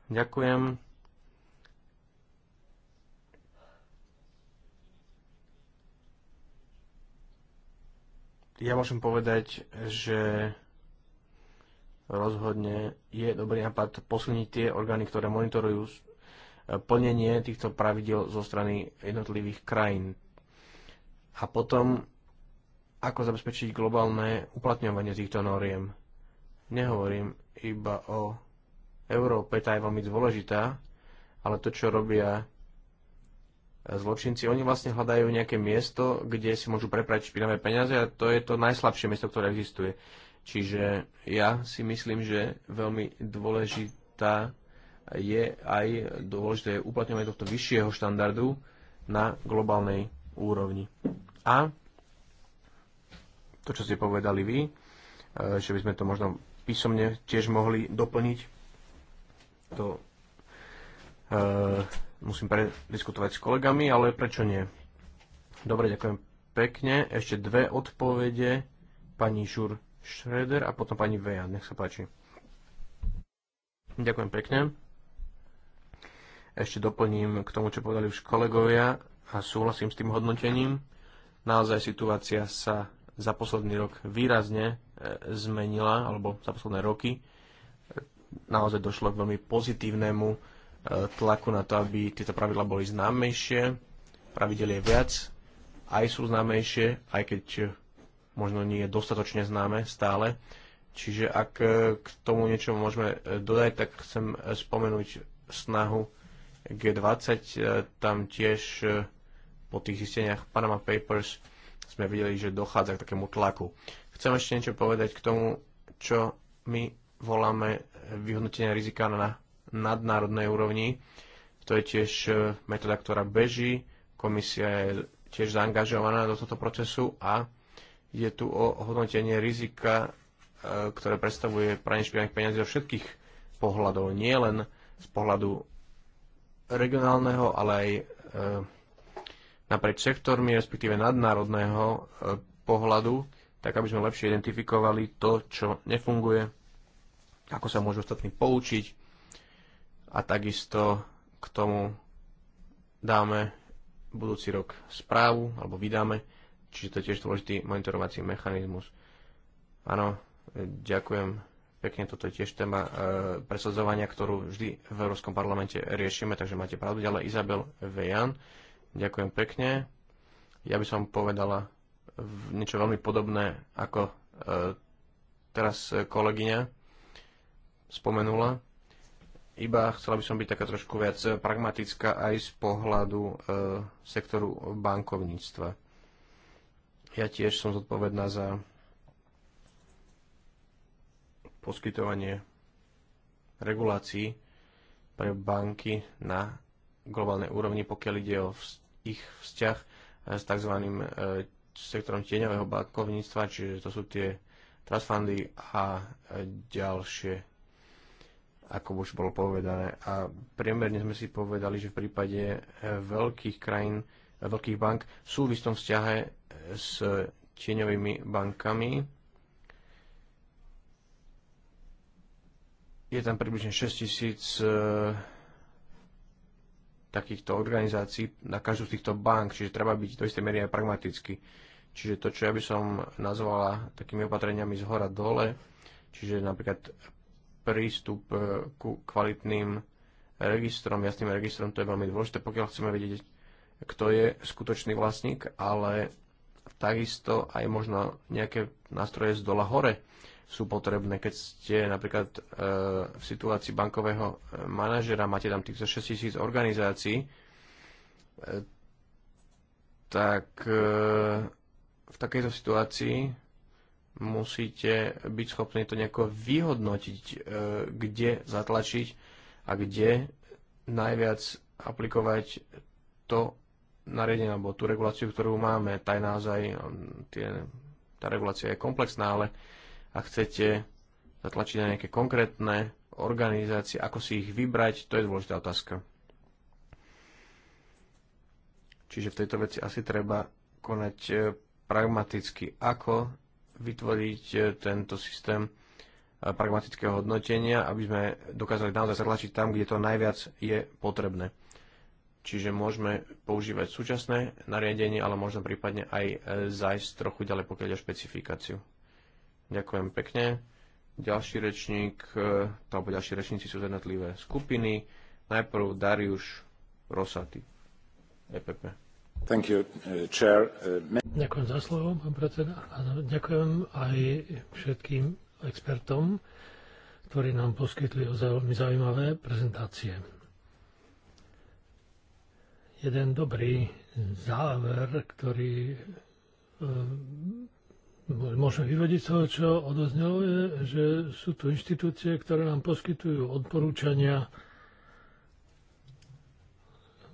Ďakujem. Ja môžem povedať, že rozhodne je dobrý nápad posilniť tie orgány, ktoré monitorujú plnenie týchto pravidel zo strany jednotlivých krajín. A potom, ako zabezpečiť globálne uplatňovanie týchto noriem. Nehovorím iba o Európe, tá je veľmi dôležitá, ale to, čo robia zločinci, oni vlastne hľadajú nejaké miesto, kde si môžu preprať špinavé peniaze a to je to najslabšie miesto, ktoré existuje. Čiže ja si myslím, že veľmi dôležitá je aj dôležité uplatňovanie tohto vyššieho štandardu na globálnej úrovni. A to, čo ste povedali vy, e, že by sme to možno písomne tiež mohli doplniť to uh, musím prediskutovať s kolegami, ale prečo nie? Dobre, ďakujem pekne. Ešte dve odpovede. Pani Šur Šreder a potom pani Veja. Nech sa páči. Ďakujem pekne. Ešte doplním k tomu, čo povedali už kolegovia a súhlasím s tým hodnotením. Naozaj situácia sa za posledný rok výrazne e, zmenila, alebo za posledné roky naozaj došlo k veľmi pozitívnemu e, tlaku na to, aby tieto pravidla boli známejšie, pravidel je viac, aj sú známejšie, aj keď e, možno nie je dostatočne známe stále. Čiže ak e, k tomu niečo môžeme dodať, tak chcem spomenúť snahu G20. Tam tiež po tých zisteniach Panama Papers sme videli, že dochádza k takému tlaku. Chcem ešte niečo povedať k tomu, čo my voláme vyhodnotenia rizika na nadnárodnej úrovni. To je tiež e, metóda, ktorá beží. Komisia je tiež zaangažovaná do tohto procesu a je tu o hodnotenie rizika, e, ktoré predstavuje pranie špinavých peniazí zo všetkých pohľadov. Nie len z pohľadu regionálneho, ale aj e, naprieč sektormi, respektíve nadnárodného pohľadu, tak aby sme lepšie identifikovali to, čo nefunguje ako sa môžu ostatní poučiť a takisto k tomu dáme budúci rok správu, alebo vydáme, čiže to je tiež dôležitý monitorovací mechanizmus. Áno, ďakujem pekne, toto je tiež téma e, presadzovania, ktorú vždy v Európskom parlamente riešime, takže máte pravdu. Ďalej Izabel Vejan, ďakujem pekne. Ja by som povedala niečo veľmi podobné ako e, teraz kolegyňa spomenula. Iba chcela by som byť taká trošku viac pragmatická aj z pohľadu e, sektoru bankovníctva. Ja tiež som zodpovedná za poskytovanie regulácií pre banky na globálnej úrovni, pokiaľ ide o ich vzťah e, s tzv. E, sektorom tieňového bankovníctva, čiže to sú tie trust fundy a e, ďalšie ako už bolo povedané. A priemerne sme si povedali, že v prípade eh, veľkých krajín, eh, veľkých bank sú v istom vzťahe eh, s tieňovými bankami. Je tam približne 6 tisíc takýchto organizácií na každú z týchto bank, čiže treba byť do istej miery aj pragmaticky. Čiže to, čo ja by som nazvala takými opatreniami z hora dole, čiže napríklad prístup e, ku kvalitným registrom, jasným registrom, to je veľmi dôležité, pokiaľ chceme vedieť, kto je skutočný vlastník, ale takisto aj možno nejaké nástroje z dola hore sú potrebné. Keď ste napríklad e, v situácii bankového e, manažera, máte tam týchto 6 tisíc organizácií, e, tak e, v takejto situácii musíte byť schopní to nejako vyhodnotiť, e, kde zatlačiť a kde najviac aplikovať to nariadenie alebo tú reguláciu, ktorú máme. Tá je naozaj, tie, tá regulácia je komplexná, ale ak chcete zatlačiť na nejaké konkrétne organizácie, ako si ich vybrať, to je dôležitá otázka. Čiže v tejto veci asi treba konať e, pragmaticky. Ako vytvoriť e, tento systém e, pragmatického hodnotenia, aby sme dokázali naozaj zatlačiť tam, kde to najviac je potrebné. Čiže môžeme používať súčasné nariadenie, ale možno prípadne aj e, zajsť trochu ďalej, pokiaľ ide o špecifikáciu. Ďakujem pekne. Ďalší rečník, alebo ďalší rečníci sú jednotlivé skupiny. Najprv Darius Rosati, EPP. Uh, uh, ďakujem za slovo, pán predseda. ďakujem aj všetkým expertom, ktorí nám poskytli veľmi zaujímavé prezentácie. Jeden dobrý záver, ktorý e, môžeme vyvodiť z toho, čo odoznelo, je, že sú tu inštitúcie, ktoré nám poskytujú odporúčania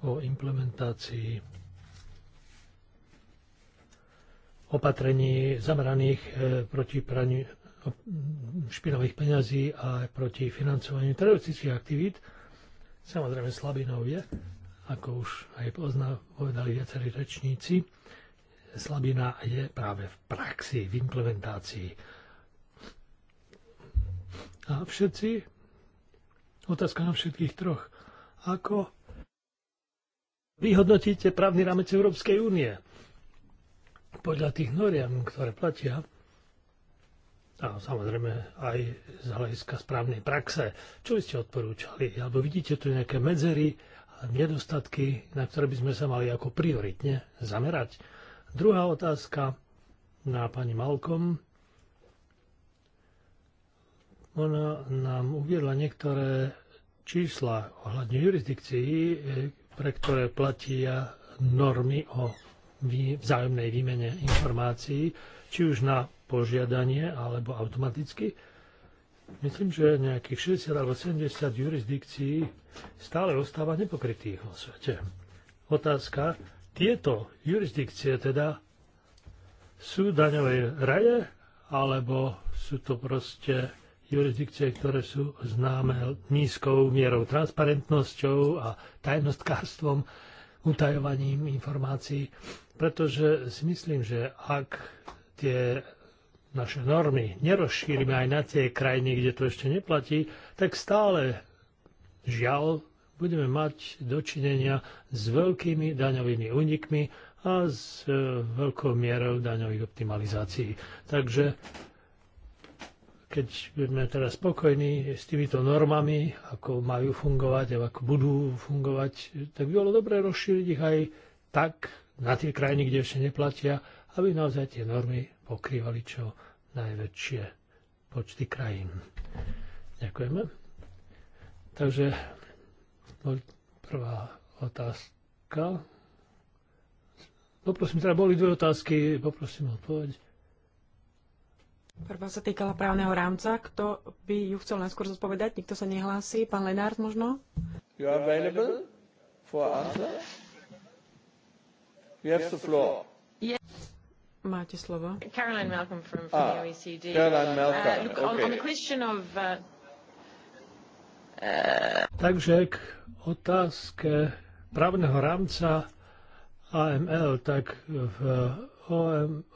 o implementácii opatrení zameraných e, proti praniu e, špinavých peňazí a proti financovaniu teroristických aktivít. Samozrejme slabinou je, ako už aj pozná, povedali viacerí rečníci, slabina je práve v praxi, v implementácii. A všetci, otázka na všetkých troch, ako vyhodnotíte právny rámec Európskej únie? podľa tých noriam, ktoré platia, a samozrejme aj z hľadiska správnej praxe. Čo by ste odporúčali? Alebo vidíte tu nejaké medzery a nedostatky, na ktoré by sme sa mali ako prioritne zamerať? Druhá otázka na pani Malkom. Ona nám uviedla niektoré čísla ohľadne jurisdikcií, pre ktoré platia normy o vzájomnej výmene informácií, či už na požiadanie alebo automaticky. Myslím, že nejakých 60 alebo 70 jurisdikcií stále ostáva nepokrytých vo svete. Otázka, tieto jurisdikcie teda sú daňové raje, alebo sú to proste jurisdikcie, ktoré sú známe nízkou mierou transparentnosťou a tajnostkárstvom, utajovaním informácií pretože si myslím, že ak tie naše normy nerozšírime aj na tie krajiny, kde to ešte neplatí, tak stále, žiaľ, budeme mať dočinenia s veľkými daňovými únikmi a s e, veľkou mierou daňových optimalizácií. Takže keď budeme teraz spokojní s týmito normami, ako majú fungovať a ako budú fungovať, tak by bolo dobré rozšíriť ich aj tak, na tie krajiny, kde ešte neplatia, aby naozaj tie normy pokrývali čo najväčšie počty krajín. Ďakujeme. Takže prvá otázka. Poprosím, teda boli dve otázky, poprosím odpoveď. Prvá sa týkala právneho rámca. Kto by ju chcel najskôr zodpovedať? Nikto sa nehlási. Pán Lenárd možno? You are available for answer? Máte slovo. Caroline Malcolm from, from ah, the OECD. Caroline uh, Malcolm. Uh, look, okay. on, on the question of... Uh, uh... Takže k otázke právneho rámca AML, tak v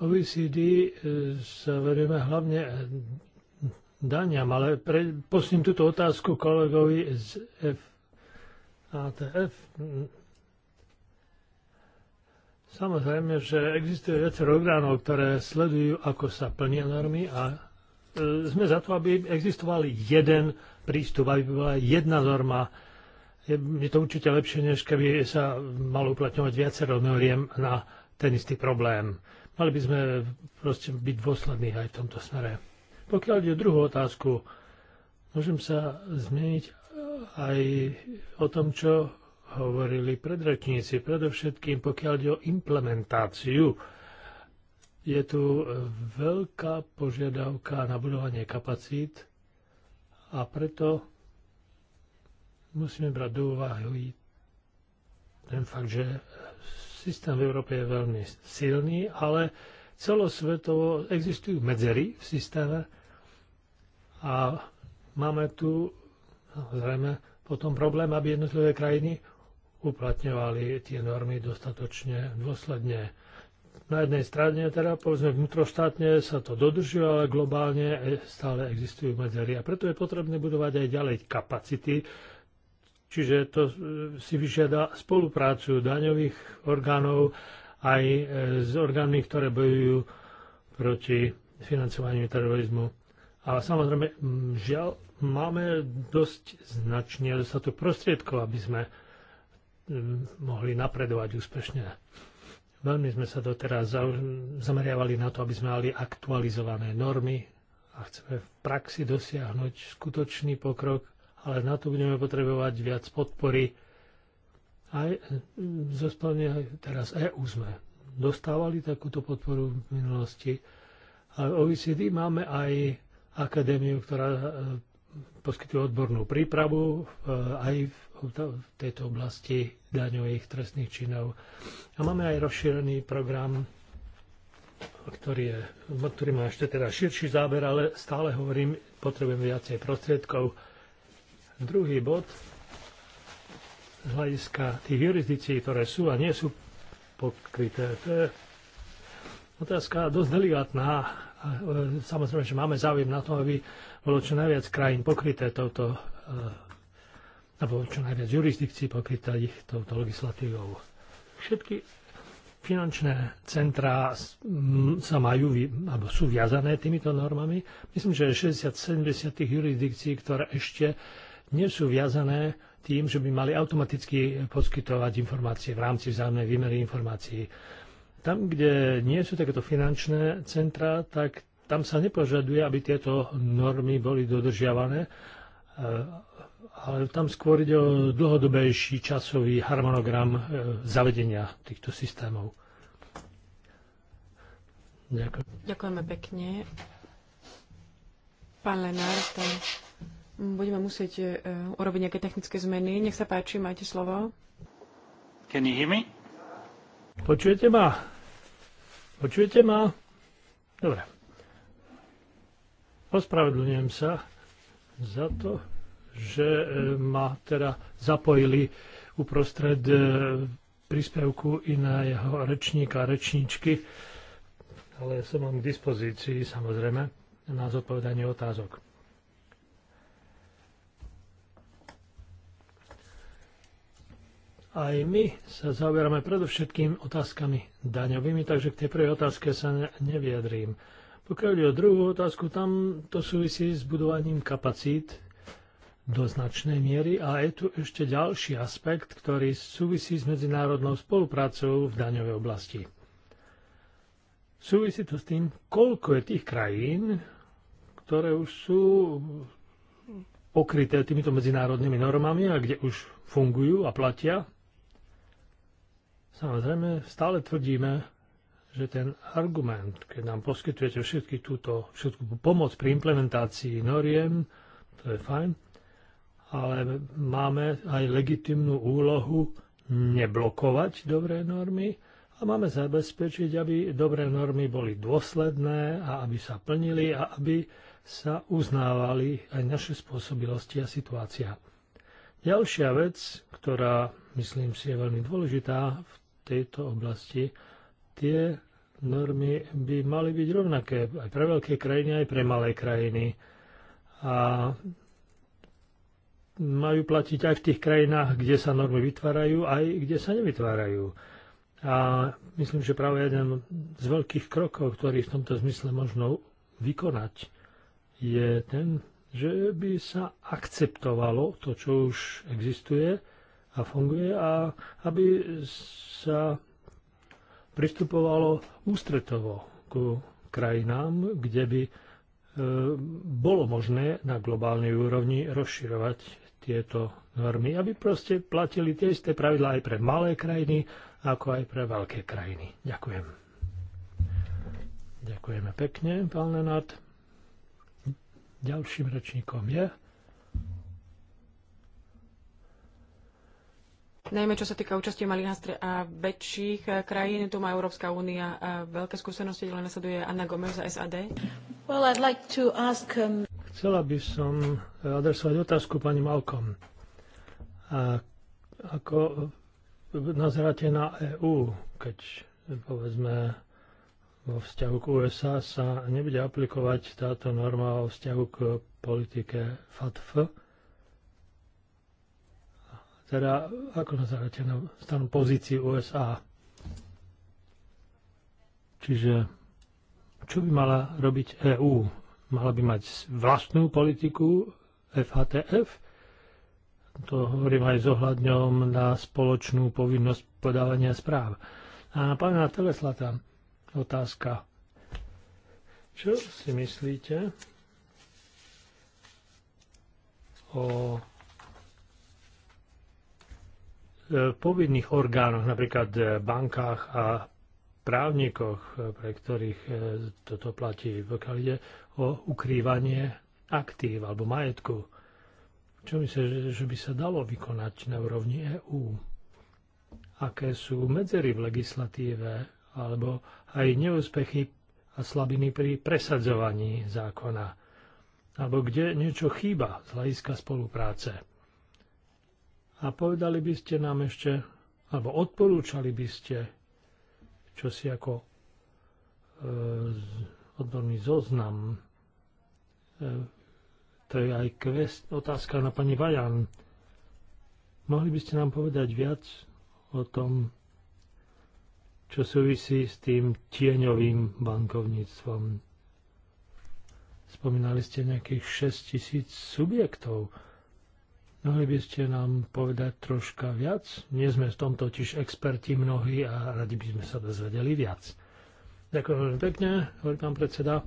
OECD eh, sa venujeme hlavne eh, daniam, ale pre, posním túto otázku kolegovi z FATF Samozrejme, že existuje viacero orgánov, ktoré sledujú, ako sa plnia normy a e, sme za to, aby existoval jeden prístup, aby bola jedna norma. Je, je to určite lepšie, než keby sa malo uplatňovať viacero noriem na ten istý problém. Mali by sme proste byť dôslední aj v tomto smere. Pokiaľ ide o druhú otázku, môžem sa zmeniť aj o tom, čo hovorili predrečníci, predovšetkým pokiaľ ide o implementáciu. Je tu veľká požiadavka na budovanie kapacít a preto musíme brať do úvahy ten fakt, že systém v Európe je veľmi silný, ale celosvetovo existujú medzery v systéme a máme tu zrejme potom problém, aby jednotlivé krajiny uplatňovali tie normy dostatočne dôsledne. Na jednej strane teda povedzme vnútroštátne sa to dodržuje, ale globálne stále existujú medzery a preto je potrebné budovať aj ďalej kapacity, čiže to e, si vyžiada spoluprácu daňových orgánov aj e, s orgánmi, ktoré bojujú proti financovaniu terorizmu. A samozrejme, žiaľ, máme dosť sa dostatok prostriedkov, aby sme mohli napredovať úspešne. Veľmi sme sa doteraz zameriavali na to, aby sme mali aktualizované normy a chceme v praxi dosiahnuť skutočný pokrok, ale na to budeme potrebovať viac podpory. Aj zo teraz EU sme dostávali takúto podporu v minulosti. A v OECD máme aj akadémiu, ktorá e, poskytuje odbornú prípravu e, aj v v tejto oblasti daňových trestných činov. A máme aj rozšírený program, ktorý, je, ktorý má ešte teda širší záber, ale stále hovorím, potrebujem viacej prostriedkov. Druhý bod z hľadiska tých jurisdikcií, ktoré sú a nie sú pokryté, to je otázka dosť delikátna. E, samozrejme, že máme záujem na to, aby bolo čo najviac krajín pokryté touto e, alebo čo najviac jurisdikcií pokryta ich touto legislatívou. Všetky finančné centrá sa majú, alebo sú viazané týmito normami. Myslím, že 60-70 jurisdikcií, ktoré ešte nie sú viazané tým, že by mali automaticky poskytovať informácie v rámci vzájomnej výmery informácií. Tam, kde nie sú takéto finančné centrá, tak tam sa nepožaduje, aby tieto normy boli dodržiavané e, ale tam skôr ide o dlhodobejší časový harmonogram e, zavedenia týchto systémov. Ďakujem. Ďakujeme pekne. Pán Lenárta, budeme musieť e, urobiť nejaké technické zmeny. Nech sa páči, máte slovo. Can you hear me? Počujete ma? Počujete ma? Dobre. Ospravedlňujem sa za to že e, ma teda zapojili uprostred e, príspevku iného rečníka, rečníčky, ale som vám k dispozícii samozrejme na zodpovedanie otázok. Aj my sa zaoberáme predovšetkým otázkami daňovými, takže k tej prvej otázke sa ne- neviadrím. Pokiaľ ide o druhú otázku, tam to súvisí s budovaním kapacít do značnej miery a je tu ešte ďalší aspekt, ktorý súvisí s medzinárodnou spoluprácou v daňovej oblasti. Súvisí to s tým, koľko je tých krajín, ktoré už sú pokryté týmito medzinárodnými normami a kde už fungujú a platia. Samozrejme, stále tvrdíme, že ten argument, keď nám poskytujete všetky túto, všetku pomoc pri implementácii noriem, to je fajn, ale máme aj legitimnú úlohu neblokovať dobré normy a máme zabezpečiť, aby dobré normy boli dôsledné a aby sa plnili a aby sa uznávali aj naše spôsobilosti a situácia. Ďalšia vec, ktorá myslím si je veľmi dôležitá v tejto oblasti, tie normy by mali byť rovnaké aj pre veľké krajiny, aj pre malé krajiny. A majú platiť aj v tých krajinách, kde sa normy vytvárajú, aj kde sa nevytvárajú. A myslím, že práve jeden z veľkých krokov, ktorý v tomto zmysle možno vykonať, je ten, že by sa akceptovalo to, čo už existuje a funguje a aby sa pristupovalo ústretovo ku krajinám, kde by e, bolo možné na globálnej úrovni rozširovať tieto normy, aby proste platili tie isté pravidlá aj pre malé krajiny, ako aj pre veľké krajiny. Ďakujem. Ďakujeme pekne, pán Lenard. Ďalším rečníkom je... Najmä čo sa týka účasti malých a väčších eh, krajín, tu má Európska únia eh, veľké skúsenosti, len nasleduje Anna Gomez za SAD. Well, I'd like to ask, um... Chcela by som eh, adresovať otázku pani Malkom. A ako nazeráte na EÚ, keď povedzme vo vzťahu k USA sa nebude aplikovať táto norma o vzťahu k politike FATF? Teda ako nazeráte na stanu pozícii USA? Čiže čo by mala robiť EÚ mala by mať vlastnú politiku FATF. To hovorím aj s ohľadňom na spoločnú povinnosť podávania správ. A na pána Teleslata otázka. Čo si myslíte o e, povinných orgánoch, napríklad e, bankách a právnikoch, e, pre ktorých toto platí, pokiaľ ide o ukrývanie aktív alebo majetku. Čo myslíš, že by sa dalo vykonať na úrovni EÚ? Aké sú medzery v legislatíve alebo aj neúspechy a slabiny pri presadzovaní zákona? Alebo kde niečo chýba z hľadiska spolupráce? A povedali by ste nám ešte, alebo odporúčali by ste, čo si ako e, odborný zoznam E, to je aj kvest, otázka na pani Vajan. Mohli by ste nám povedať viac o tom, čo súvisí s tým tieňovým bankovníctvom? Spomínali ste nejakých 6 tisíc subjektov. Mohli by ste nám povedať troška viac? Nie sme v tom totiž experti mnohí a radi by sme sa dozvedeli viac. Ďakujem veľmi pekne, hovorí pán predseda.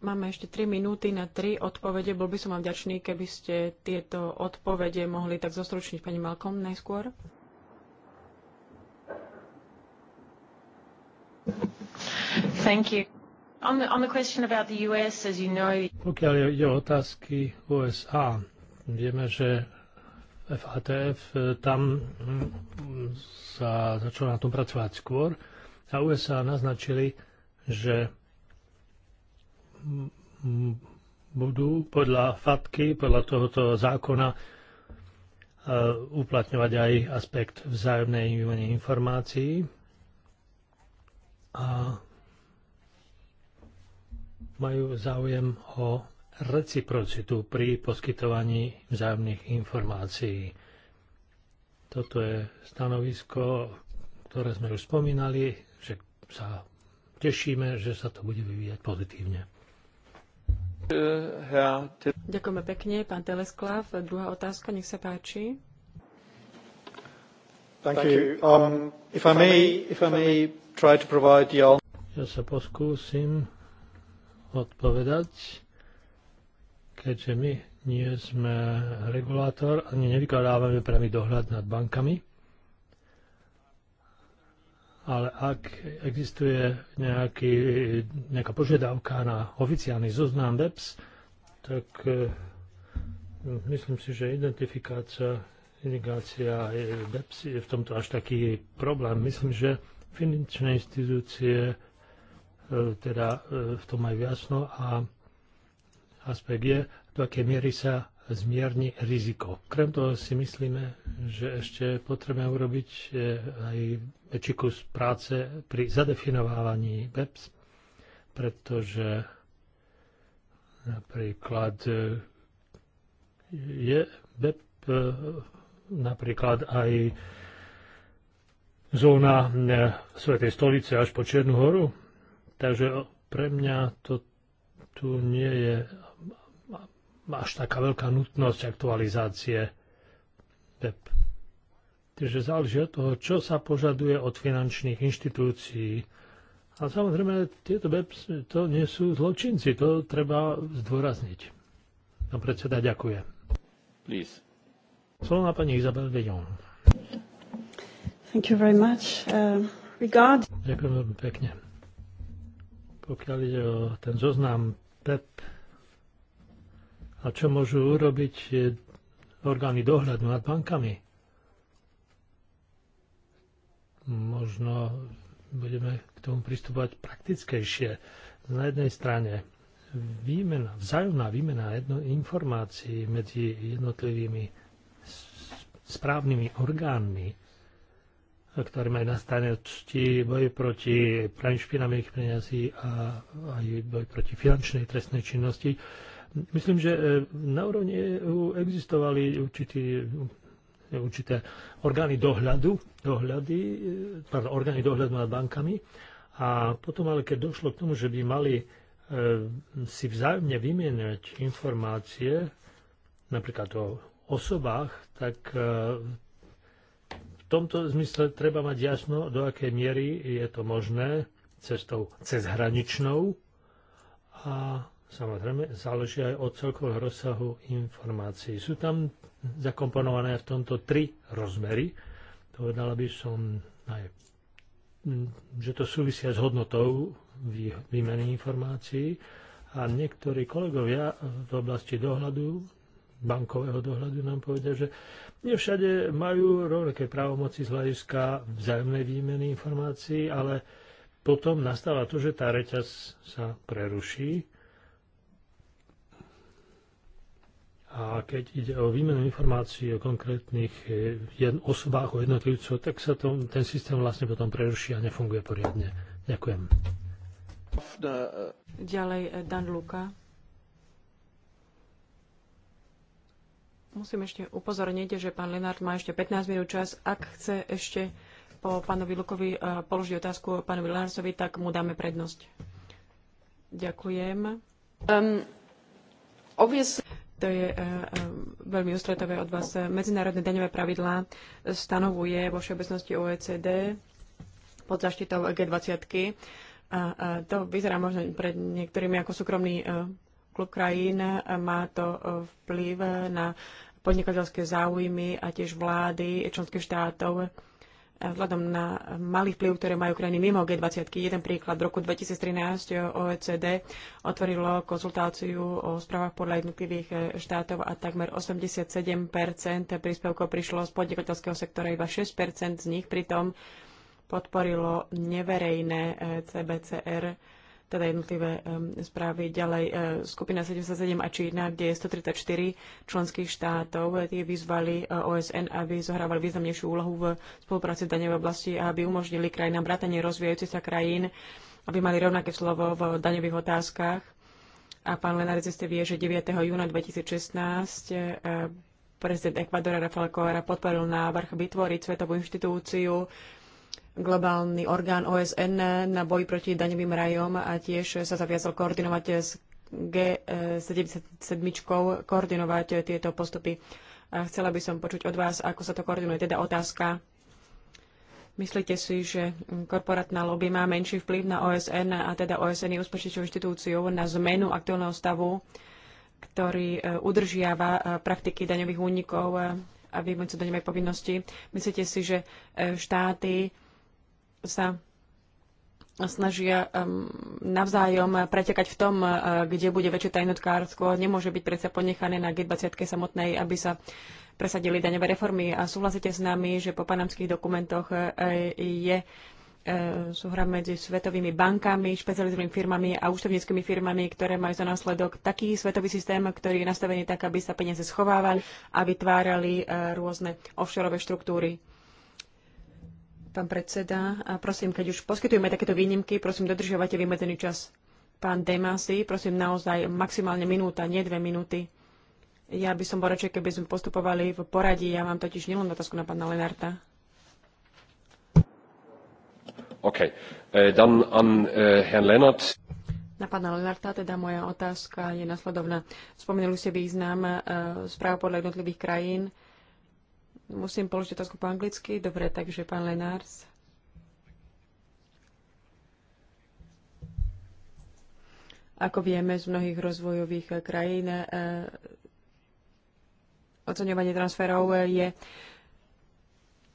Máme ešte 3 minúty na 3 odpovede. Bol by som vám vďačný, keby ste tieto odpovede mohli tak zostručniť pani Malkom najskôr. Thank you. On the, on the question about the US, as you know... Pokiaľ ide o otázky USA, vieme, že FATF, e, tam mm, sa začalo na tom pracovať skôr a USA naznačili, že budú podľa FATKY, podľa tohoto zákona e, uplatňovať aj aspekt vzájomnej výmeny informácií a majú záujem o reciprocitu pri poskytovaní vzájomných informácií. Toto je stanovisko, ktoré sme už spomínali, že sa tešíme, že sa to bude vyvíjať pozitívne. Ďakujeme pekne. Pán Telesklav, druhá otázka, nech sa páči. Um, ja sa poskúsim odpovedať, keďže my nie sme regulátor ani nevykladávame priamy dohľad nad bankami ale ak existuje nejaký, nejaká požiadavka na oficiálny zoznam DEPS, tak e, myslím si, že identifikácia, indikácia DEPS je v tomto až taký problém. Myslím, že finančné inštitúcie e, teda e, v tom majú jasno a aspekt je, do akej miery sa zmierni riziko. Krem toho si myslíme, že ešte potrebujeme urobiť eh, aj väčší kus práce pri zadefinovávaní BEPS, pretože napríklad eh, je BEP eh, napríklad aj zóna Svetej stolice až po Čiernu horu. Takže pre mňa to tu nie je až taká veľká nutnosť aktualizácie PEP. Takže záleží od toho, čo sa požaduje od finančných inštitúcií. A samozrejme, tieto BEPS to nie sú zločinci, to treba zdôrazniť. Pán predseda, ďakujem. Please. Slovo na pani Izabel Vejon. Thank you very much. Uh, regard... Ďakujem veľmi pekne. Pokiaľ ide o ten zoznam PEP, a čo môžu urobiť orgány dohľadu nad bankami? Možno budeme k tomu pristupovať praktickejšie. Na jednej strane výmena, vzájomná výmena jedno, informácií medzi jednotlivými správnymi orgánmi, ktoré majú na starosti boj proti praní špinavých peniazí a aj boj proti finančnej trestnej činnosti, Myslím, že e, na úrovni e existovali určitý, e, určité orgány dohľadu, dohľady, pardon, orgány dohľadu nad bankami. A potom ale, keď došlo k tomu, že by mali si vzájomne vymieňať informácie, napríklad o osobách, tak v tomto zmysle treba mať jasno, do akej miery je to možné cestou cezhraničnou a samozrejme záleží aj od celkového rozsahu informácií. Sú tam zakomponované v tomto tri rozmery. Povedala by som aj že to súvisia s hodnotou výmeny informácií a niektorí kolegovia v oblasti dohľadu, bankového dohľadu nám povedia, že nie všade majú rovnaké právomoci z hľadiska vzájomnej výmeny informácií, ale potom nastáva to, že tá reťaz sa preruší A keď ide o výmenu informácií o konkrétnych eh, jed, osobách, o jednotlivcoch, tak sa to, ten systém vlastne potom preruší a nefunguje poriadne. Ďakujem. Ďalej eh, Dan Luka. Musím ešte upozorniť, že pán Lenard má ešte 15 minút čas. Ak chce ešte po pánovi Lukovi eh, položiť otázku pánovi Lenardovi, tak mu dáme prednosť. Ďakujem. Um, obvious to je e, e, veľmi ústretové od vás. Medzinárodné daňové pravidlá stanovuje vo všeobecnosti OECD pod zaštitou G20. A, a to vyzerá možno pred niektorými ako súkromný e, klub krajín. Má to vplyv na podnikateľské záujmy a tiež vlády členských štátov vzhľadom na malý vplyv, ktoré majú krajiny mimo G20. Jeden príklad, v roku 2013 OECD otvorilo konzultáciu o správach podľa jednotlivých e, štátov a takmer 87 príspevkov prišlo z podnikateľského sektora, iba 6 z nich pritom podporilo neverejné e, CBCR teda jednotlivé správy. Ďalej e, skupina 77 a Čína, kde je 134 členských štátov, e, tie vyzvali e, OSN, aby zohrávali významnejšiu úlohu v spolupráci v daňovej oblasti a aby umožnili krajinám bratanie rozvíjajúcich sa krajín, aby mali rovnaké slovo v daňových otázkach. A pán Lenárez ste vie, že 9. júna 2016 prezident Ekvadora Rafael Coara podporil návrh vytvoriť Svetovú inštitúciu globálny orgán OSN na boj proti daňovým rajom a tiež sa zaviazal koordinovať s G77 koordinovať tieto postupy. chcela by som počuť od vás, ako sa to koordinuje. Teda otázka, myslíte si, že korporátna lobby má menší vplyv na OSN a teda OSN je úspešnejšou inštitúciou na zmenu aktuálneho stavu, ktorý e, udržiava e, praktiky daňových únikov aby vymocením daňové povinnosti. Myslíte si, že e, štáty sa snažia navzájom pretekať v tom, e, kde bude väčšie tajnotkárstvo. Nemôže byť predsa ponechané na G20 samotnej, aby sa presadili daňové reformy. A súhlasíte s nami, že po panamských dokumentoch e, je E, súhra medzi svetovými bankami, špecializovanými firmami a účtovníckými firmami, ktoré majú za následok taký svetový systém, ktorý je nastavený tak, aby sa peniaze schovávali a vytvárali e, rôzne offshore štruktúry. Pán predseda, a prosím, keď už poskytujeme takéto výnimky, prosím, dodržiavate vymedzený čas. Pán Demasi, prosím, naozaj maximálne minúta, nie dve minúty. Ja by som bol radšej, keby sme postupovali v poradí. Ja mám totiž nielen otázku na pána Lenarta. OK. E, dan an e, Herrn Lennart. Na pána Lenarta teda moja otázka je nasledovná. Spomenuli ste význam e, správ podľa jednotlivých krajín. Musím položiť otázku po anglicky. Dobre, takže pán Lenárs. Ako vieme z mnohých rozvojových krajín, oceňovanie transferov je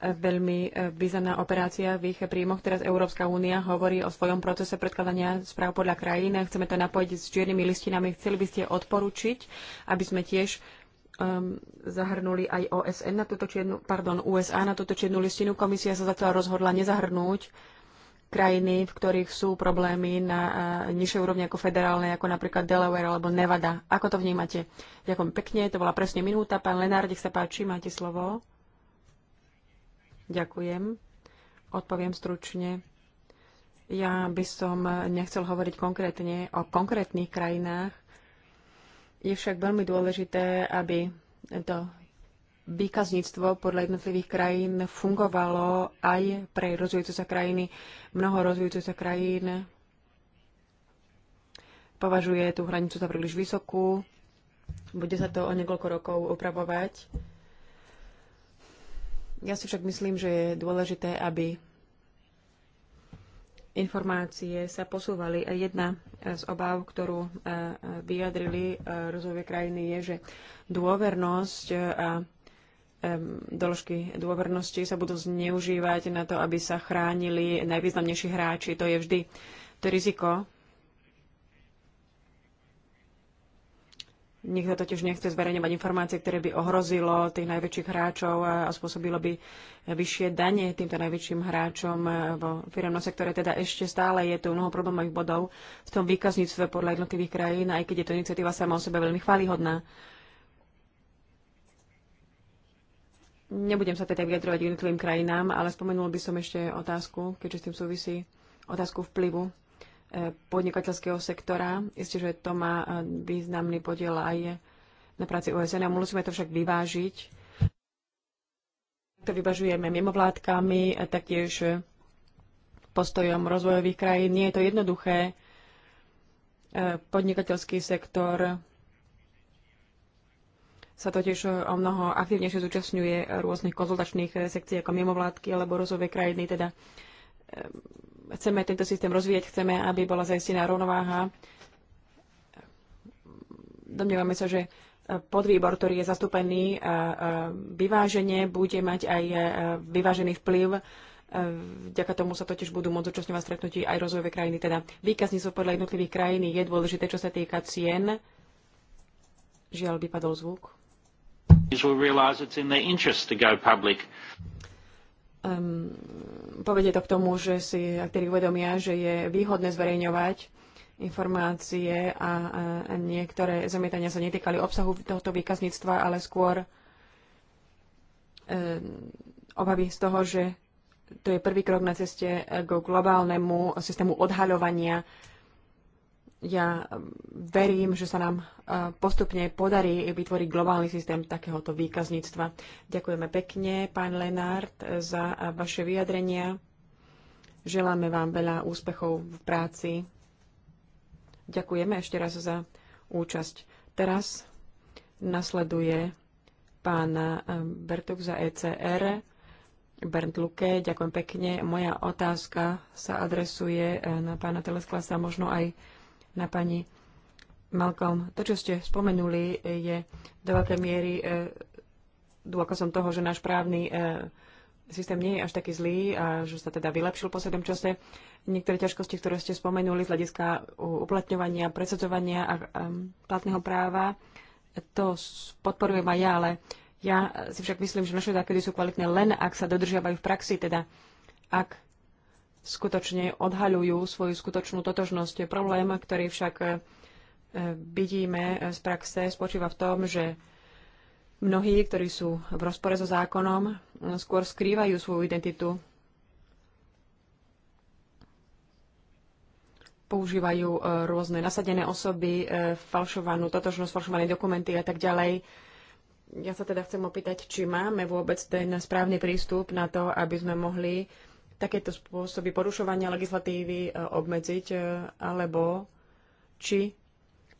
veľmi významná e, operácia v ich príjmoch. Teraz Európska únia hovorí o svojom procese predkladania správ podľa krajín. Chceme to napojiť s čiernymi listinami. Chceli by ste odporučiť, aby sme tiež um, zahrnuli aj OSN na túto čiernu, pardon, USA na túto čiernu listinu. Komisia sa zatiaľ rozhodla nezahrnúť krajiny, v ktorých sú problémy na uh, nižšej úrovni ako federálne, ako napríklad Delaware alebo Nevada. Ako to vnímate? Ďakujem pekne, to bola presne minúta. Pán Lenár, nech sa páči, máte slovo. Ďakujem. Odpoviem stručne. Ja by som nechcel hovoriť konkrétne o konkrétnych krajinách. Je však veľmi dôležité, aby to výkazníctvo podľa jednotlivých krajín fungovalo aj pre rozvíjajúce sa krajiny. Mnoho rozvíjajúcich sa krajín považuje tú hranicu za príliš vysokú. Bude sa to o niekoľko rokov upravovať. Ja si však myslím, že je dôležité, aby informácie sa posúvali. Jedna z obáv, ktorú e, e, vyjadrili e, rozvoje krajiny, je, že dôvernosť a doložky dôvernosti sa budú zneužívať na to, aby sa chránili najvýznamnejší hráči. To je vždy to riziko, Nikto totiž nechce zverejňovať informácie, ktoré by ohrozilo tých najväčších hráčov a spôsobilo by vyššie dane týmto najväčším hráčom e, vo firmnom sektore. Teda ešte stále je tu mnoho problémových bodov v tom výkazníctve podľa jednotlivých krajín, aj keď je to iniciatíva sama o sebe veľmi chválihodná. Nebudem sa teda vyjadrovať jednotlivým krajinám, ale spomenul by som ešte otázku, keďže s tým súvisí otázku vplyvu podnikateľského sektora. Isté, že to má eh, významný podiel aj na práci OSN a musíme to však vyvážiť. To vyvažujeme mimovládkami a eh, taktiež postojom rozvojových krajín. Nie je to jednoduché. Eh, podnikateľský sektor sa totiž o mnoho aktívnejšie zúčastňuje rôznych konzultačných sekcií ako mimovládky alebo rozvojové krajiny, teda chceme tento systém rozvíjať, chceme, aby bola zaistená rovnováha. Domnievame sa, že podvýbor, ktorý je zastúpený vyváženie, bude mať aj vyvážený vplyv. Vďaka tomu sa totiž budú môcť zúčastňovať stretnutí aj rozvojové krajiny. Teda sú podľa jednotlivých krajín je dôležité, čo sa týka cien. Žiaľ, vypadol zvuk. Um, povedie to k tomu, že si aktéry uvedomia, že je výhodné zverejňovať informácie a, a niektoré zamietania sa netýkali obsahu tohto výkazníctva, ale skôr um, obavy z toho, že to je prvý krok na ceste k globálnemu systému odhaľovania ja verím, že sa nám e, postupne podarí vytvoriť globálny systém takéhoto výkazníctva. Ďakujeme pekne, pán Lenard, za e, vaše vyjadrenia. Želáme vám veľa úspechov v práci. Ďakujeme ešte raz za účasť. Teraz nasleduje pán e, Bertuk za ECR. Bernd Luke, ďakujem pekne. Moja otázka sa adresuje na pána Telesklasa, možno aj na pani Malcolm. To, čo ste spomenuli, je do veľkej miery e, dôkazom toho, že náš právny e, systém nie je až taký zlý a že sa teda vylepšil po sedom čase. Niektoré ťažkosti, ktoré ste spomenuli z hľadiska uplatňovania, presadzovania a platného práva, to podporujem aj ja, ale ja si však myslím, že naše zákony sú kvalitné len, ak sa dodržiavajú v praxi, teda ak skutočne odhaľujú svoju skutočnú totožnosť. Problém, ktorý však e, vidíme z praxe, spočíva v tom, že mnohí, ktorí sú v rozpore so zákonom, skôr skrývajú svoju identitu. Používajú e, rôzne nasadené osoby, e, falšovanú totožnosť, falšované dokumenty a tak ďalej. Ja sa teda chcem opýtať, či máme vôbec ten správny prístup na to, aby sme mohli takéto spôsoby porušovania legislatívy e, obmedziť, e, alebo či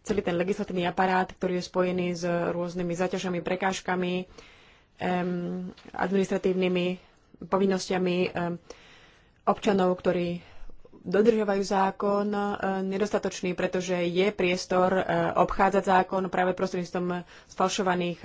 celý ten legislatívny aparát, ktorý je spojený s rôznymi zaťažami, prekážkami, administratívnymi povinnosťami občanov, ktorí dodržiavajú zákon, e, nedostatočný, pretože je priestor obchádzať zákon práve prostredníctvom sfalšovaných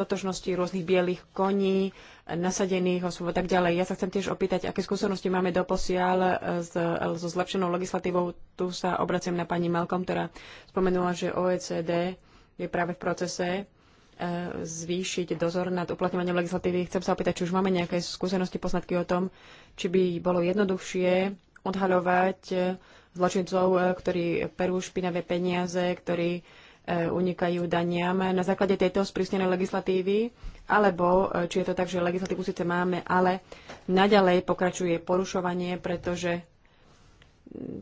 totožnosti rôznych bielých koní, nasadených osôb a tak ďalej. Ja sa chcem tiež opýtať, aké skúsenosti máme doposiaľ eh, eh, so zlepšenou legislatívou. Tu sa obraciam na pani Malkom, ktorá spomenula, že OECD je práve v procese eh, zvýšiť dozor nad uplatňovaním legislatívy. Chcem sa opýtať, či už máme nejaké skúsenosti, poznatky o tom, či by bolo jednoduchšie odhaľovať zločincov, ktorí perú špinavé peniaze, ktorí E, unikajú daniam na základe tejto sprísnenej legislatívy, alebo e, či je to tak, že legislatívu síce máme, ale naďalej pokračuje porušovanie, pretože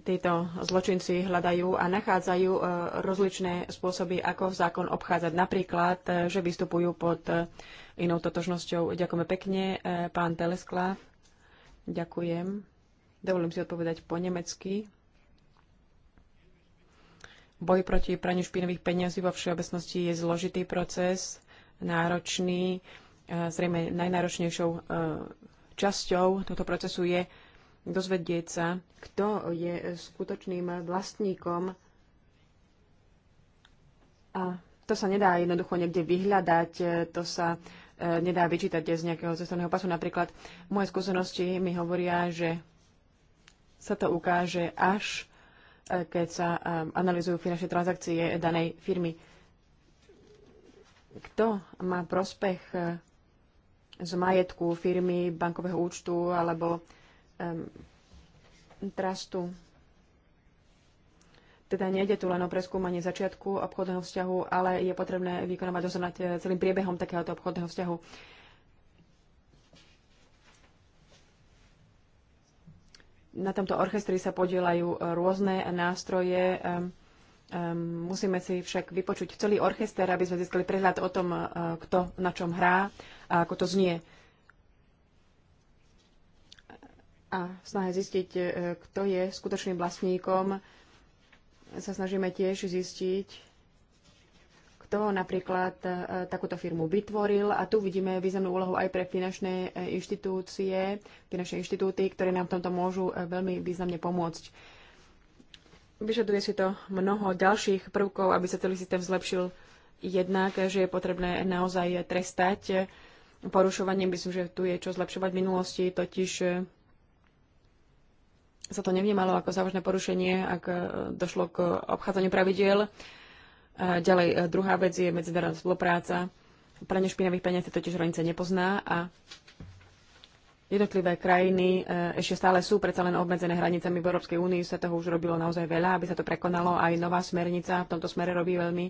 títo zločinci hľadajú a nachádzajú e, rozličné spôsoby, ako zákon obchádzať. Napríklad, že vystupujú pod inou totožnosťou. Ďakujeme pekne, pán Teleskláv. Ďakujem. Dovolím si odpovedať po nemecky. Boj proti praniu špinavých peňazí vo všeobecnosti je zložitý proces, náročný. E, zrejme najnáročnejšou e, časťou tohto procesu je dozvedieť sa, kto je skutočným vlastníkom a to sa nedá jednoducho niekde vyhľadať, e, to sa nedá vyčítať z nejakého cestovného pasu. Napríklad moje skúsenosti mi hovoria, že sa to ukáže až Eh, keď sa eh, analýzujú finančné transakcie danej firmy. Kto má prospech eh, z majetku firmy, bankového účtu alebo um, trustu? Teda nejde tu len o preskúmanie začiatku obchodného vzťahu, ale je potrebné vykonávať dozor nad celým priebehom takéhoto obchodného vzťahu. Na tomto orchestri sa podielajú e, rôzne nástroje. E, e, musíme si však vypočuť celý orchester, aby sme získali prehľad o tom, kto na čom hrá a ako to znie. A snahe zistiť, kto je skutočným vlastníkom, sa snažíme tiež zistiť, kto napríklad e, takúto firmu vytvoril. A tu vidíme významnú úlohu aj pre finančné e, inštitúcie, finančné inštitúty, ktoré nám v tomto môžu e, veľmi významne pomôcť. Vyžaduje si to mnoho ďalších prvkov, aby sa celý systém zlepšil jednak, že je potrebné naozaj trestať porušovanie. Myslím, že tu je čo zlepšovať v minulosti, totiž sa to nevnímalo ako závažné porušenie, ak došlo k obchádzaniu pravidiel ďalej, e, druhá vec je medzinárodná spolupráca. Pranie špinavých peniazí totiž hranice nepozná a jednotlivé krajiny e, ešte stále sú predsa len obmedzené hranicami v Európskej únii, sa toho už robilo naozaj veľa, aby sa to prekonalo. Aj nová smernica v tomto smere robí veľmi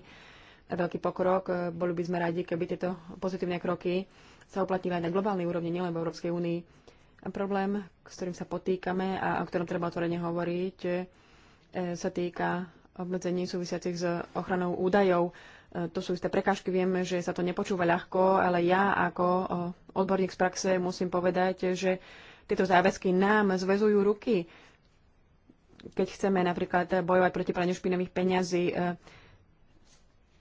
veľký pokrok. E, boli by sme radi, keby tieto pozitívne kroky sa uplatnili aj na globálnej úrovni, nielen v Európskej únii. Problém, s ktorým sa potýkame a o ktorom treba otvorene hovoriť, sa týka obmedzení súvisiacich s ochranou údajov. E, to sú isté prekážky, vieme, že sa to nepočúva ľahko, ale ja ako e, odborník z praxe musím povedať, že tieto záväzky nám zväzujú ruky. Keď chceme napríklad bojovať proti praniu špinových peňazí, e,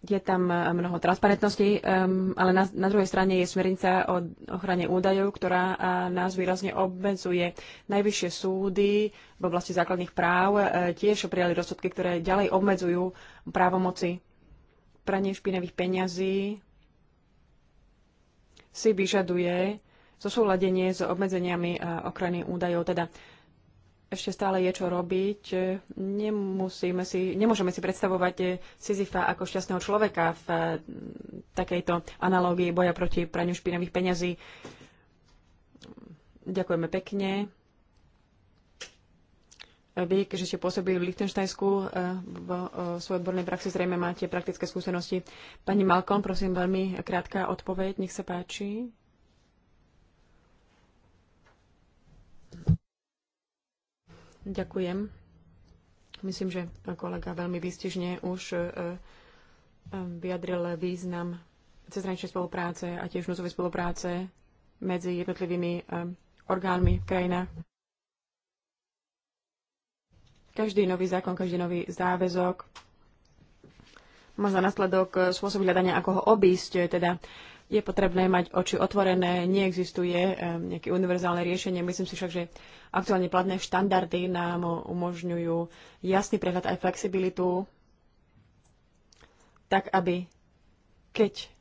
je tam eh, mnoho transparentnosti, ehm, ale na, na druhej strane je smernica o ochrane údajov, ktorá eh, nás výrazne obmedzuje. Najvyššie súdy v oblasti základných práv eh, tiež prijali rozsudky, ktoré ďalej obmedzujú právomoci. Pranie špinavých peňazí si vyžaduje zosúladenie s obmedzeniami ochrany údajov. Teda ešte stále je čo robiť. Nemusíme si, nemôžeme si predstavovať Sisyfa ako šťastného človeka v eh, takejto analógii boja proti praniu špinavých peňazí. Ďakujeme pekne. Vy, keďže ste pôsobili v Lichtenštajsku eh, v eh, svojej odbornej praxi, zrejme máte praktické skúsenosti. Pani Malkom, prosím, veľmi krátka odpoveď, nech sa páči. Ďakujem. Myslím, že kolega veľmi výstižne už e, e, vyjadril význam cezhraničnej spolupráce a tiež núzovej spolupráce medzi jednotlivými e, orgánmi v krajinách. Každý nový zákon, každý nový záväzok má za následok spôsob hľadania, ako ho obísť, teda je potrebné mať oči otvorené, neexistuje nejaké univerzálne riešenie. Myslím si však, že aktuálne platné štandardy nám umožňujú jasný prehľad aj flexibilitu, tak aby keď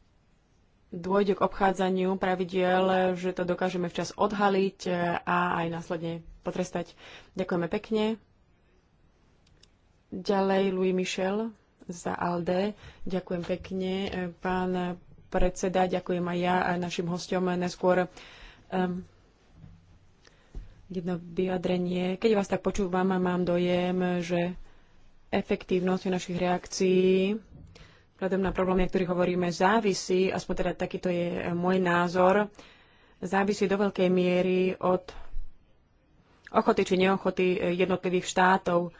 dôjde k obchádzaniu pravidiel, že to dokážeme včas odhaliť e, a aj následne potrestať. Ďakujeme pekne. Ďalej Louis Michel za ALDE. Ďakujem pekne. E, pán predseda. Ďakujem aj ja a našim hostom neskôr. Um, jedno vyjadrenie. Keď vás tak počúvam, mám dojem, že efektívnosť našich reakcií vzhľadom na problémy, o ktorých hovoríme, závisí, aspoň teda takýto je eh, môj názor, závisí do veľkej miery od ochoty či neochoty eh, jednotlivých štátov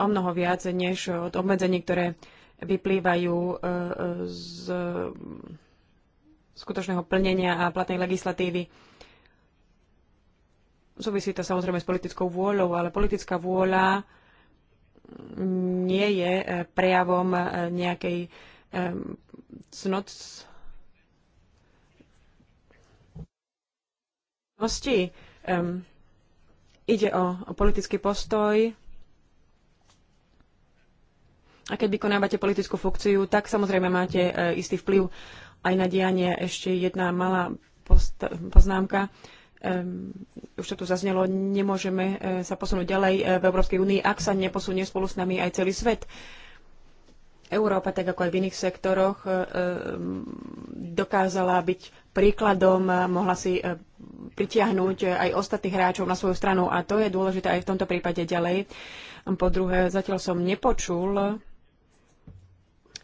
o mnoho viac, než od obmedzení, ktoré vyplývajú e, e, z skutočného plnenia a platnej legislatívy. Súvisí to samozrejme s politickou vôľou, ale politická vôľa nie je e, prejavom nejakej cnotnosti. Ide o politický postoj, a keď vykonávate politickú funkciu, tak samozrejme máte e, istý vplyv aj na dianie. Ešte jedna malá poznámka. Um, už to tu zaznelo, nemôžeme e, sa posunúť ďalej e, v Európskej únii, ak sa neposunie spolu s nami aj celý svet. Európa, tak ako aj v iných sektoroch, dokázala byť príkladom, mohla si pritiahnuť aj ostatných hráčov na svoju stranu a to je dôležité aj v tomto prípade ďalej. Po druhé, zatiaľ som nepočul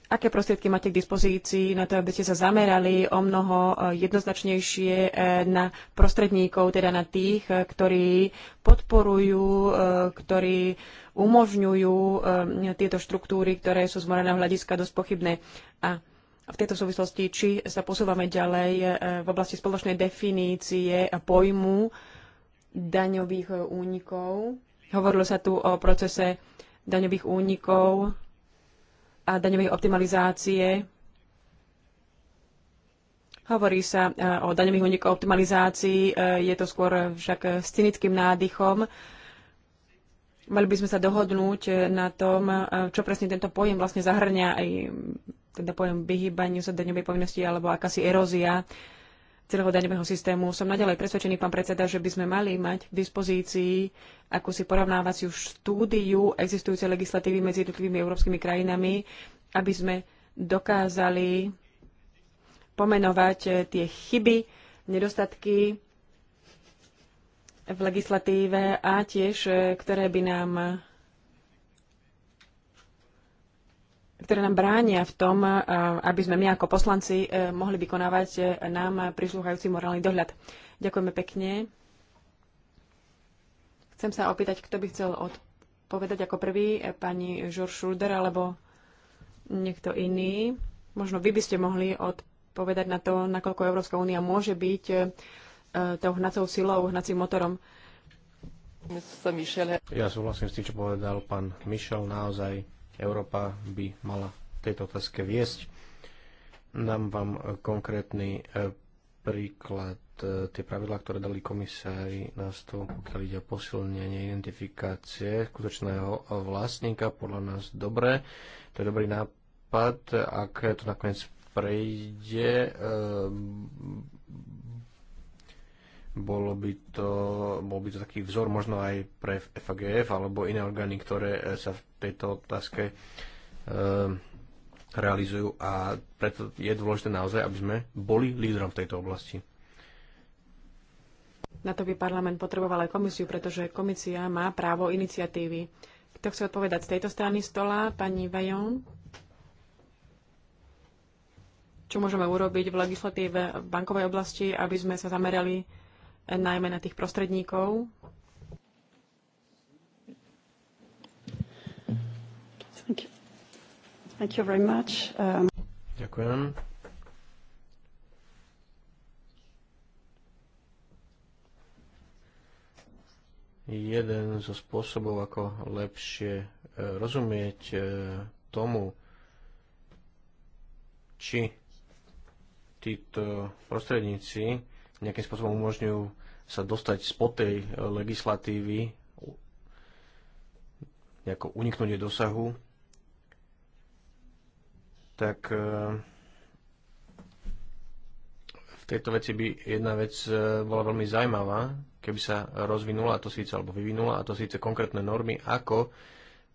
aké prostriedky máte k dispozícii na to, aby ste sa zamerali o mnoho e, jednoznačnejšie e, na prostredníkov, teda na tých, e, ktorí podporujú, ktorí umožňujú tieto štruktúry, ktoré sú z morálneho hľadiska dosť pochybné. A v tejto súvislosti, či sa posúvame ďalej v oblasti spoločnej definície a pojmu daňových únikov. Hovorilo sa tu o procese daňových únikov a daňovej optimalizácie. Hovorí sa e, o daňových únikoch optimalizácií, e, je to skôr však s cynickým nádychom. Mali by sme sa dohodnúť e, na tom, čo presne tento pojem vlastne zahrňa, aj teda pojem vyhýbaniu sa daňovej povinnosti alebo akási erózia celého daňového systému. Som naďalej presvedčený, pán predseda, že by sme mali mať v dispozícii akúsi porovnávaciu štúdiu existujúcej legislatívy medzi jednotlivými európskymi krajinami, aby sme dokázali pomenovať eh, tie chyby, nedostatky v legislatíve a tiež, eh, ktoré by nám ktoré nám bránia v tom, eh, aby sme my ako poslanci eh, mohli vykonávať eh, nám prislúhajúci morálny dohľad. Ďakujeme pekne. Chcem sa opýtať, kto by chcel odpovedať ako prvý, pani Žor Schulder alebo niekto iný. Možno vy by ste mohli odpovedať na to, nakoľko Európska únia môže byť tou hnacou silou, hnacím motorom. Ja súhlasím s tým, čo povedal pán Michel. Naozaj Európa by mala tejto otázke viesť. Dám vám konkrétny e, príklad e, tie pravidlá, ktoré dali komisári na stôl, pokiaľ ide o posilnenie identifikácie skutočného vlastníka, podľa nás dobré. To je dobrý nápad, ak to nakoniec prejde, e, bolo by to, bol by to taký vzor možno aj pre FAGF alebo iné orgány, ktoré e, sa v tejto otázke e, realizujú a preto je dôležité naozaj, aby sme boli lídrom v tejto oblasti. Na to by parlament potreboval aj komisiu, pretože komisia má právo iniciatívy. Kto chce odpovedať z tejto strany stola? Pani Vajon? Čo môžeme urobiť v legislatíve v bankovej oblasti, aby sme sa zamerali najmä na tých prostredníkov. Thank you. Thank you very much. Um... Ďakujem. Jeden zo spôsobov, ako lepšie e, rozumieť e, tomu, či títo prostredníci nejakým spôsobom umožňujú sa dostať spod tej e, legislatívy, nejako uniknúť jej dosahu, tak e, v tejto veci by jedna vec e, bola veľmi zaujímavá, keby sa rozvinula, a to síce, alebo vyvinula, a to síce konkrétne normy, ako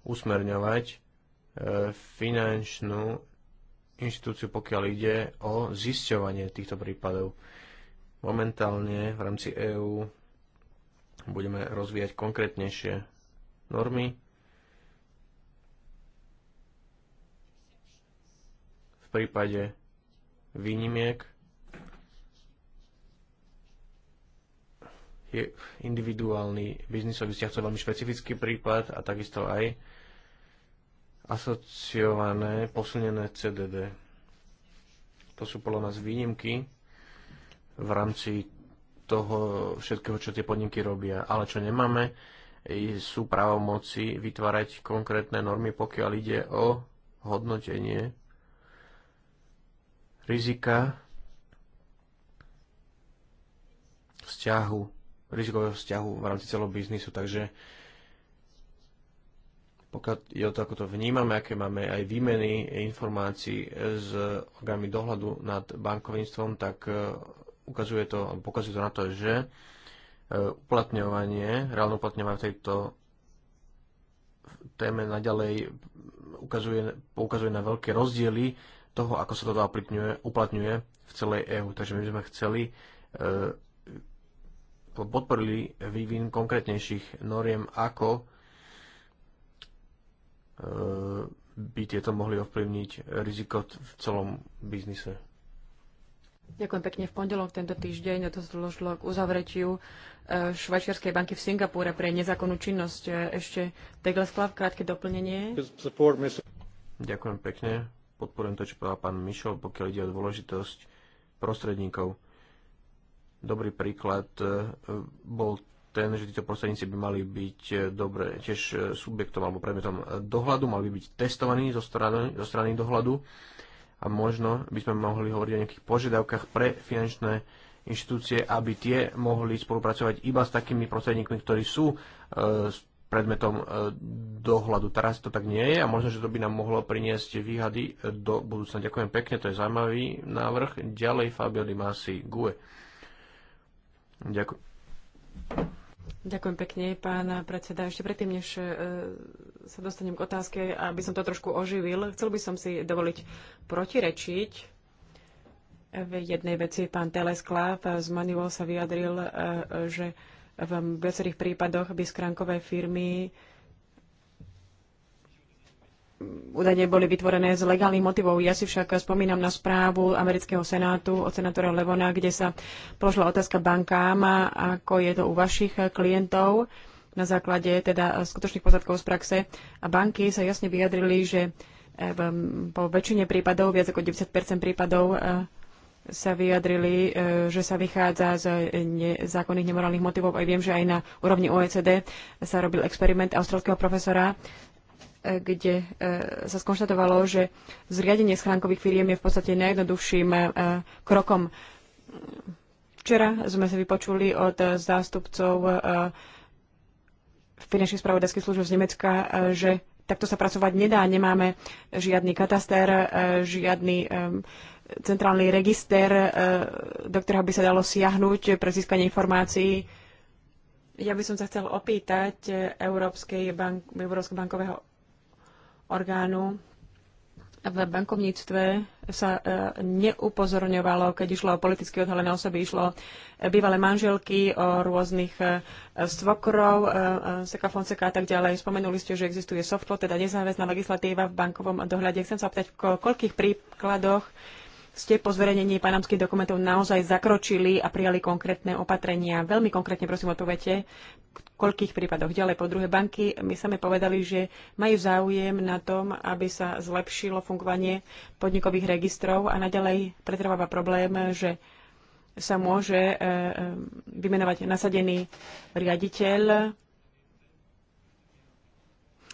usmerňovať finančnú inštitúciu, pokiaľ ide o zisťovanie týchto prípadov. Momentálne v rámci EÚ budeme rozvíjať konkrétnejšie normy. V prípade výnimiek je individuálny biznisový vzťah, to je veľmi špecifický prípad a takisto aj asociované posunené CDD. To sú podľa nás výnimky, v rámci toho všetkého, čo tie podniky robia. Ale čo nemáme, sú právomoci vytvárať konkrétne normy, pokiaľ ide o hodnotenie rizika vzťahu, rizikového vzťahu v rámci celého biznisu. Takže pokiaľ je to, ako to vnímame, aké máme aj výmeny informácií s orgánmi dohľadu nad bankovníctvom, tak ukazuje to, pokazuje to na to, že e, uplatňovanie, reálne uplatňovanie v tejto téme naďalej ukazuje, poukazuje na veľké rozdiely toho, ako sa toto uplatňuje, uplatňuje v celej EÚ. Takže my sme chceli e, podporili vývin konkrétnejších noriem, ako e, by tieto mohli ovplyvniť riziko v celom biznise. Ďakujem pekne. V pondelok tento týždeň to zložilo k uzavretiu e, Švajčiarskej banky v Singapúre pre nezákonnú činnosť. E, ešte Tegla Sklav, krátke doplnenie. Ďakujem pekne. Podporujem to, čo povedal pán Mišo, pokiaľ ide o dôležitosť prostredníkov. Dobrý príklad e, bol ten, že títo prostredníci by mali byť dobre tiež subjektom alebo predmetom dohľadu, mali by byť testovaní zo strany, zo strany dohľadu a možno by sme mohli hovoriť o nejakých požiadavkách pre finančné inštitúcie, aby tie mohli spolupracovať iba s takými prostredníkmi, ktorí sú e, s predmetom e, dohľadu. Teraz to tak nie je a možno, že to by nám mohlo priniesť výhady e, do budúcna. Ďakujem pekne, to je zaujímavý návrh. Ďalej Fabio Di Masi, GUE. Ďakujem. Ďakujem pekne, pán predseda. Ešte predtým, než e, sa dostanem k otázke, aby som to trošku oživil, chcel by som si dovoliť protirečiť v jednej veci. Pán Telesklav z Manivo sa vyjadril, e, že v viacerých prípadoch by skránkové firmy údajne boli vytvorené z legálnych motivov. Ja si však spomínam na správu amerického senátu od senátora Levona, kde sa položila otázka bankám, ako je to u vašich klientov na základe teda skutočných poznatkov z praxe. A banky sa jasne vyjadrili, že eh, po väčšine prípadov, viac ako 90 prípadov, eh, sa vyjadrili, eh, že sa vychádza z nezákonných nemorálnych motivov. Aj viem, že aj na úrovni OECD sa robil experiment australského profesora Eh, kde eh, sa skonštatovalo, že zriadenie schránkových firiem je v podstate najjednoduchším eh, krokom. Včera sme sa vypočuli od zástupcov finančných spravodajských služieb z Nemecka, že takto sa pracovať nedá. Nemáme žiadny kataster, žiadny centrálny register, do ktorého by sa dalo siahnuť pre získanie informácií. Ja by som sa chcel opýtať Európskej bank, Európskeho bankového orgánu v bankovníctve sa e, neupozorňovalo, keď išlo o politicky odhalené osoby, išlo e, bývalé manželky, o rôznych e, stvokrov, seka fonseka a tak ďalej. Spomenuli ste, že existuje softlo, teda nezáväzná legislatíva v bankovom dohľade. Chcem sa opýtať, v koľkých príkladoch ste po zverejnení panamských dokumentov naozaj zakročili a prijali konkrétne opatrenia. Veľmi konkrétne prosím odpovete, v koľkých prípadoch. Ďalej, po druhé, banky my same povedali, že majú záujem na tom, aby sa zlepšilo fungovanie podnikových registrov a naďalej pretrváva problém, že sa môže e, e, vymenovať nasadený riaditeľ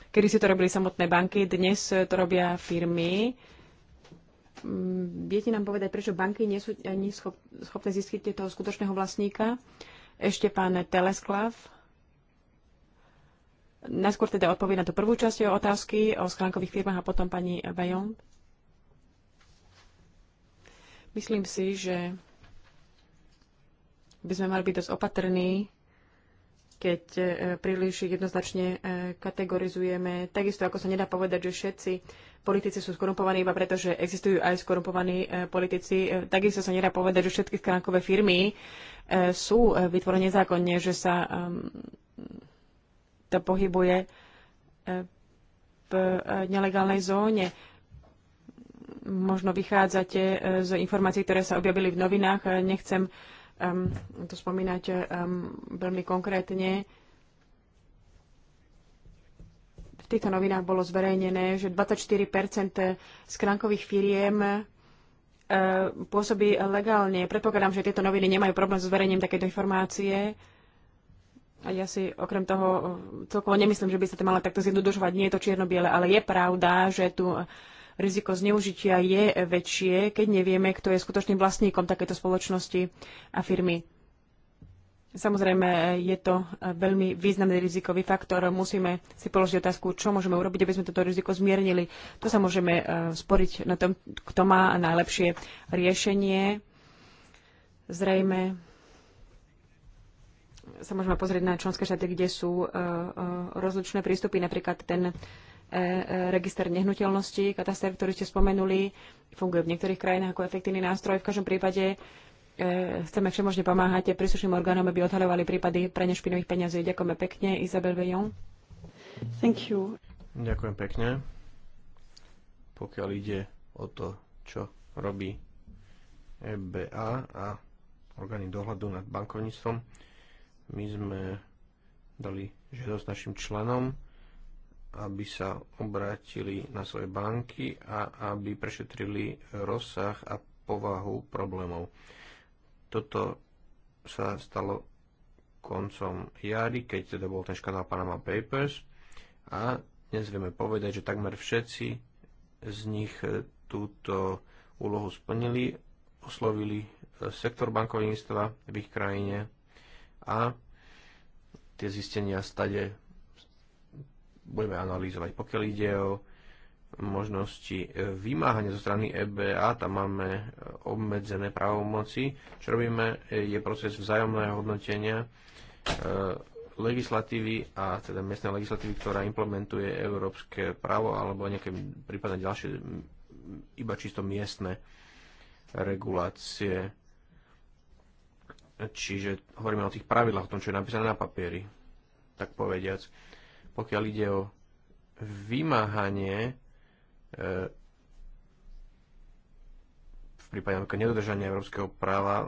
Kedy si to robili samotné banky, dnes to robia firmy. Mm, viete nám povedať, prečo banky nie sú ani schop, schopné zistiť toho skutočného vlastníka? Ešte pán Telesklav. Najskôr teda odpovie na tú prvú časť o otázky o schránkových firmách a potom pani Bajon. Myslím si, že by sme mali byť dosť opatrní, keď e, príliš jednoznačne e, kategorizujeme. Takisto ako sa nedá povedať, že všetci politici sú skorumpovaní iba preto, že existujú aj skorumpovaní e, politici. E, takisto sa nedá povedať, že všetky skránkové firmy e, sú vytvorené nezákonne, že sa to pohybuje v nelegálnej zóne. Možno vychádzate z informácií, ktoré sa objavili v novinách. Nechcem to spomínať veľmi konkrétne v týchto novinách bolo zverejnené, že 24 skránkových firiem e, pôsobí legálne. Predpokladám, že tieto noviny nemajú problém so zverejnením takéto informácie. A ja si okrem toho e, celkovo nemyslím, že by sa to malo takto zjednodušovať. Nie je to čierno-biele, ale je pravda, že tu riziko zneužitia je väčšie, keď nevieme, kto je skutočným vlastníkom takéto spoločnosti a firmy. Samozrejme, je to veľmi významný rizikový faktor. Musíme si položiť otázku, čo môžeme urobiť, aby sme toto riziko zmiernili. To sa môžeme e, sporiť na tom, kto má najlepšie riešenie. Zrejme sa môžeme pozrieť na členské štáty, kde sú e, e, rozličné prístupy, napríklad ten register nehnuteľností, kataster, ktorý ste spomenuli, funguje v niektorých krajinách ako efektívny nástroj. V každom prípade E, chceme všemožne pomáhať príslušným orgánom, aby odhaľovali prípady pre nešpinových peňazí. Ďakujeme pekne. Isabel Vejon. Thank you. Ďakujem pekne. Pokiaľ ide o to, čo robí EBA a orgány dohľadu nad bankovníctvom, my sme dali žiadosť našim členom, aby sa obrátili na svoje banky a aby prešetrili rozsah a povahu problémov. Toto sa stalo koncom jary, keď teda bol ten škandál Panama Papers a dnes vieme povedať, že takmer všetci z nich e, túto úlohu splnili, oslovili e, sektor bankovníctva v ich krajine a tie zistenia stade budeme analýzovať. Pokiaľ ide o možnosti e, vymáhania zo strany EBA, tam máme e, obmedzené právomoci. Čo robíme, e, je proces vzájomného hodnotenia legislatívy a teda miestnej legislatívy, ktorá implementuje európske právo alebo nejaké prípadne ďalšie iba čisto miestne regulácie. Čiže hovoríme o tých pravidlách, o tom, čo je napísané na papieri, tak povediac. Pokiaľ ide o vymáhanie E, v prípade napríklad nedodržania európskeho práva, e,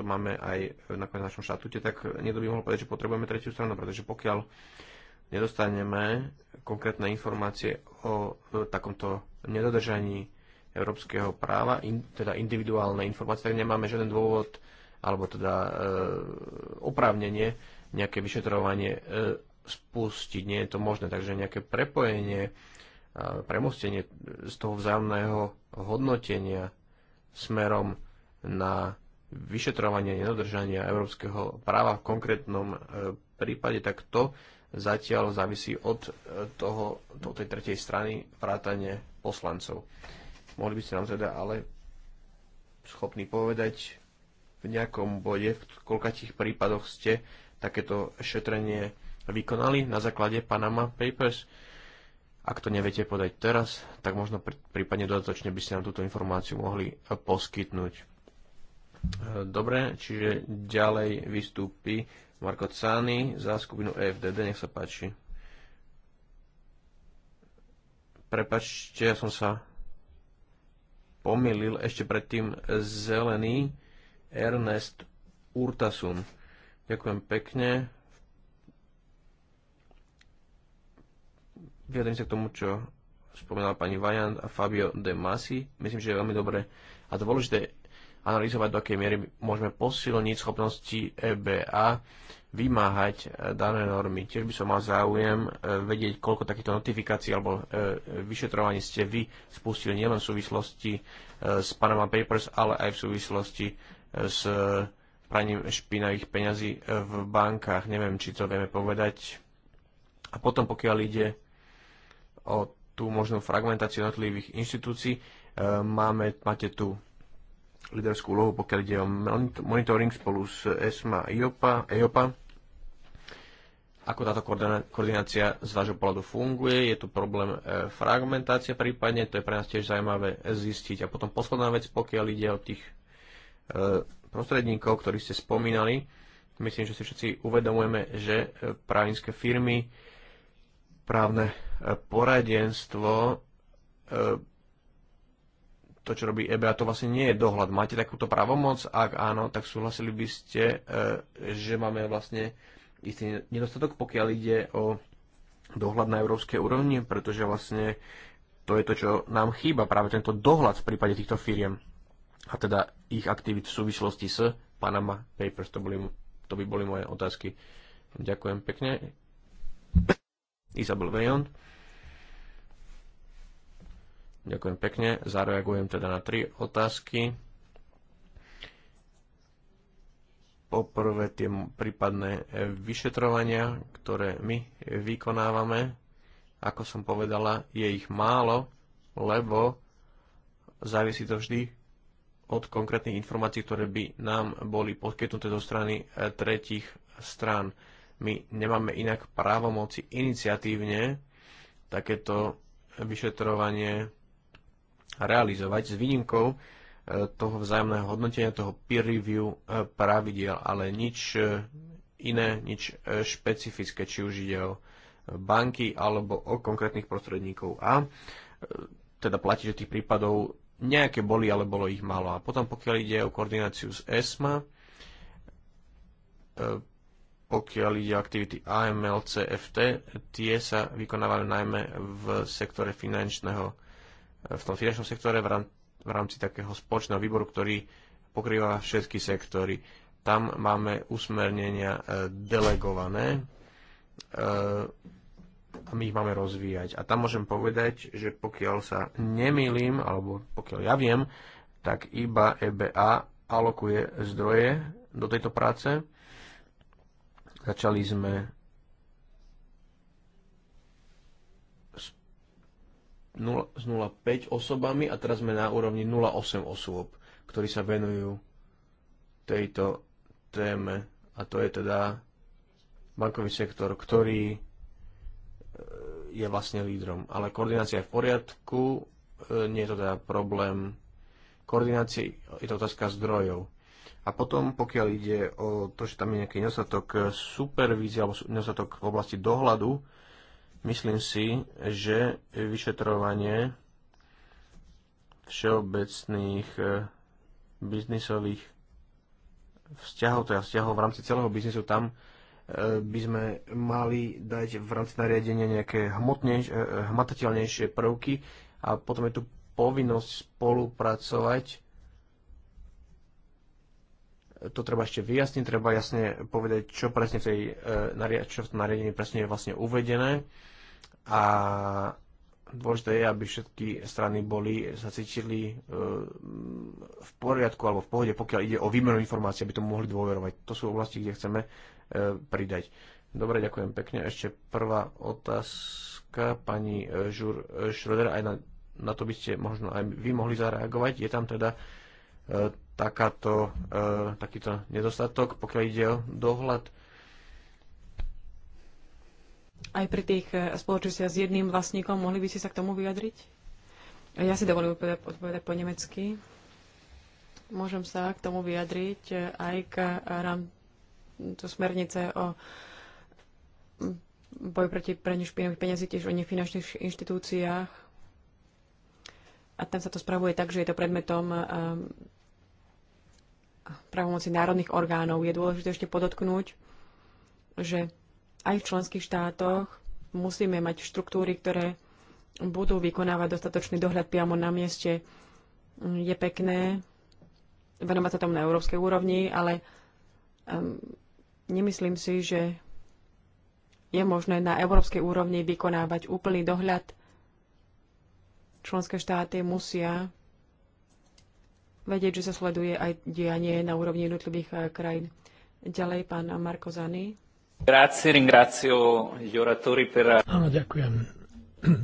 to máme aj na našom štatúte, tak niekto by mohol povedať, že potrebujeme tretiu stranu, pretože pokiaľ nedostaneme konkrétne informácie o takomto nedodržaní európskeho práva, in, teda individuálne informácie, tak nemáme žiaden dôvod alebo teda e, oprávnenie nejaké vyšetrovanie e, spustiť. Nie je to možné, takže nejaké prepojenie premostenie z toho vzájomného hodnotenia smerom na vyšetrovanie nedodržania európskeho práva v konkrétnom e, prípade, tak to zatiaľ závisí od, e, toho, do tej tretej strany vrátane poslancov. Mohli by ste nám teda ale schopní povedať v nejakom bode, v koľkatých prípadoch ste takéto šetrenie vykonali na základe Panama Papers ak to neviete podať teraz, tak možno prípadne dodatočne by ste nám túto informáciu mohli e, poskytnúť. E, dobre, čiže ďalej vystúpi Marko Cány za skupinu EFDD, nech sa páči. Prepačte, ja som sa pomýlil ešte predtým zelený Ernest Urtasun. Ďakujem pekne. Vyjadrím sa k tomu, čo spomínala pani Vajant a Fabio De Masi. Myslím, že je veľmi dobré a dôležité analyzovať, do akej miery môžeme posilniť schopnosti EBA vymáhať dané normy. Tiež by som mal záujem e, vedieť, koľko takýchto notifikácií alebo e, vyšetrovaní ste vy spustili nielen v súvislosti e, s Panama Papers, ale aj v súvislosti s praním špinavých peňazí v bankách. Neviem, či to vieme povedať. A potom, pokiaľ ide o tú možnú fragmentáciu jednotlivých inštitúcií. E, máme, máte tu líderskú úlohu, pokiaľ ide o monitoring spolu s ESMA a EOPA. EOPA. Ako táto koordinácia z vášho pohľadu funguje? Je tu problém e, fragmentácie prípadne? To je pre nás tiež zaujímavé zistiť. A potom posledná vec, pokiaľ ide o tých e, prostredníkov, ktorých ste spomínali. Myslím, že si všetci uvedomujeme, že právnické firmy právne e, poradenstvo, e, to, čo robí EBA, to vlastne nie je dohľad. Máte takúto pravomoc Ak áno, tak súhlasili by ste, e, že máme vlastne istý nedostatok, pokiaľ ide o dohľad na európskej úrovni, pretože vlastne to je to, čo nám chýba, práve tento dohľad v prípade týchto firiem a teda ich aktivít v súvislosti s Panama Papers. To, boli, to by boli moje otázky. Ďakujem pekne. Isabel Vejon. Ďakujem pekne. Zareagujem teda na tri otázky. Poprvé tie prípadné e, vyšetrovania, ktoré my vykonávame. Ako som povedala, je ich málo, lebo závisí to vždy od konkrétnych informácií, ktoré by nám boli poskytnuté zo strany e, tretich strán my nemáme inak právomoci iniciatívne takéto vyšetrovanie realizovať s výnimkou e, toho vzájomného hodnotenia, toho peer review e, pravidiel, ale nič e, iné, nič špecifické, či už ide o banky alebo o konkrétnych prostredníkov. A teda platí, že tých prípadov nejaké boli, ale bolo ich málo. A potom pokiaľ ide o koordináciu s ESMA, pokiaľ ide aktivity AML, CFT, tie sa vykonávajú najmä v sektore finančného, v tom finančnom sektore v rámci takého spoločného výboru, ktorý pokrýva všetky sektory. Tam máme usmernenia e, delegované e, a my ich máme rozvíjať. A tam môžem povedať, že pokiaľ sa nemýlim, alebo pokiaľ ja viem, tak iba EBA alokuje zdroje do tejto práce Začali sme s 0,5 osobami a teraz sme na úrovni 0,8 osôb, ktorí sa venujú tejto téme. A to je teda bankový sektor, ktorý e, je vlastne lídrom. Ale koordinácia je v poriadku, e, nie je to teda problém koordinácie, je to otázka zdrojov. A potom, pokiaľ ide o to, že tam je nejaký nedostatok eh, supervízie alebo nedostatok v oblasti dohľadu, myslím si, že vyšetrovanie všeobecných eh, biznisových vzťahov, to teda je vzťahov v rámci celého biznisu, tam eh, by sme mali dať v rámci nariadenia nejaké hmatateľnejšie prvky a potom je tu povinnosť spolupracovať to treba ešte vyjasniť, treba jasne povedať, čo presne v, tej, e, čo v tom nariadení presne je vlastne uvedené a dôležité je, aby všetky strany boli, sa cítili e, v poriadku alebo v pohode, pokiaľ ide o výmenu informácií, aby tomu mohli dôverovať. To sú oblasti, kde chceme e, pridať. Dobre, ďakujem pekne. Ešte prvá otázka, pani Žur Schröder, aj na, na to by ste možno aj vy mohli zareagovať. Je tam teda takáto, e, takýto nedostatok, pokiaľ ide o dohľad? Aj pri tých e, spoločnostiach s jedným vlastníkom, mohli by ste sa k tomu vyjadriť? Ja si dovolím odpovedať po nemecky. Môžem sa k tomu vyjadriť e, aj k to smernice o boj proti praniu špinových peniazí, tiež o nefinančných inštitúciách. A tam sa to spravuje tak, že je to predmetom e, právomoci národných orgánov. Je dôležité ešte podotknúť, že aj v členských štátoch musíme mať štruktúry, ktoré budú vykonávať dostatočný dohľad priamo na mieste. Je pekné venovať sa tomu na európskej úrovni, ale um, nemyslím si, že je možné na európskej úrovni vykonávať úplný dohľad. Členské štáty musia vedieť, že sa sleduje aj dianie na úrovni jednotlivých eh, krajín. Ďalej pán Marko Zany. Grazie, ringrazio gli per... Áno, ďakujem.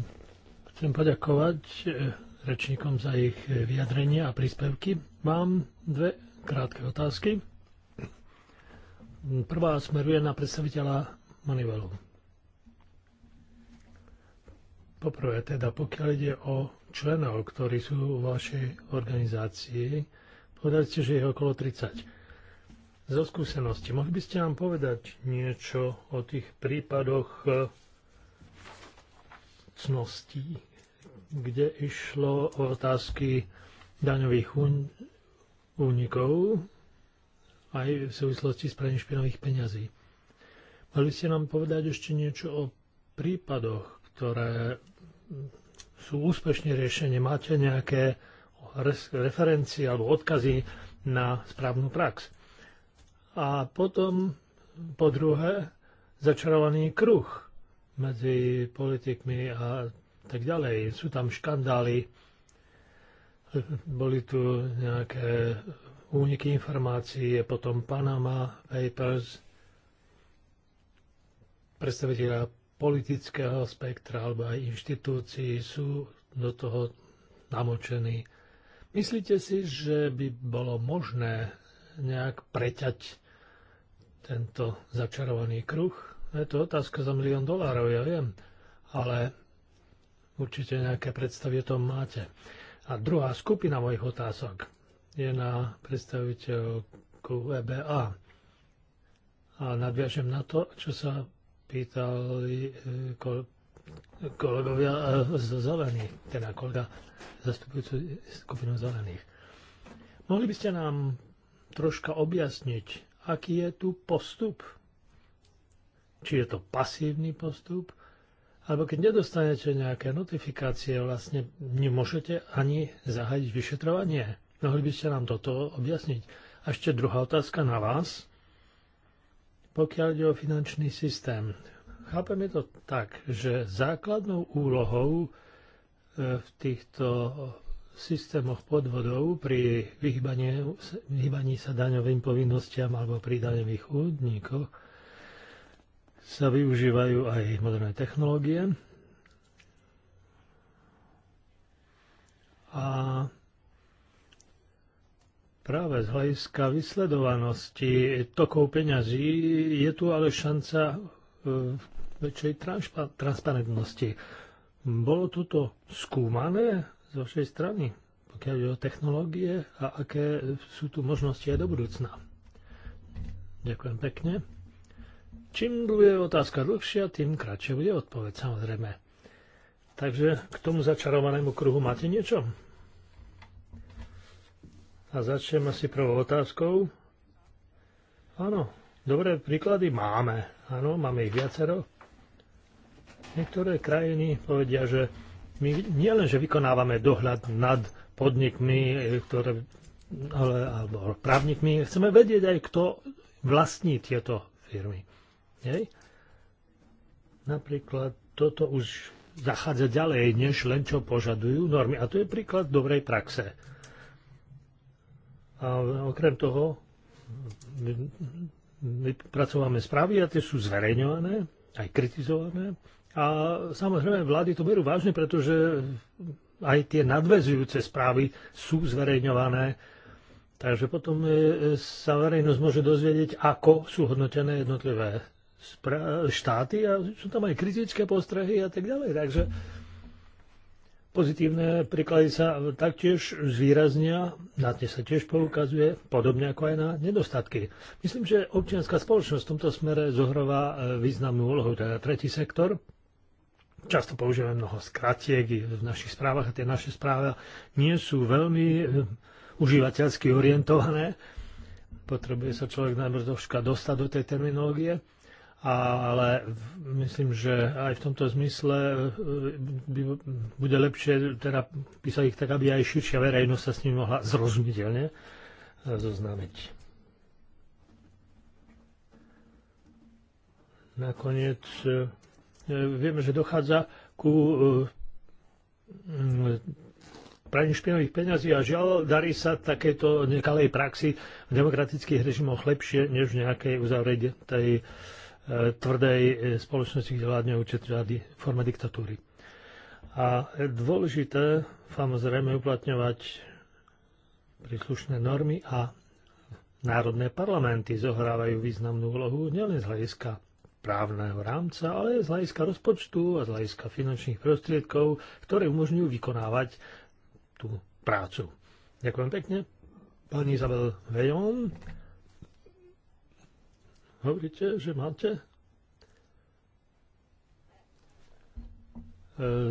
Chcem poďakovať eh, rečníkom za ich eh, vyjadrenie a príspevky. Mám dve krátke otázky. Prvá smeruje na predstaviteľa Manivelu. Poprvé teda, pokiaľ ide o členov, ktorí sú v vašej organizácii. Povedali ste, že je okolo 30. Zo skúsenosti, mohli by ste nám povedať niečo o tých prípadoch eh, cností, kde išlo o otázky daňových únikov aj v súvislosti s praním špinavých peňazí. by ste nám povedať ešte niečo o prípadoch, ktoré sú úspešne riešenie? Máte nejaké referencie alebo odkazy na správnu prax? A potom, po druhé, začarovaný kruh medzi politikmi a tak ďalej. Sú tam škandály, boli tu nejaké úniky informácií, je potom Panama Papers, predstaviteľa politického spektra alebo aj inštitúcií sú do toho namočení. Myslíte si, že by bolo možné nejak preťať tento začarovaný kruh? Je to otázka za milión dolárov, ja viem, ale určite nejaké predstavy o tom máte. A druhá skupina mojich otázok je na predstaviteľku EBA. A nadviažem na to, čo sa pýtali e, kolegovia e, z zelených, teda kolega zastupujúcu skupinu zelených. Mohli by ste nám troška objasniť, aký je tu postup? Či je to pasívny postup? Alebo keď nedostanete nejaké notifikácie, vlastne nemôžete ani zahájiť vyšetrovanie. Mohli by ste nám toto objasniť? A ešte druhá otázka na vás pokiaľ ide o finančný systém. Chápeme to tak, že základnou úlohou e, v týchto systémoch podvodov pri vyhýbaní sa daňovým povinnostiam alebo pri daňových údnikoch sa využívajú aj moderné technológie. A Práve z hľadiska vysledovanosti tokov peňazí je tu ale šanca e, väčšej transparentnosti. Bolo toto skúmané z vašej strany, pokiaľ ide o technológie a aké sú tu možnosti aj do budúcna? Ďakujem pekne. Čím bude otázka dlhšia, tým kratšia bude odpoveď, samozrejme. Takže k tomu začarovanému kruhu máte niečo? A začnem asi prvou otázkou. Áno, dobré príklady máme. Áno, máme ich viacero. Niektoré krajiny povedia, že my nielen, že vykonávame dohľad nad podnikmi, ktoré, ale, alebo právnikmi, chceme vedieť aj, kto vlastní tieto firmy. Hej? Napríklad toto už zachádza ďalej, než len čo požadujú normy. A to je príklad dobrej praxe. A okrem toho my pracováme správy a tie sú zverejňované, aj kritizované. A samozrejme vlády to berú vážne, pretože aj tie nadvezujúce správy sú zverejňované. Takže potom sa verejnosť môže dozvedieť, ako sú hodnotené jednotlivé štáty a sú tam aj kritické postrehy a tak ďalej. Takže Pozitívne príklady sa taktiež zvýraznia, na tie sa tiež poukazuje, podobne ako aj na nedostatky. Myslím, že občianská spoločnosť v tomto smere zohrová e, významnú úlohu, teda tretí sektor. Často používame mnoho skratiek v našich správach a tie naše správy nie sú veľmi e, užívateľsky orientované. Potrebuje sa človek najmä dostať do tej terminológie ale myslím, že aj v tomto zmysle e, by, bude lepšie teda písať ich tak, aby aj širšia verejnosť sa s ním mohla zrozumiteľne e, zoznámiť. Nakoniec e, vieme, že dochádza ku praní špinových peňazí a žiaľ, darí sa takéto nekalej praxi v demokratických režimoch lepšie, než v nejakej uzavrej tej tvrdej e, spoločnosti, kde vládne v forma diktatúry. A dôležité samozrejme uplatňovať príslušné normy a národné parlamenty zohrávajú významnú úlohu nielen z hľadiska právneho rámca, ale aj z hľadiska rozpočtu a z hľadiska finančných prostriedkov, ktoré umožňujú vykonávať tú prácu. Ďakujem pekne. Pani Izabel Vejon. Hovoríte, že máte e,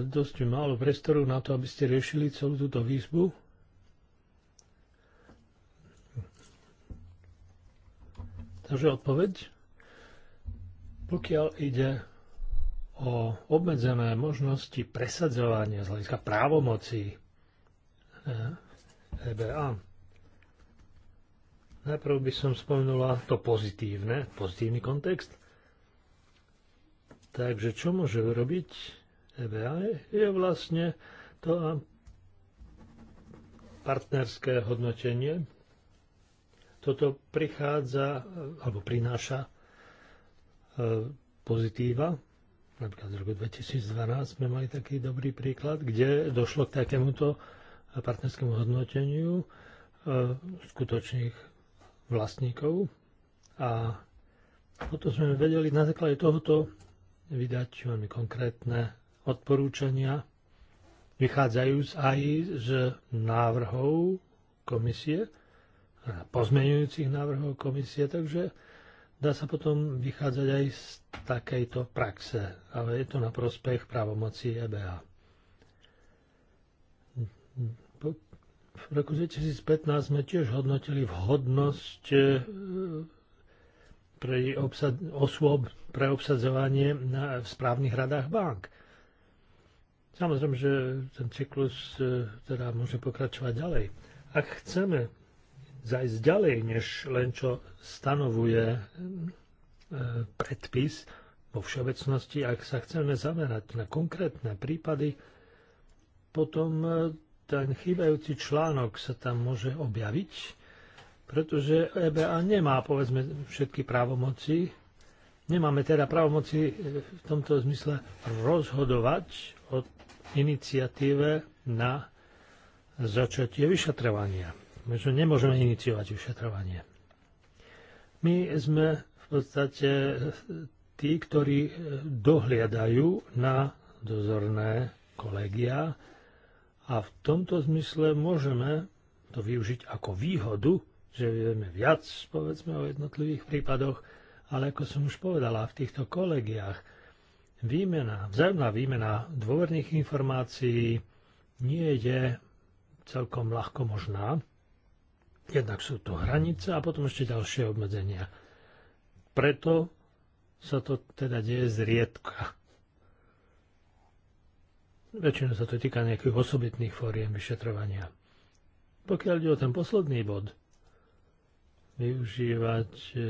dosť málo priestoru na to, aby ste riešili celú túto výzbu. Takže odpoveď. Pokiaľ ide o obmedzené možnosti presadzovania z hľadiska právomocí EBA, e Najprv by som spomenula to pozitívne, pozitívny kontext. Takže čo môže robiť EBA je vlastne to partnerské hodnotenie. Toto prichádza alebo prináša e, pozitíva. Napríklad v roku 2012 sme mali taký dobrý príklad, kde došlo k takémuto partnerskému hodnoteniu e, skutočných vlastníkov a potom sme vedeli na základe tohoto vydať veľmi konkrétne odporúčania, vychádzajúc aj z návrhov komisie, teda pozmeňujúcich návrhov komisie, takže dá sa potom vychádzať aj z takejto praxe, ale je to na prospech právomoci EBA. V roku 2015 sme tiež hodnotili vhodnosť e, pre obsad- osôb pre obsadzovanie na, v správnych radách bank. Samozrejme, že ten cyklus e, teda môže pokračovať ďalej. Ak chceme zajsť ďalej, než len čo stanovuje e, predpis vo všeobecnosti, ak sa chceme zamerať na konkrétne prípady, potom ten chýbajúci článok sa tam môže objaviť, pretože EBA nemá, povedzme, všetky právomoci. Nemáme teda právomoci e, v tomto zmysle rozhodovať o iniciatíve na začatie vyšetrovania. My nemôžeme iniciovať vyšetrovanie. My sme v podstate tí, ktorí e, dohliadajú na dozorné kolegia, a v tomto zmysle môžeme to využiť ako výhodu, že vieme viac, povedzme, o jednotlivých prípadoch, ale ako som už povedala, v týchto kolegiách výmena, vzájomná výmena dôverných informácií nie je celkom ľahko možná. Jednak sú to hranice a potom ešte ďalšie obmedzenia. Preto sa to teda deje zriedka. Väčšinou sa to týka nejakých osobitných fóriem vyšetrovania. Pokiaľ ide o ten posledný bod, využívať e, e,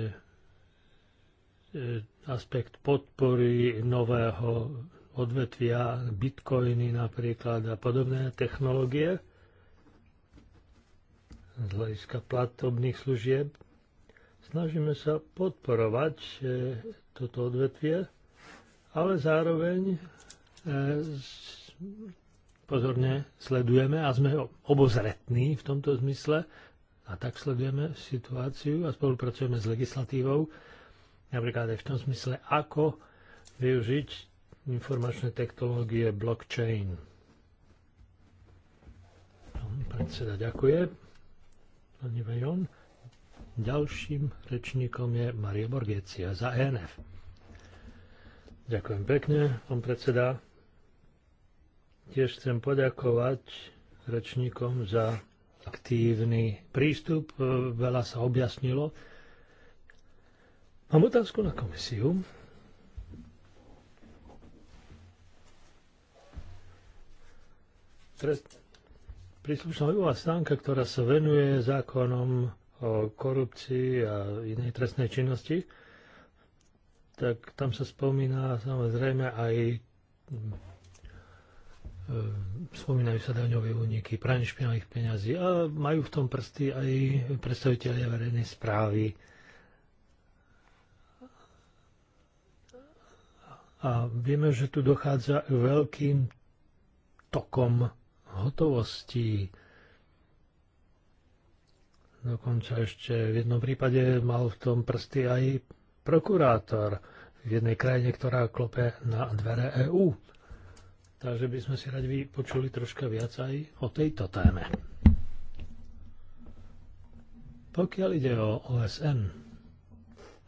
aspekt podpory nového odvetvia, bitcoiny napríklad a podobné technológie z hľadiska platobných služieb. Snažíme sa podporovať e, toto odvetvie, ale zároveň pozorne sledujeme a sme obozretní v tomto zmysle a tak sledujeme situáciu a spolupracujeme s legislatívou, napríklad aj v tom zmysle, ako využiť informačné technológie blockchain. predseda, ďakuje. Pani Vejon. Ďalším rečníkom je Maria Borgecia za ENF. Ďakujem pekne, pán predseda. Tiež chcem poďakovať rečníkom za aktívny prístup. E, veľa sa objasnilo. Mám otázku na komisiu. Príslušná webová stánka, ktorá sa venuje zákonom o korupcii a inej trestnej činnosti, tak tam sa spomína samozrejme aj E, spomínajú sa daňové úniky, pranie špinavých peňazí a majú v tom prsty aj predstaviteľia verejnej správy. A vieme, že tu dochádza k veľkým tokom hotovostí. Dokonca ešte v jednom prípade mal v tom prsty aj prokurátor v jednej krajine, ktorá klope na dvere EÚ. Takže by sme si radi vypočuli troška viac aj o tejto téme. Pokiaľ ide o OSN,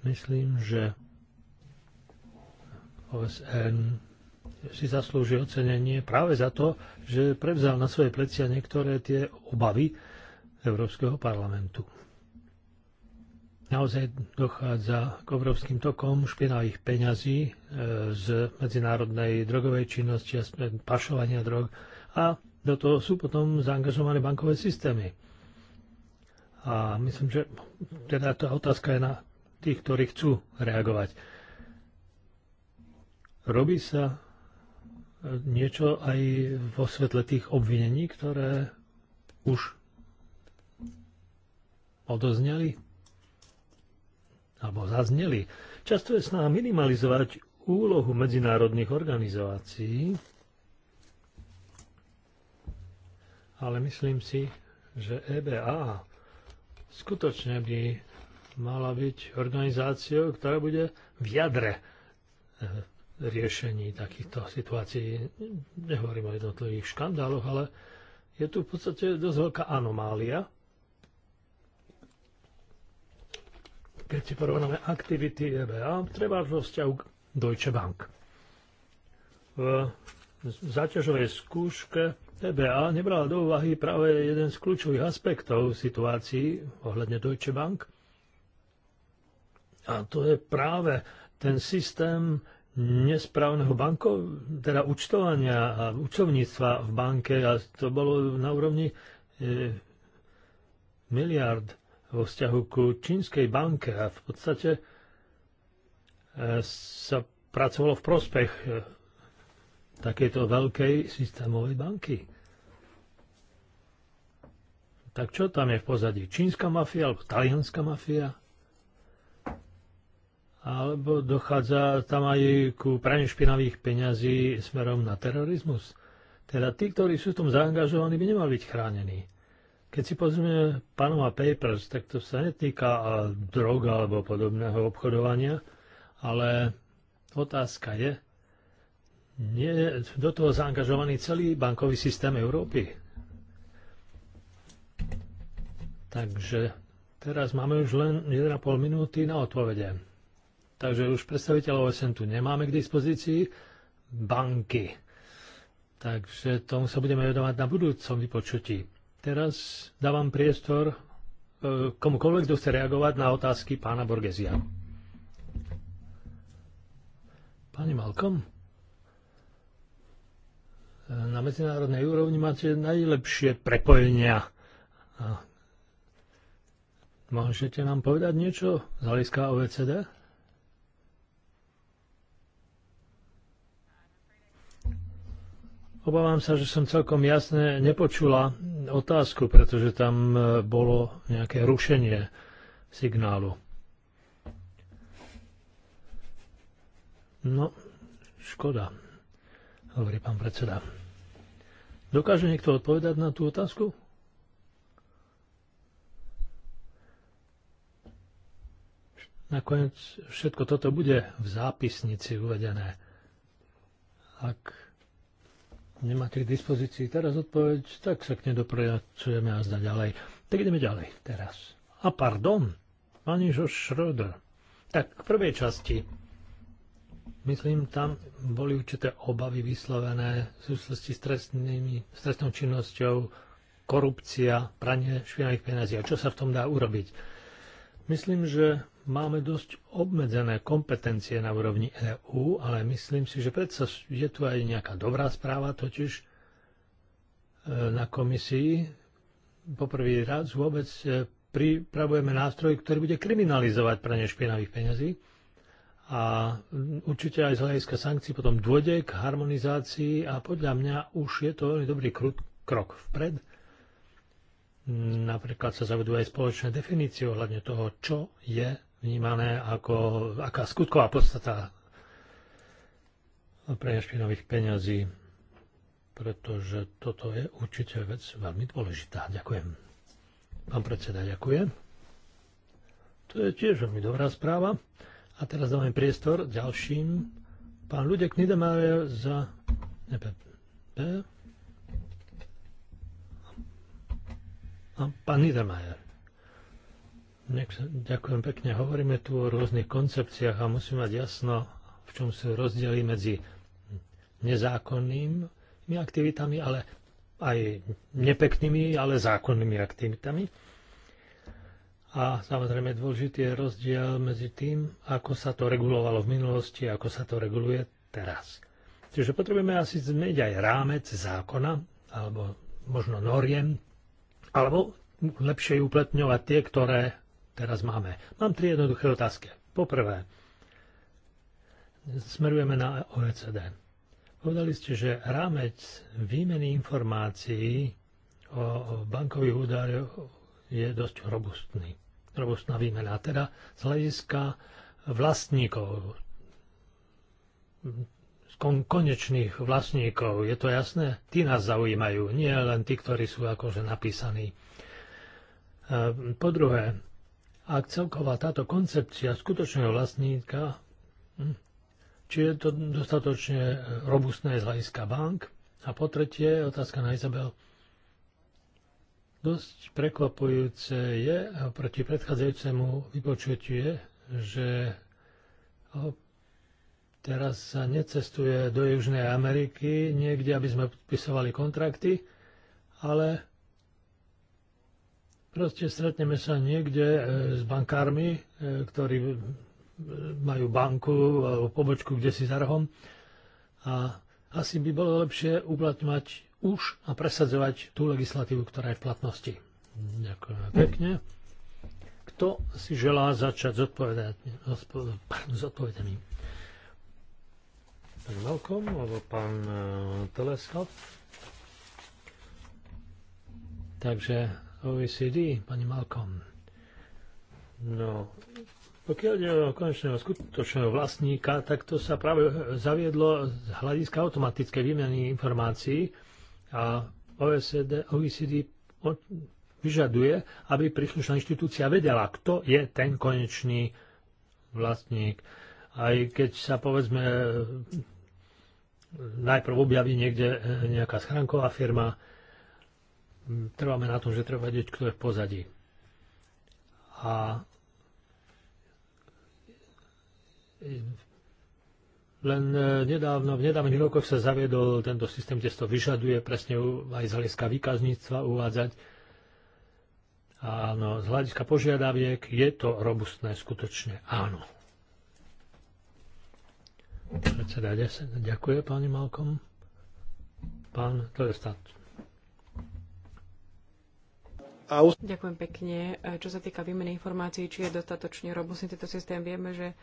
myslím, že OSN si zaslúži ocenenie práve za to, že prevzal na svoje plecia niektoré tie obavy Európskeho parlamentu naozaj dochádza k obrovským tokom špinavých peňazí e, z medzinárodnej drogovej činnosti a pašovania drog a do toho sú potom zaangažované bankové systémy. A myslím, že teda tá otázka je na tých, ktorí chcú reagovať. Robí sa e, niečo aj vo svetle tých obvinení, ktoré už odozneli? alebo zazneli, často je snaha minimalizovať úlohu medzinárodných organizácií, ale myslím si, že EBA skutočne by mala byť organizáciou, ktorá bude v jadre eh, riešení takýchto situácií. Nehovorím o jednotlivých škandáloch, ale je tu v podstate dosť veľká anomália, keď porovnáme aktivity EBA, treba vo vzťahu k Deutsche Bank. V záťažovej skúške EBA nebrala do úvahy práve jeden z kľúčových aspektov situácií ohľadne Deutsche Bank. A to je práve ten systém nesprávneho banko, teda účtovania a účtovníctva v banke a to bolo na úrovni e, miliard vo vzťahu ku čínskej banke a v podstate e, sa pracovalo v prospech e, takejto veľkej systémovej banky. Tak čo tam je v pozadí? Čínska mafia alebo talianská mafia? Alebo dochádza tam aj ku praniu špinavých peňazí smerom na terorizmus? Teda tí, ktorí sú v tom zaangažovaní, by nemali byť chránení. Keď si pozrieme Panama Papers, tak to sa netýka drog alebo podobného obchodovania, ale otázka je, nie je do toho zaangažovaný celý bankový systém Európy. Takže teraz máme už len 1,5 minúty na odpovede. Takže už predstaviteľov SN tu nemáme k dispozícii, banky. Takže tomu sa budeme vedovať na budúcom vypočutí. Teraz dávam priestor e, komukoľvek, kto chce reagovať na otázky pána Borgesia. Pani Malkom, e, na medzinárodnej úrovni máte najlepšie prepojenia. Môžete nám povedať niečo z hľadiska OECD? Obávam sa, že som celkom jasne nepočula otázku, pretože tam e, bolo nejaké rušenie signálu. No, škoda, hovorí pán predseda. Dokáže niekto odpovedať na tú otázku? Nakoniec všetko toto bude v zápisnici uvedené. Ak nemáte k dispozícii teraz odpoveď, tak sa k nej dopracujeme a zda ďalej. Tak ideme ďalej teraz. A pardon, pani Žoš Schröder. Tak k prvej časti. Myslím, tam boli určité obavy vyslovené v súvislosti s, trestnými, trestnou činnosťou, korupcia, pranie špinavých peniazí a čo sa v tom dá urobiť. Myslím, že máme dosť obmedzené kompetencie na úrovni EÚ, ale myslím si, že predsa je tu aj nejaká dobrá správa, totiž e, na komisii poprvý raz vôbec e, pripravujeme nástroj, ktorý bude kriminalizovať pranie špinavých peňazí a určite aj z hľadiska sankcií potom dôjde k harmonizácii a podľa mňa už je to veľmi dobrý krok vpred. Napríklad sa zavedú aj spoločné definície ohľadne toho, čo je vnímané ako aká skutková podstata pre špinových peňazí, pretože toto je určite vec veľmi dôležitá. Ďakujem. Pán predseda, ďakujem. To je tiež veľmi dobrá správa. A teraz dáme priestor ďalším. Pán Ľudek Nidemájer za EPP. A pán Niedermayer. Ďakujem pekne. Hovoríme tu o rôznych koncepciách a musíme mať jasno, v čom sú rozdiely medzi nezákonnými aktivitami, ale aj nepeknými, ale zákonnými aktivitami. A samozrejme dôležitý je rozdiel medzi tým, ako sa to regulovalo v minulosti a ako sa to reguluje teraz. Čiže potrebujeme asi zmeniť aj rámec zákona, alebo možno noriem, alebo lepšie uplatňovať tie, ktoré teraz máme. Mám tri jednoduché otázky. Poprvé, smerujeme na OECD. Povedali ste, že rámec výmeny informácií o bankových údajoch je dosť robustný. Robustná výmena, teda z hľadiska vlastníkov, kon- konečných vlastníkov, je to jasné? Tí nás zaujímajú, nie len tí, ktorí sú akože napísaní. E, po druhé, ak celková táto koncepcia skutočného vlastníka, hm, či je to dostatočne e, robustné z hľadiska bank. A po tretie, otázka na Izabel. Dosť prekvapujúce je proti predchádzajúcemu vypočutiu, že teraz sa necestuje do Južnej Ameriky niekde, aby sme podpisovali kontrakty, ale Proste stretneme sa niekde e, s bankármi, e, ktorí e, majú banku alebo pobočku kde si za rohom a asi by bolo lepšie uplatňovať už a presadzovať tú legislatívu, ktorá je v platnosti. Ďakujem pekne. Kto si želá začať s odpovedami? Pán Malkom alebo pán Teleskop? Takže OECD, pani Malcolm. No, pokiaľ ide o konečného skutočného vlastníka, tak to sa práve zaviedlo z hľadiska automatickej výmeny informácií a OECD, OECD vyžaduje, aby príslušná inštitúcia vedela, kto je ten konečný vlastník. Aj keď sa povedzme najprv objaví niekde e, nejaká schránková firma, Mm, trváme na tom, že treba vedieť, kto je v pozadí. A len e, nedávno, v nedávnych rokoch sa zaviedol tento systém, kde to vyžaduje presne aj z hľadiska výkazníctva uvádzať. Áno, z hľadiska požiadaviek je to robustné skutočne. Áno. Predseda, ďakujem pani Malkom. Pán, to je stát. Ďakujem pekne. E, čo sa týka výmeny informácií, či je dostatočne robustný tento systém, vieme, že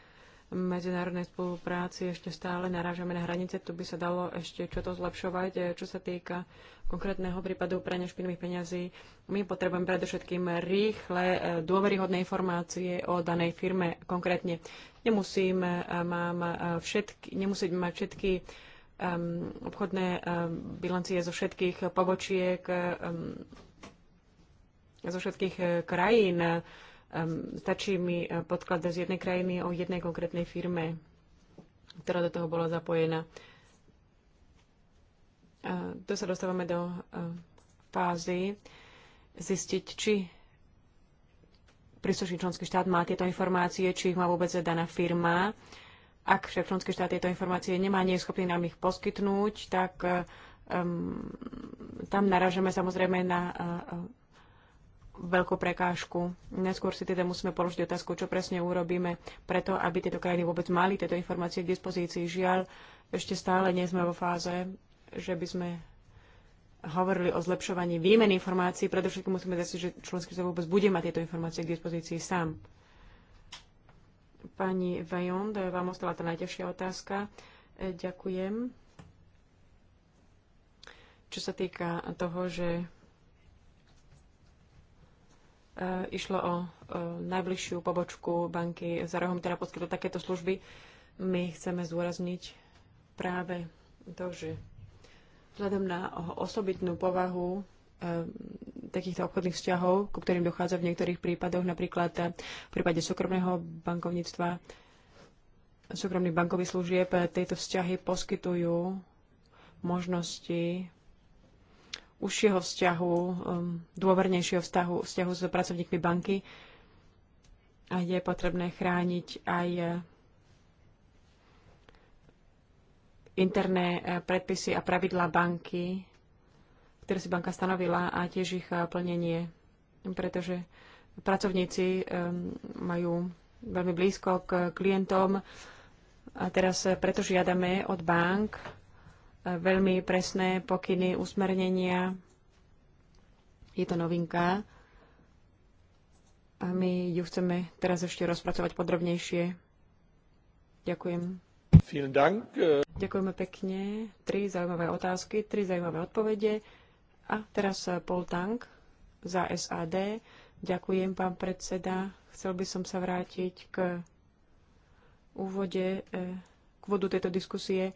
medzinárodnej spolupráci ešte stále narážame na hranice. Tu by sa dalo ešte čo to zlepšovať, e, čo sa týka konkrétneho prípadu prania špinových peňazí. My potrebujeme predovšetkým rýchle, e, dôveryhodné informácie o danej firme konkrétne. Nemusíme, mám všetky, nemusíme mať všetky um, obchodné um, bilancie zo všetkých pobočiek um, zo všetkých e, krajín. E, stačí mi e, podklad z jednej krajiny o jednej konkrétnej firme, ktorá do toho bola zapojená. Tu sa dostávame do fázy zistiť, či príslušný členský štát má tieto informácie, či ich má vôbec daná firma. Ak však členský štát tieto informácie nemá, nie je schopný nám ich poskytnúť, tak um, tam naražeme samozrejme na uh, veľkú prekážku. Neskôr si teda musíme položiť otázku, čo presne urobíme preto, aby tieto krajiny vôbec mali tieto informácie k dispozícii. Žiaľ, ešte stále nie sme vo fáze, že by sme hovorili o zlepšovaní výmeny informácií. Predovšetkým musíme zase, že členský štát vôbec bude mať tieto informácie k dispozícii sám. Pani Vajond, vám ostala tá najťažšia otázka. E, ďakujem. Čo sa týka toho, že Eh, išlo o najbližšiu pobočku banky za rohom, ktorá poskytla takéto služby. My chceme zdôrazniť práve to, že vzhľadom na osobitnú povahu eh, takýchto obchodných vzťahov, ku ktorým dochádza v niektorých prípadoch, napríklad eh, v prípade súkromného bankovníctva, súkromných bankových služieb, tieto vzťahy poskytujú možnosti užšieho vzťahu, um, dôvernejšieho vzťahu, vzťahu s pracovníkmi banky a je potrebné chrániť aj eh, interné eh, predpisy a pravidlá banky, ktoré si banka stanovila a tiež ich eh, plnenie, pretože pracovníci majú veľmi blízko k klientom a teraz preto žiadame od bank, veľmi presné pokyny, usmernenia. Je to novinka a my ju chceme teraz ešte rozpracovať podrobnejšie. Ďakujem. Eh. Ďakujeme pekne. Tri zaujímavé otázky, tri zaujímavé odpovede. A teraz eh, Paul Tank za SAD. Ďakujem, pán predseda. Chcel by som sa vrátiť k úvode, eh, k vodu tejto diskusie.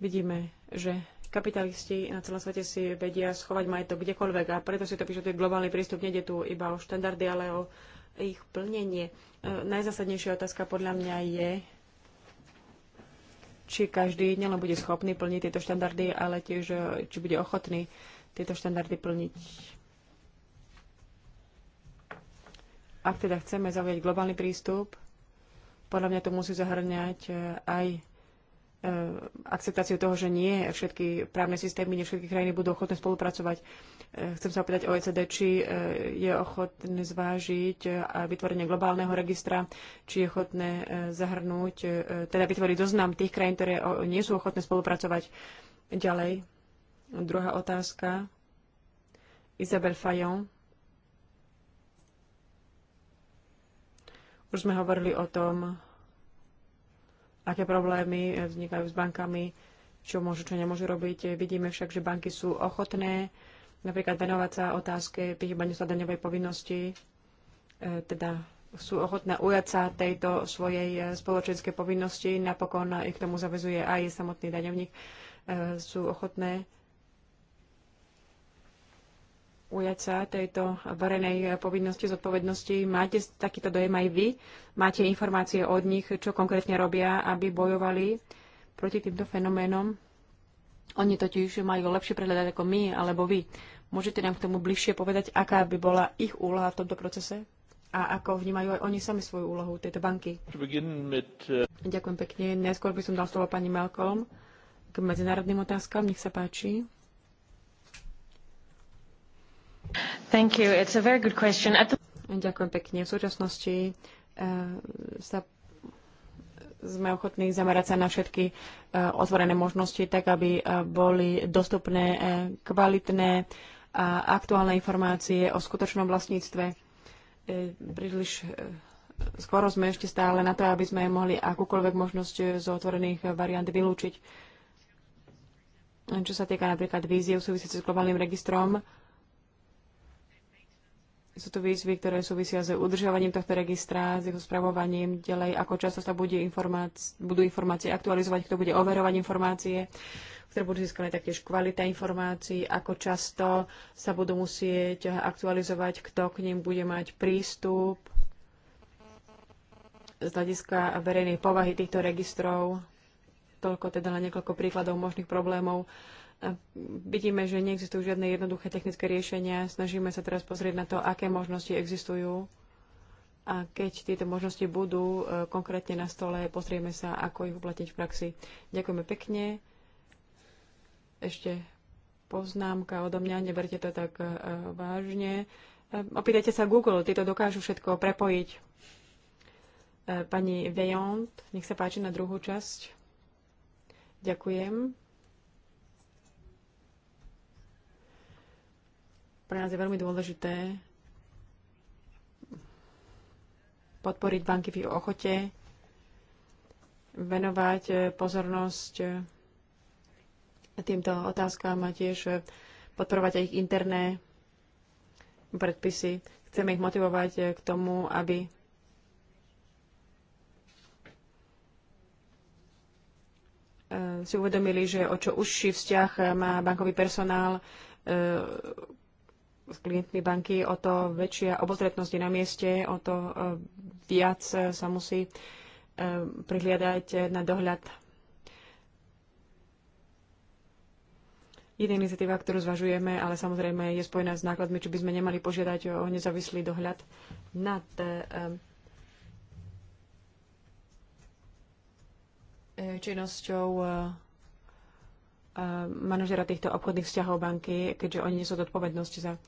Vidíme, že kapitalisti na celom svete si vedia schovať majetok kdekoľvek a preto si to píšu, že globálny prístup, nejde tu iba o štandardy, ale o ich plnenie. E, najzásadnejšia otázka podľa mňa je, či každý nielen bude schopný plniť tieto štandardy, ale tiež, e, či bude ochotný tieto štandardy plniť. Ak teda chceme zaujať globálny prístup, podľa mňa to musí zahrňať e, aj Eh, akceptáciu toho, že nie všetky právne systémy, nie všetky krajiny budú ochotné spolupracovať. Eh, chcem sa opýtať OECD, či eh, je ochotné zvážiť vytvorenie globálneho registra, či je ochotné zahrnúť, teda vytvoriť zoznam tých krajín, ktoré nie sú ochotné spolupracovať ďalej. Druhá otázka. Isabel Fajon. Už sme hovorili o tom, aké problémy vznikajú s bankami, čo môžu, čo nemôžu robiť. Vidíme však, že banky sú ochotné napríklad venovať sa otázke vyhýbania sa daňovej povinnosti, e, teda sú ochotné ujať sa tejto svojej e, spoločenskej povinnosti. Napokon ich k tomu zavezuje aj samotný daňovník. E, sú ochotné ujať sa tejto verejnej povinnosti, zodpovednosti. Máte takýto dojem aj vy? Máte informácie od nich, čo konkrétne robia, aby bojovali proti týmto fenoménom? Oni totiž majú lepšie prehľadať ako my alebo vy. Môžete nám k tomu bližšie povedať, aká by bola ich úloha v tomto procese? A ako vnímajú aj oni sami svoju úlohu tejto banky? Uh, Ďakujem pekne. Neskôr by som dal slovo pani Malcolm k medzinárodným otázkam. Nech sa páči. Thank you. It's a very good question. At the... Ďakujem pekne. V súčasnosti uh, sa sme ochotní zamerať sa na všetky uh, otvorené možnosti, tak aby uh, boli dostupné uh, kvalitné a aktuálne informácie o skutočnom vlastníctve. Príliš skoro sme ešte stále na to, aby sme mohli akúkoľvek možnosť z otvorených variant vylúčiť. Čo sa týka napríklad v súvisiaci s globálnym registrom, sú to výzvy, ktoré súvisia s udržiavaním tohto registra, s jeho spravovaním ďalej, ako často sa bude informáci- budú informácie aktualizovať, kto bude overovať informácie, ktoré budú získané taktiež kvalita informácií, ako často sa budú musieť aktualizovať, kto k ním bude mať prístup z hľadiska verejnej povahy týchto registrov. Toľko teda na niekoľko príkladov možných problémov, Vidíme, že neexistujú žiadne jednoduché technické riešenia. Snažíme sa teraz pozrieť na to, aké možnosti existujú. A keď tieto možnosti budú e, konkrétne na stole, pozrieme sa, ako ich uplatniť v praxi. Ďakujeme pekne. Ešte poznámka odo mňa, neberte to tak e, vážne. E, opýtajte sa Google, to dokážu všetko prepojiť. Pani Vejont, nech sa páči na druhú časť. Ďakujem. Pre nás je veľmi dôležité podporiť banky v ich ochote, venovať eh, pozornosť eh, týmto otázkam a tiež eh, podporovať aj ich interné predpisy. Chceme ich motivovať k tomu, aby si uvedomili, že o čo užší vzťah má bankový personál s klientmi banky, o to väčšia obozretnosť je na mieste, o to e, viac e, sa musí e, prihliadať na dohľad. Jedna iniciatíva, ktorú zvažujeme, ale samozrejme je spojená s nákladmi, či by sme nemali požiadať o nezávislý dohľad nad činnosťou Eh, manažera týchto obchodných vzťahov banky, keďže oni nesú zodpovednosť za eh,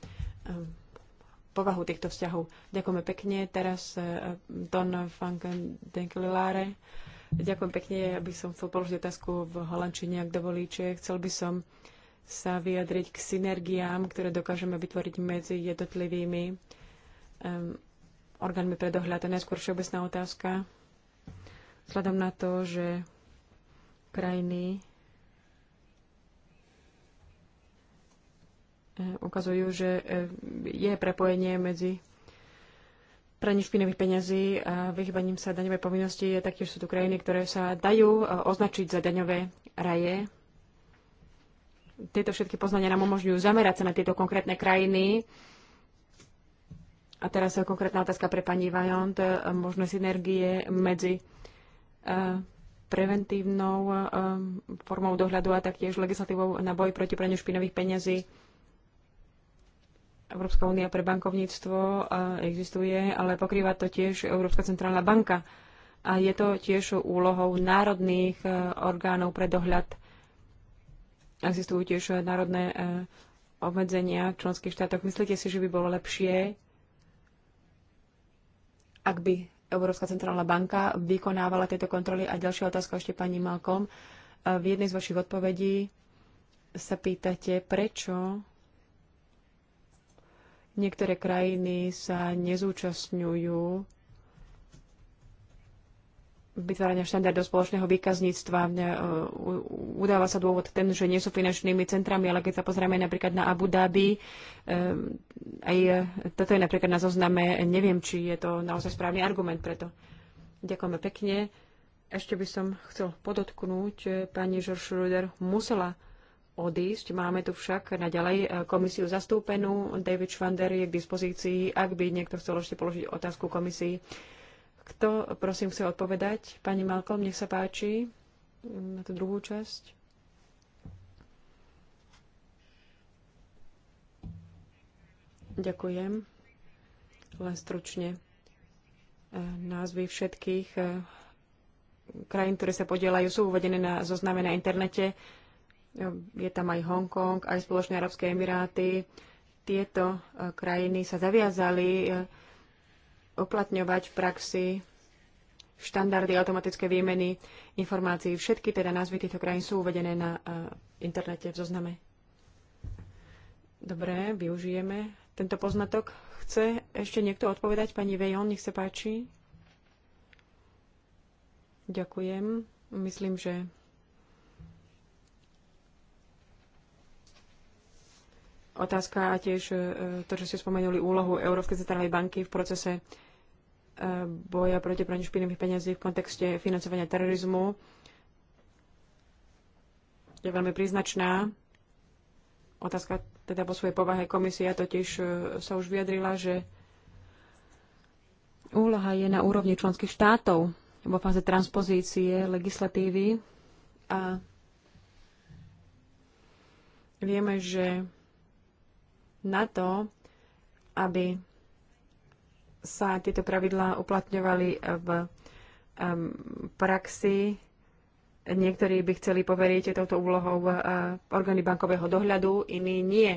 povahu týchto vzťahov. Ďakujeme pekne. Teraz eh, Don Fanken Denkelilare. Ďakujem pekne. Ja by som chcel položiť otázku v holandčine, ak dovolíte. Chcel by som sa vyjadriť k synergiám, ktoré dokážeme vytvoriť medzi jednotlivými um, orgánmi pre dohľad. A najskôr všeobecná otázka. Vzhľadom na to, že krajiny E, ukazujú, že e, je prepojenie medzi praní špinavých peňazí a vyhybaním sa daňovej povinnosti. Taktiež sú tu krajiny, ktoré sa dajú e, označiť za daňové raje. Tieto všetky poznania nám umožňujú zamerať sa na tieto konkrétne krajiny. A teraz konkrétna otázka pre pani Vajont. Možné synergie medzi preventívnou formou dohľadu a taktiež legislatívou na boj proti praniu špinavých peňazí Európska únia pre bankovníctvo existuje, ale pokrýva to tiež Európska centrálna banka. A je to tiež úlohou národných e, orgánov pre dohľad. Existujú tiež národné e, obmedzenia v členských štátoch. Myslíte si, že by bolo lepšie, ak by Európska centrálna banka vykonávala tieto kontroly? A ďalšia otázka ešte pani Malkom. E, v jednej z vašich odpovedí sa pýtate, prečo Niektoré krajiny sa nezúčastňujú vytvárania štandardov spoločného výkazníctva. E, udáva sa dôvod ten, že nie sú finančnými centrami, ale keď sa pozrieme napríklad na Abu Dhabi, e, aj toto je napríklad na zozname, neviem, či je to naozaj správny argument preto. Ďakujeme pekne. Ešte by som chcel podotknúť, e, pani Žoršruder musela odísť. Máme tu však naďalej e, komisiu zastúpenú. David Schwander je k dispozícii, ak by niekto chcel ešte položiť otázku komisii. Kto, prosím, chce odpovedať? Pani Malkom, nech sa páči na tú druhú časť. Ďakujem. Len stručne. E, názvy všetkých e, krajín, ktoré sa podielajú, sú uvedené na zozname na internete je tam aj Hongkong, aj Spoločné arabské emiráty. Tieto e, krajiny sa zaviazali e, uplatňovať v praxi štandardy automatické výmeny informácií. Všetky teda názvy týchto krajín sú uvedené na e, internete v zozname. Dobre, využijeme tento poznatok. Chce ešte niekto odpovedať? Pani Vejon, nech sa páči. Ďakujem. Myslím, že otázka a tiež e, to, čo ste spomenuli, úlohu Európskej centrálnej banky v procese e, boja proti praniu špinavých peniazí v kontexte financovania terorizmu je veľmi príznačná. Otázka teda po svojej povahe komisia totiž e, sa už vyjadrila, že úloha je na úrovni členských štátov vo fáze transpozície legislatívy a vieme, že na to, aby sa tieto pravidlá uplatňovali v praxi. Niektorí by chceli poveriť touto úlohou eh, orgány bankového dohľadu, iní nie.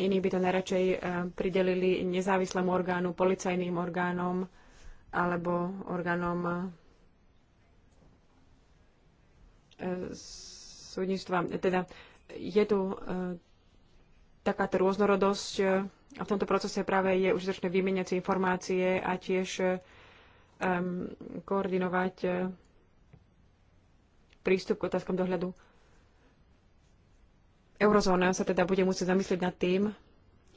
Iní by to najradšej eh, pridelili nezávislému orgánu, policajným orgánom alebo orgánom eh, súdnictva. Teda je tu takáto rôznorodosť e, a v tomto procese práve je užitočné vymeniať si informácie a tiež um, koordinovať e, prístup k otázkam dohľadu. Eurozóna sa teda bude musieť zamyslieť nad tým,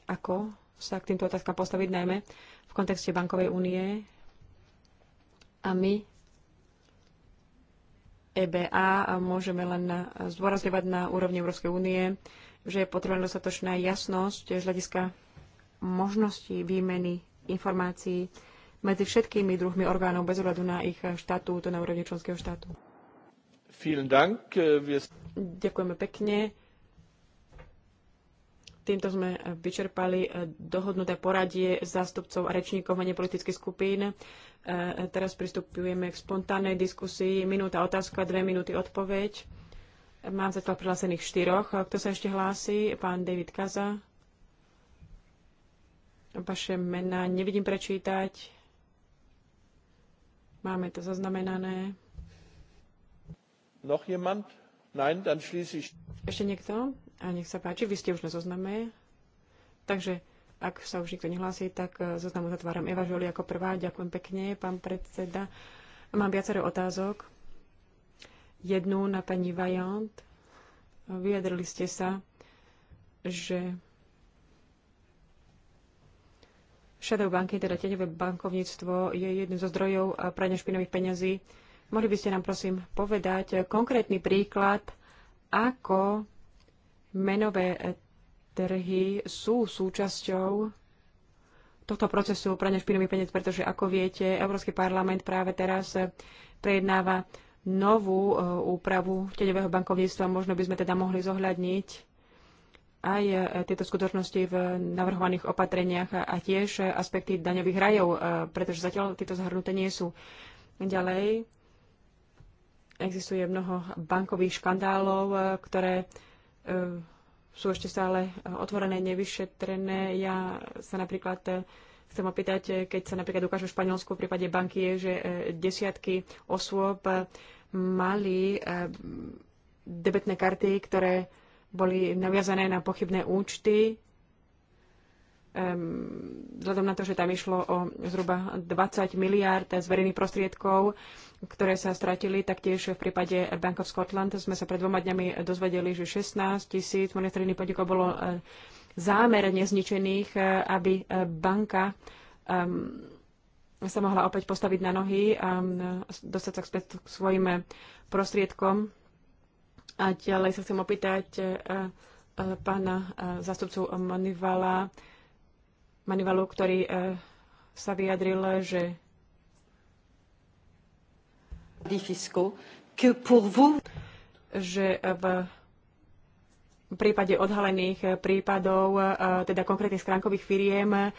ako sa k týmto otázkam postaviť, najmä v kontexte bankovej únie. A my, EBA, môžeme len zdôrazňovať na úrovni Európskej únie že je potrebná dostatočná jasnosť z hľadiska možnosti výmeny informácií medzi všetkými druhmi orgánov bez ohľadu na ich štatút na úrovni členského štátu. Ďakujeme pekne. Týmto sme vyčerpali dohodnuté poradie zástupcov a rečníkov a politických skupín. Teraz pristupujeme k spontánnej diskusii. Minúta otázka, dve minúty odpoveď Mám zatiaľ prihlásených štyroch. Kto sa ešte hlási? Pán David Kaza. Vaše mená nevidím prečítať. Máme to zaznamenané. Noch jemand? Nein, dann schließe ich. Ešte niekto? A nech sa páči, vy ste už na zozname. Takže ak sa už nikto nehlási, tak e, zoznamu zatváram Eva Žoli ako prvá. Ďakujem pekne, pán predseda. Mám viacero otázok jednu na pani Vajant. Vyjadrili ste sa, že shadow banky, teda tieňové bankovníctvo, je jedným zo zdrojov prania špinových peňazí. Mohli by ste nám prosím povedať konkrétny príklad, ako menové trhy sú súčasťou tohto procesu prania špinových peniaz, pretože ako viete, Európsky parlament práve teraz prejednáva novú e, úpravu teňového bankovníctva. Možno by sme teda mohli zohľadniť aj e, tieto skutočnosti v navrhovaných opatreniach a tiež aspekty daňových rajov, e, pretože zatiaľ tieto zahrnuté nie sú. Ďalej existuje mnoho bankových škandálov, ktoré sú ešte stále otvorené, nevyšetrené. Ja sa napríklad chcem opýtať, keď sa napríklad ukážu v Španielsku v prípade banky, je, že desiatky osôb mali eh, debetné karty, ktoré boli naviazané na pochybné účty. Ehm, vzhľadom na to, že tam išlo o zhruba 20 miliard z verejných prostriedkov, ktoré sa stratili, taktiež v prípade Bank of Scotland sme sa pred dvoma dňami dozvedeli, že 16 tisíc monetárnych podnikov bolo eh, zámerne zničených, eh, aby banka um, sa mohla opäť postaviť na nohy a dostať sa späť k svojim e, prostriedkom. A ďalej sa chcem opýtať e, e, pána zastupcu Manivala, Manivalu, ktorý sa vyjadril, že že v v prípade odhalených eh, prípadov, eh, teda konkrétnych skránkových firiem, eh,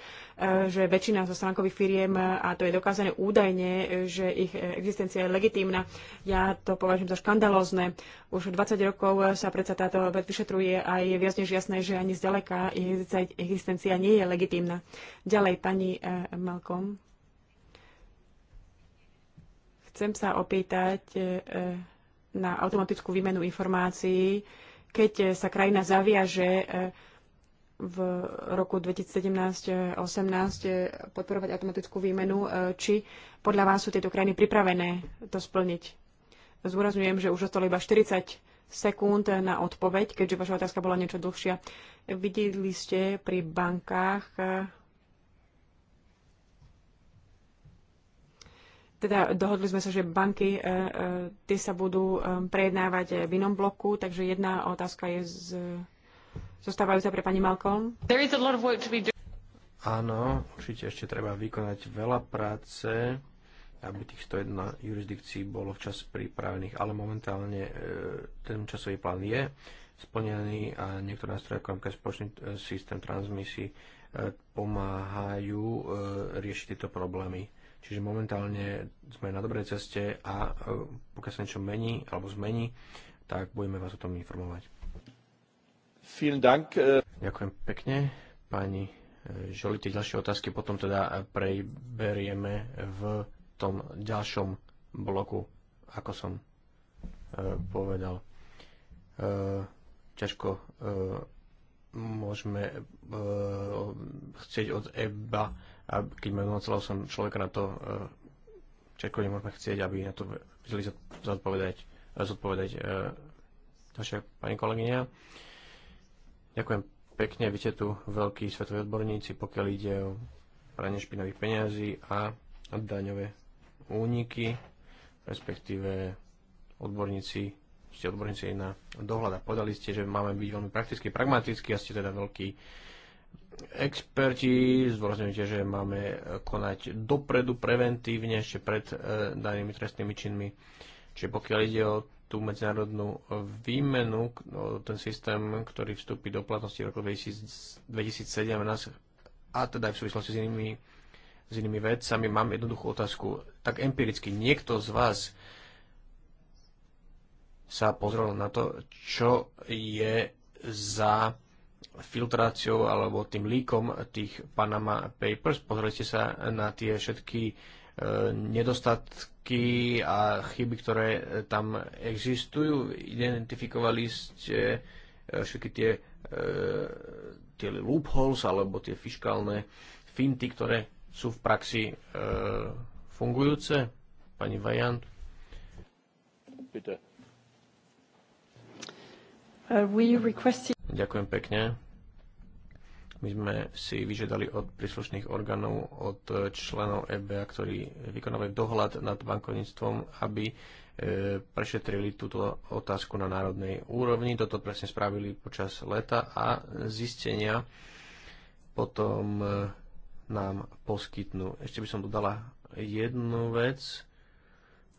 že väčšina zo skránkových firiem, a to je dokázané údajne, že ich existencia je legitímna. Ja to považujem za škandalózne. Už 20 rokov sa predsa táto vec vyšetruje a je viac než jasné, že ani zďaleka existencia nie je legitímna. Ďalej, pani Malkom. Chcem sa opýtať na automatickú výmenu informácií keď e, sa krajina zaviaže e, v roku 2017-18 e, podporovať automatickú výmenu, či podľa vás sú tieto krajiny pripravené to splniť? Zúrazňujem, že už ostalo iba 40 sekúnd na odpoveď, keďže vaša otázka bola niečo dlhšia. Videli ste pri bankách Teda dohodli sme sa, že banky, e, e, tie sa budú e, prejednávať v inom bloku, takže jedna otázka je z, zostávajúca pre pani Malcolm. Áno, určite ešte treba vykonať veľa práce, aby tých 101 jurisdikcií bolo včas pripravených, ale momentálne ten časový plán je splnený a niektoré nástroje ako napríklad spoločný systém transmisí pomáhajú riešiť tieto problémy. Čiže momentálne sme na dobrej ceste a e, pokiaľ sa niečo mení alebo zmení, tak budeme vás o tom informovať. Dank. E, Ďakujem pekne, pani e, Žoli, tie ďalšie otázky potom teda preberieme v tom ďalšom bloku, ako som povedal. Ťažko môžeme chcieť od EBA a keď majú som človeka na to, e, čiako nemôžeme chcieť, aby na to vedeli zodpovedať, e, zodpovedať naša e, pani kolegyňa. Ďakujem pekne, vy ste tu veľkí svetoví odborníci, pokiaľ ide o pranie špinavých peňazí a daňové úniky, respektíve odborníci, ste odborníci na dohľad a povedali ste, že máme byť veľmi prakticky, pragmaticky a ste teda veľkí Experti zdôrazňujete, že máme konať dopredu, preventívne, ešte pred e, danými trestnými činmi. Čiže pokiaľ ide o tú medzinárodnú výmenu, o no, ten systém, ktorý vstúpi do platnosti roku 2017 a teda aj v súvislosti s inými, s inými vedcami, mám jednoduchú otázku. Tak empiricky, niekto z vás sa pozrel na to, čo je za filtráciou alebo tým líkom tých Panama Papers. Pozrite sa na tie všetky e, nedostatky a chyby, ktoré tam existujú. Identifikovali ste e, všetky tie, e, tie loopholes alebo tie fiskálne finty, ktoré sú v praxi fungujúce. Pani Vajant. Bitte. Uh, Ďakujem pekne my sme si vyžiadali od príslušných orgánov, od členov EBA, ktorí vykonávajú dohľad nad bankovníctvom, aby e, prešetrili túto otázku na národnej úrovni. Toto presne spravili počas leta a zistenia potom e, nám poskytnú. Ešte by som dodala jednu vec,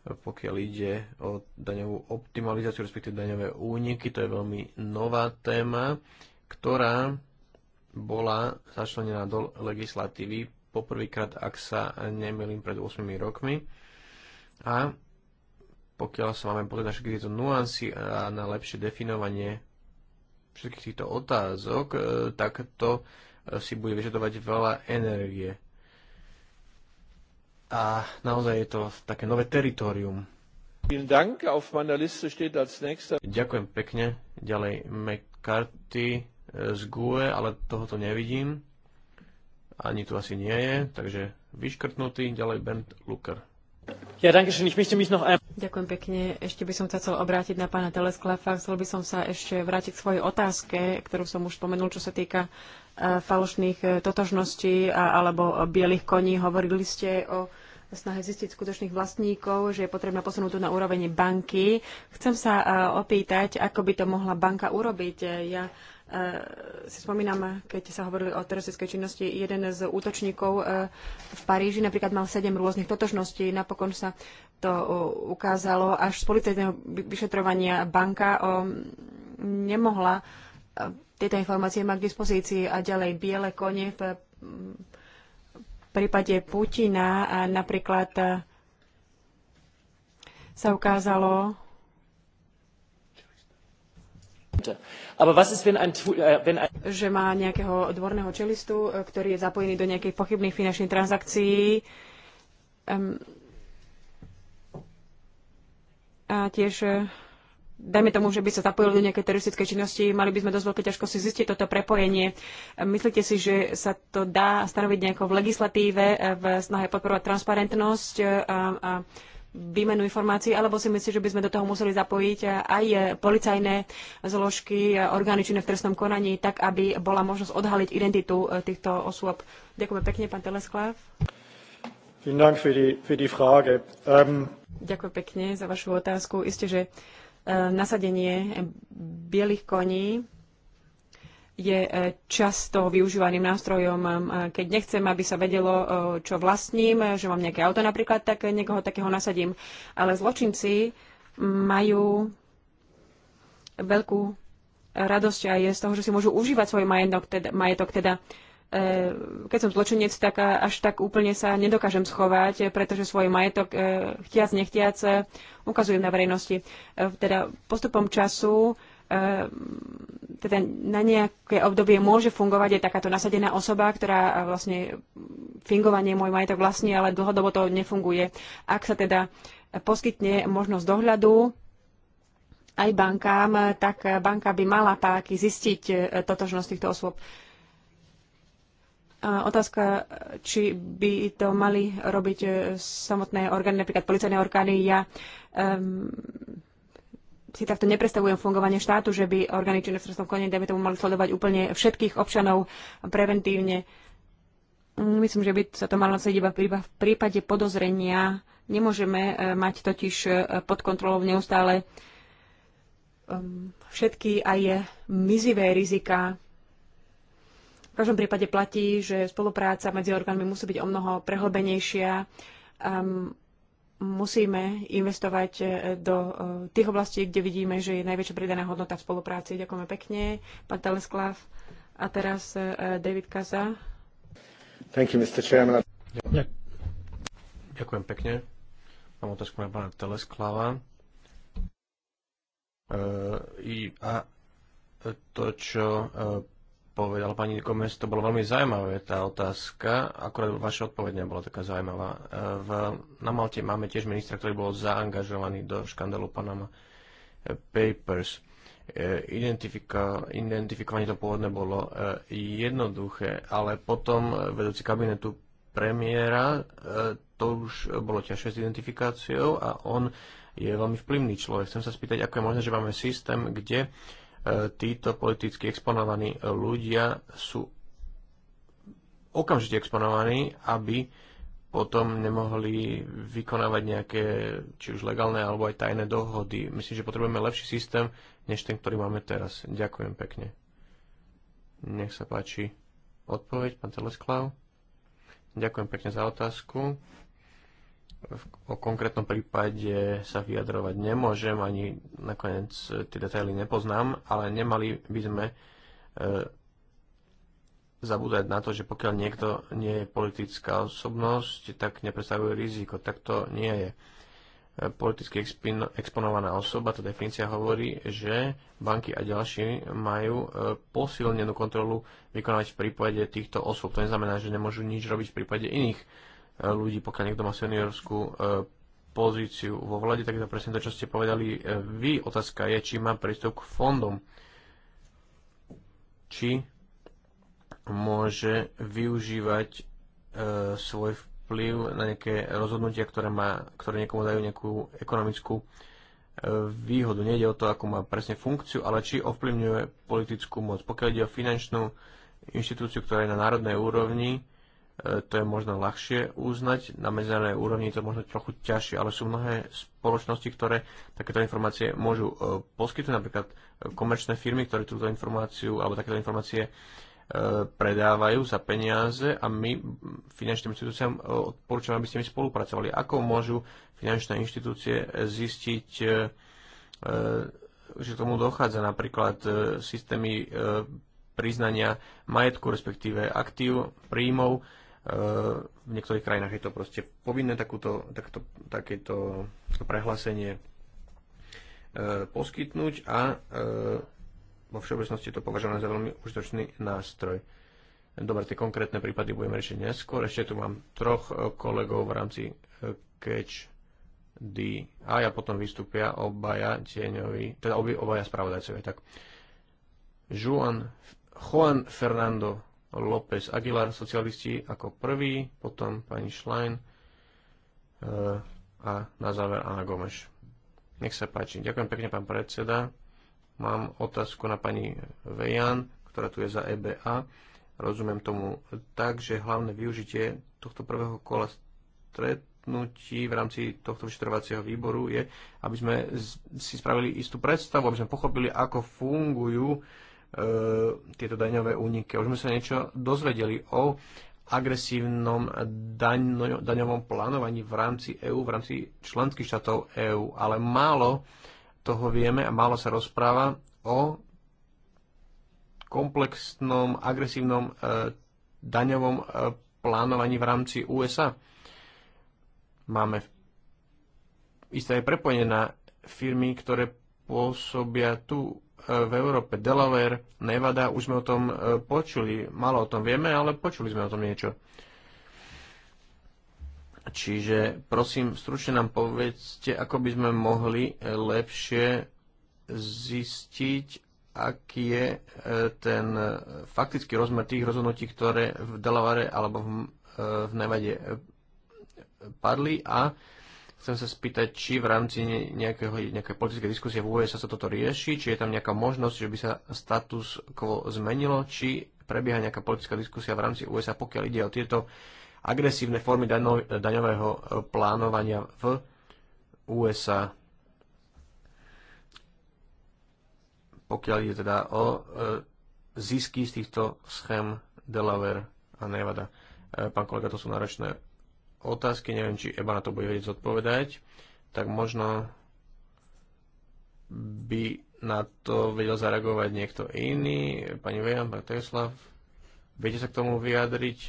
pokiaľ ide o daňovú optimalizáciu, respektíve daňové úniky. To je veľmi nová téma, ktorá bola začlenená do legislatívy poprvýkrát, ak sa nemýlim, pred 8 rokmi. A pokiaľ sa máme pozrieť na všetky tieto nuancy a na lepšie definovanie všetkých týchto otázok, e, tak to e, si bude vyžadovať veľa energie. A naozaj je to také nové teritorium. Ďakujem pekne. Ďalej McCarthy z GUE, ale tohoto nevidím. Ani tu asi nie je, takže vyškrtnutý. Ďalej Bernd Luker. Ja, schön, Ich möchte mich noch Ďakujem pekne. Ešte by som sa chcel obrátiť na pána Telesklafa. Chcel by som sa ešte vrátiť k svojej otázke, ktorú som už spomenul, čo sa týka e, falošných e, totožností a, alebo bielých koní. Hovorili ste o snahe zistiť skutočných vlastníkov, že je potrebné posunúť to na úroveň banky. Chcem sa e, opýtať, ako by to mohla banka urobiť. Ja Eh, si spomínam, keď sa hovorili o teroristickej činnosti, jeden z útočníkov eh, v Paríži napríklad mal sedem rôznych totožností. Napokon sa to eh, ukázalo až z policajného vyšetrovania banka nemohla tieto informácie mať k dispozícii a ďalej biele kone v mm, prípade Putina a napríklad sa ukázalo, Äh, že má nejakého dvorného čelistu, e, ktorý je zapojený do nejakých pochybných finančných transakcií. a tiež e, dajme tomu, že by sa zapojili do nejakej teroristickej činnosti, mali by sme dosť veľké ťažkosti zistiť toto prepojenie. Myslíte si, že sa to dá stanoviť nejako v legislatíve e, v snahe podporovať transparentnosť a, a výmenu informácií, alebo si myslíš, že by sme do toho museli zapojiť aj policajné zložky, orgány činné v trestnom konaní, tak aby bola možnosť odhaliť identitu eh, týchto osôb. Ďakujem pekne, pán Teleskláv. Ähm, Ďakujem pekne za vašu otázku. Isté, že eh, nasadenie bielých koní je e, často využívaným nástrojom, e, keď nechcem, aby sa vedelo, e, čo vlastním, že mám nejaké auto napríklad, tak niekoho takého nasadím. Ale zločinci majú veľkú radosť aj z toho, že si môžu užívať svoj majetok, teda, majetok, teda keď som zločinec, tak až tak úplne sa nedokážem schovať, pretože svoj majetok chtiac, nechtiac ukazujem na verejnosti. Teda postupom času Ehm, teda na nejaké obdobie môže fungovať aj takáto nasadená osoba, ktorá e, vlastne fingovanie môj majetok vlastní, ale dlhodobo to nefunguje. Ak sa teda poskytne možnosť dohľadu aj bankám, tak banka by mala páky zistiť e, totožnosť týchto osôb. A otázka, či by to mali robiť e, samotné orgány, napríklad policajné orgány. Ja um, si takto neprestavujem fungovanie štátu, že by orgány činné v trestnom konaní, dajme tomu, mali sledovať úplne všetkých občanov preventívne. Myslím, že by sa to malo sedieť iba v prípade podozrenia. Nemôžeme e, mať totiž e, pod kontrolou neustále e, všetky aj mizivé rizika. V každom prípade platí, že spolupráca medzi orgánmi musí byť o mnoho prehlbenejšia. Ehm, musíme investovať e, do e, tých oblastí, kde vidíme, že je najväčšia pridaná hodnota v spolupráci. Ďakujeme pekne, pán Telesklav. A teraz e, David Kaza. Thank you, Mr. Chairman. Ďakujem pekne. Mám otázku na pána Telesklava. i, a to, čo Povedal pani Komes, to bolo veľmi zaujímavé, tá otázka. Akurát vaša odpoveď nebola taká zaujímavá. E, v, na Malte máme tiež ministra, ktorý bol zaangažovaný do škandalu Panama Papers. E, identifika, identifikovanie to pôvodne bolo e, jednoduché, ale potom vedúci kabinetu premiéra to už bolo ťažšie s identifikáciou a on je veľmi vplyvný človek. Chcem sa spýtať, ako je možné, že máme systém, kde uh, títo politicky exponovaní ľudia sú okamžite exponovaní, aby potom nemohli vykonávať nejaké či už legálne alebo aj tajné dohody. Myslím, že potrebujeme lepší systém, než ten, ktorý máme teraz. Ďakujem pekne. Nech sa páči odpoveď, pán Telesklav. Ďakujem pekne za otázku o konkrétnom prípade sa vyjadrovať nemôžem, ani nakoniec tie detaily nepoznám, ale nemali by sme e, zabúdať na to, že pokiaľ niekto nie je politická osobnosť, tak nepredstavuje riziko. Tak to nie je. E, politicky exponovaná osoba, tá definícia hovorí, že banky a ďalší majú e, posilnenú kontrolu vykonávať v prípade týchto osôb. To neznamená, že nemôžu nič robiť v prípade iných ľudí, pokiaľ niekto má seniorskú e, pozíciu vo vlade, tak to presne to, čo ste povedali e, vy. Otázka je, či má prístup k fondom. Či môže využívať e, svoj vplyv na nejaké rozhodnutia, ktoré, má, ktoré niekomu dajú nejakú ekonomickú e, výhodu. Nejde o to, ako má presne funkciu, ale či ovplyvňuje politickú moc. Pokiaľ ide o finančnú inštitúciu, ktorá je na národnej úrovni, to je možno ľahšie uznať, na medzinárodnej úrovni to možno trochu ťažšie, ale sú mnohé spoločnosti, ktoré takéto informácie môžu e, poskytnúť, napríklad e, komerčné firmy, ktoré túto informáciu alebo takéto informácie e, predávajú za peniaze a my finančným inštitúciám odporúčame, aby ste mi spolupracovali. Ako môžu finančné inštitúcie zistiť, že tomu dochádza napríklad systémy priznania majetku, respektíve aktív, príjmov, Eh, v niektorých krajinách je to proste povinné takúto, takto, takéto prehlásenie eh, poskytnúť a eh, vo všeobecnosti to považované za veľmi užitočný nástroj. Dobre, tie konkrétne prípady budeme riešiť neskôr. Ešte tu mám troch kolegov v rámci Catch DI a potom vystúpia obaja tieňovi, teda obaja spravodajcovia. Tak. Juan, Juan Fernando López Aguilar, socialisti ako prvý, potom pani Schlein eh, a na záver Anna Gomeš. Nech sa páči. Ďakujem pekne, pán predseda. Mám otázku na pani Vejan, ktorá tu je za EBA. Rozumiem tomu tak, že hlavné využitie tohto prvého kola stretnutí v rámci tohto vyšetrovacieho výboru je, aby sme si spravili istú predstavu, aby sme pochopili, ako fungujú E, tieto daňové úniky. Už sme sa niečo dozvedeli o agresívnom no, daňovom plánovaní v rámci EÚ, v rámci členských štátov EÚ, ale málo toho vieme a málo sa rozpráva o komplexnom, agresívnom e, daňovom e, plánovaní v rámci USA. Máme isté prepojenie na firmy, ktoré pôsobia tu v Európe. Delaware, Nevada, už sme o tom e, počuli. Malo o tom vieme, ale počuli sme o tom niečo. Čiže prosím, stručne nám povedzte, ako by sme mohli e, lepšie zistiť, aký je e, ten faktický rozmer tých rozhodnutí, ktoré v Delaware alebo v, Nevade padli a Chcem sa spýtať, či v rámci nejakého, nejakej politickej diskusie v USA sa toto rieši, či je tam nejaká možnosť, že by sa status quo zmenilo, či prebieha nejaká politická diskusia v rámci USA, pokiaľ ide o tieto agresívne formy daňo, daňového e, plánovania v USA. Pokiaľ ide teda o e, zisky z týchto schém Delaware a Nevada. E, pán kolega, to sú náročné otázky, neviem, či Eba na to bude vedieť zodpovedať, tak možno by na to vedel zareagovať niekto iný, pani Vejan, pán Teslav. Viete sa k tomu vyjadriť,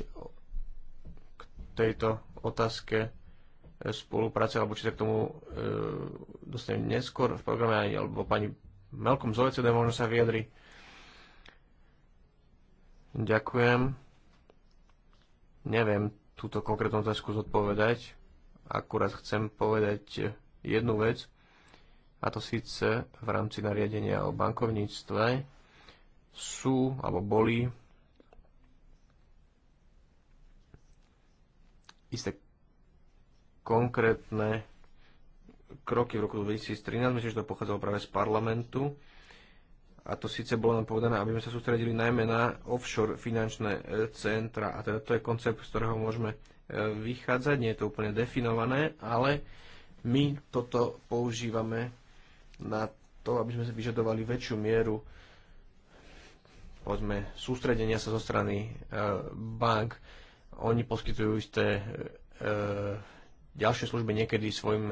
k tejto otázke spolupráce, alebo či sa k tomu e, dostanem neskôr v programe, alebo pani Melkom z OECD možno sa vyjadri. Ďakujem. Neviem, túto konkrétnu otázku zodpovedať. Akurát chcem povedať jednu vec, a to síce v rámci nariadenia o bankovníctve sú alebo boli isté konkrétne kroky v roku 2013, myslím, že to pochádzalo práve z parlamentu, a to síce bolo nám povedané, aby sme sa sústredili najmä na offshore finančné e, centra. A teda to je koncept, z ktorého môžeme e, vychádzať. Nie je to úplne definované, ale my toto používame na to, aby sme vyžadovali väčšiu mieru povedzme, sústredenia sa zo strany e, bank. Oni poskytujú isté ďalšie služby niekedy svojim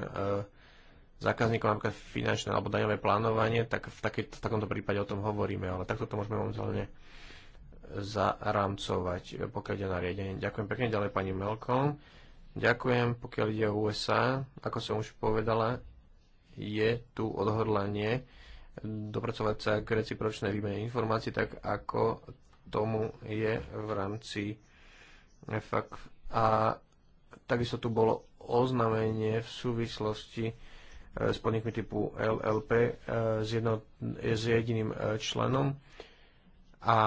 zákazníkom, napríklad finančné alebo daňové plánovanie, tak v, takej, v takomto prípade o tom hovoríme, ale takto to môžeme momentálne zaramcovať, pokiaľ ide nariadenie. Ďakujem pekne ďalej pani Melko. Ďakujem, pokiaľ ide o USA, ako som už povedala, je tu odhodlanie dopracovať sa k recipročnej výmene informácií, tak ako tomu je v rámci FAQ. A takisto tu bolo oznámenie v súvislosti s podnikmi typu LLP e, s, jedno, e, s jediným e, členom. A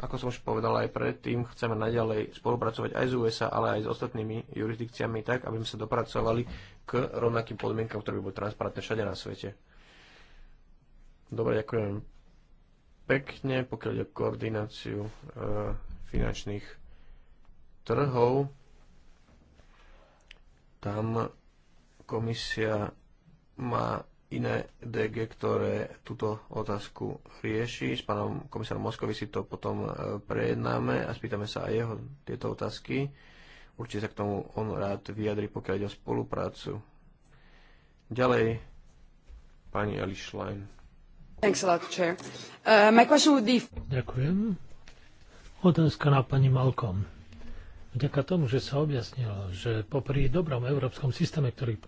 ako som už povedal aj predtým, chceme naďalej spolupracovať aj z USA, ale aj s ostatnými jurisdikciami tak, aby sme sa dopracovali k rovnakým podmienkam, ktoré by boli transparentné všade na svete. Dobre, ďakujem pekne, pokiaľ ide o koordináciu e, finančných trhov. Tam Komisia má iné DG, ktoré túto otázku rieši. S pánom komisárom Moskovi si to potom e, prejednáme a spýtame sa aj jeho tieto otázky. Určite sa k tomu on rád vyjadri, pokiaľ ide o spoluprácu. Ďalej, pani Ali Schlein. Lot, uh, be... Ďakujem. Otázka na pani Malcolm vďaka tomu, že sa objasnilo, že popri dobrom európskom systéme, ktorý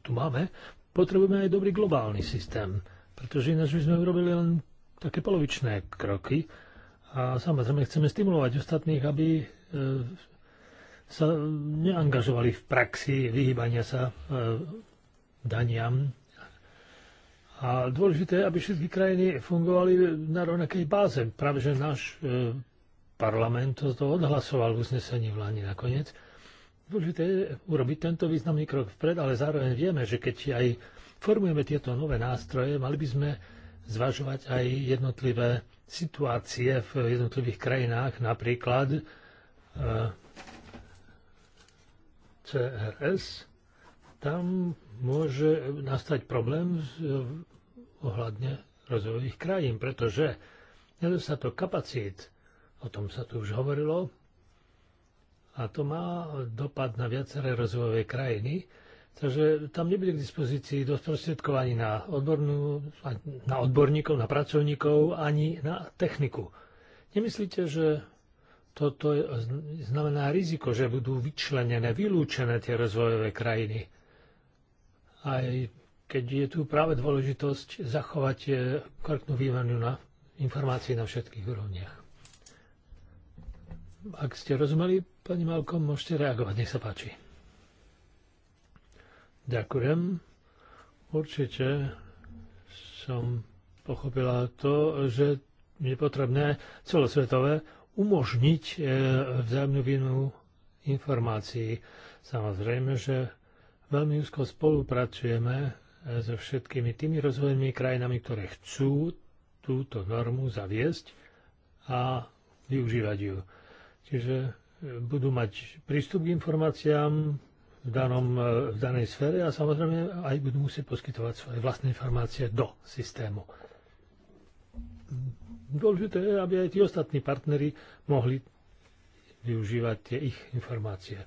tu máme, potrebujeme aj dobrý globálny systém, pretože ináč by sme urobili len také polovičné kroky a samozrejme chceme stimulovať ostatných, aby e, sa neangažovali v praxi vyhýbania sa e, daniam. A dôležité je, aby všetky krajiny fungovali na rovnakej báze. Práve že náš e, parlament to odhlasoval v uznesení vláni nakoniec. Dôležité je urobiť tento významný krok vpred, ale zároveň vieme, že keď aj formujeme tieto nové nástroje, mali by sme zvažovať aj jednotlivé situácie v jednotlivých krajinách, napríklad e, CRS, tam môže nastať problém e, ohľadne rozvojových krajín, pretože nedostatok kapacít o tom sa tu už hovorilo, a to má dopad na viaceré rozvojové krajiny, takže tam nebude k dispozícii dosť prostriedkov ani na, odbornú, na odborníkov, na pracovníkov, ani na techniku. Nemyslíte, že toto znamená riziko, že budú vyčlenené, vylúčené tie rozvojové krajiny? Aj keď je tu práve dôležitosť zachovať eh, korektnú výmenu na informácií na všetkých úrovniach. Ak ste rozumeli, pani Malkom, môžete reagovať, nech sa páči. Ďakujem. Určite som pochopila to, že je potrebné celosvetové umožniť e, vzájomnú výmenu informácií. Samozrejme, že veľmi úzko spolupracujeme e, so všetkými tými rozvojnými krajinami, ktoré chcú túto normu zaviesť a využívať ju. Čiže e, budú mať prístup k informáciám v, danom, e, v danej sfére a samozrejme aj budú musieť poskytovať svoje vlastné informácie do systému. Dôležité je, aby aj tí ostatní partnery mohli využívať tie ich informácie.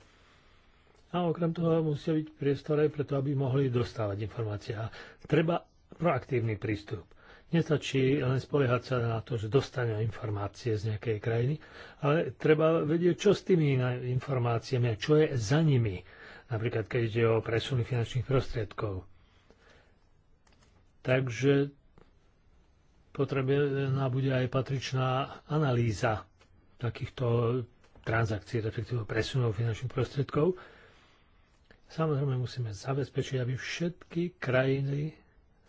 A okrem toho musia byť priestor aj preto, aby mohli dostávať informácie. A treba proaktívny prístup. Nestačí len spoliehať sa na to, že dostane informácie z nejakej krajiny, ale treba vedieť, čo s tými informáciami a čo je za nimi, napríklad keď ide o presuny finančných prostriedkov. Takže potrebná bude aj patričná analýza takýchto transakcií, respektíve presunov finančných prostriedkov. Samozrejme musíme zabezpečiť, aby všetky krajiny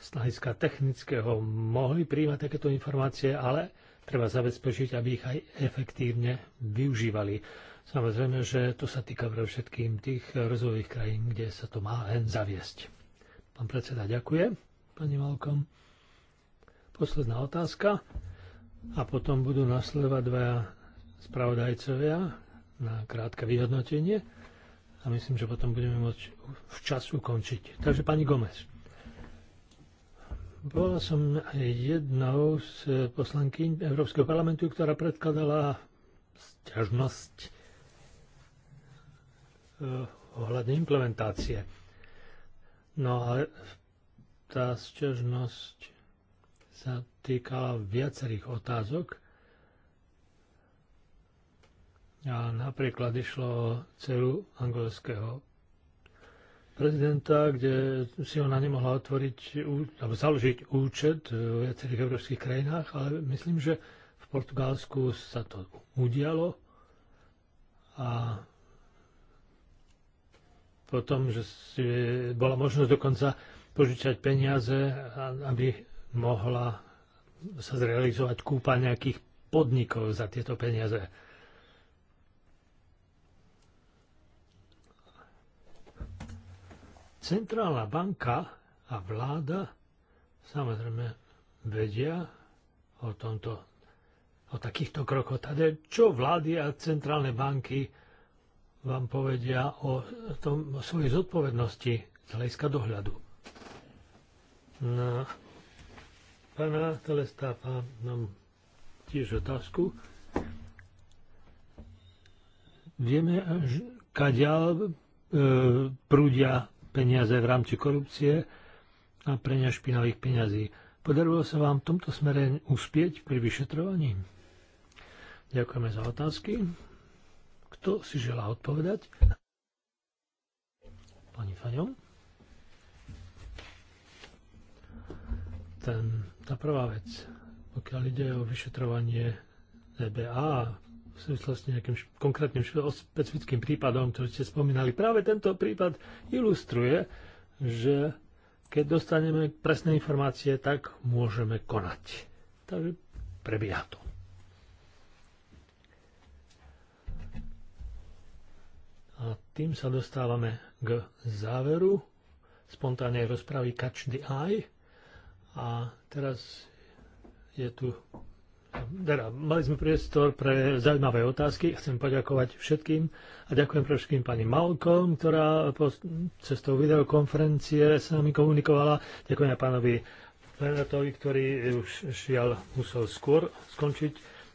z hľadiska technického mohli príjmať takéto informácie, ale treba zabezpečiť, aby ich aj efektívne využívali. Samozrejme, že to sa týka pre všetkým tých rozvojových krajín, kde sa to má len zaviesť. Pán predseda, ďakujem. Pani Malkom. Posledná otázka. A potom budú nasledovať dva spravodajcovia na krátke vyhodnotenie. A myslím, že potom budeme môcť včas ukončiť. Takže pani Gomez. Bola som jednou z poslanky Európskeho parlamentu, ktorá predkladala sťažnosť eh, ohľadne implementácie. No a tá sťažnosť sa týkala viacerých otázok, a napríklad išlo o dceru angolského prezidenta, kde si ona nemohla otvoriť, alebo založiť účet v viacerých európskych krajinách, ale myslím, že v Portugalsku sa to udialo a potom, že si bola možnosť dokonca požičať peniaze, aby mohla sa zrealizovať kúpa nejakých podnikov za tieto peniaze. Centrálna banka a vláda samozrejme vedia o tomto, o takýchto krokoch. Tade, čo vlády a centrálne banky vám povedia o, tom, o svojej zodpovednosti z hľadiska dohľadu? Na pána Telestáfa mám tiež otázku. Vieme, kaďal e, prúdia peniaze v rámci korupcie a prenia špinavých peňazí. Podarilo sa vám v tomto smere uspieť pri vyšetrovaní? Ďakujeme za otázky. Kto si želá odpovedať? Pani Faňom? Ten, tá prvá vec, pokiaľ ide o vyšetrovanie EBA v súvislosti s nejakým konkrétnym špecifickým prípadom, ktorý ste spomínali. Práve tento prípad ilustruje, že keď dostaneme presné informácie, tak môžeme konať. Takže prebieha to. A tým sa dostávame k záveru spontánnej rozpravy Catch the Eye. A teraz je tu teda, mali sme priestor pre zaujímavé otázky. Chcem poďakovať všetkým a ďakujem pre všetkým pani Malkom, ktorá po, cestou videokonferencie s nami komunikovala. Ďakujem aj pánovi Lenatovi, ktorý už šiaľ musel skôr skončiť.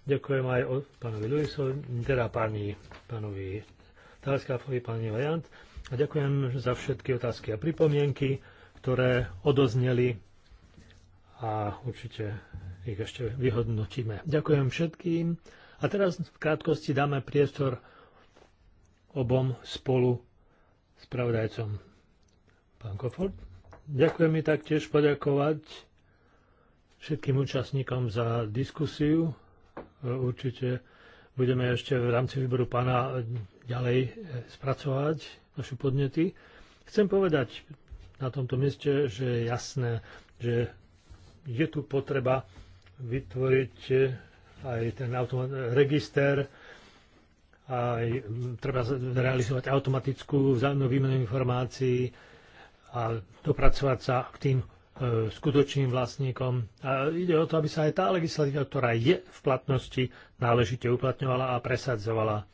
Ďakujem aj o, pánovi Luisovi, teda pani, pánovi Talskáfovi, pani Vajant. A ďakujem za všetky otázky a pripomienky, ktoré odozneli a určite ich ešte vyhodnotíme. Ďakujem všetkým a teraz v krátkosti dáme priestor obom spolu pravdajcom. Pán Kofort, ďakujem mi taktiež poďakovať všetkým účastníkom za diskusiu. Určite budeme ešte v rámci výboru pána ďalej e, spracovať naše podnety. Chcem povedať na tomto mieste, že je jasné, že je tu potreba vytvoriť aj ten register, aj treba realizovať automatickú vzájomnú výmenu informácií a dopracovať sa k tým e, skutočným vlastníkom. A ide o to, aby sa aj tá legislatíva, ktorá je v platnosti, náležite uplatňovala a presadzovala.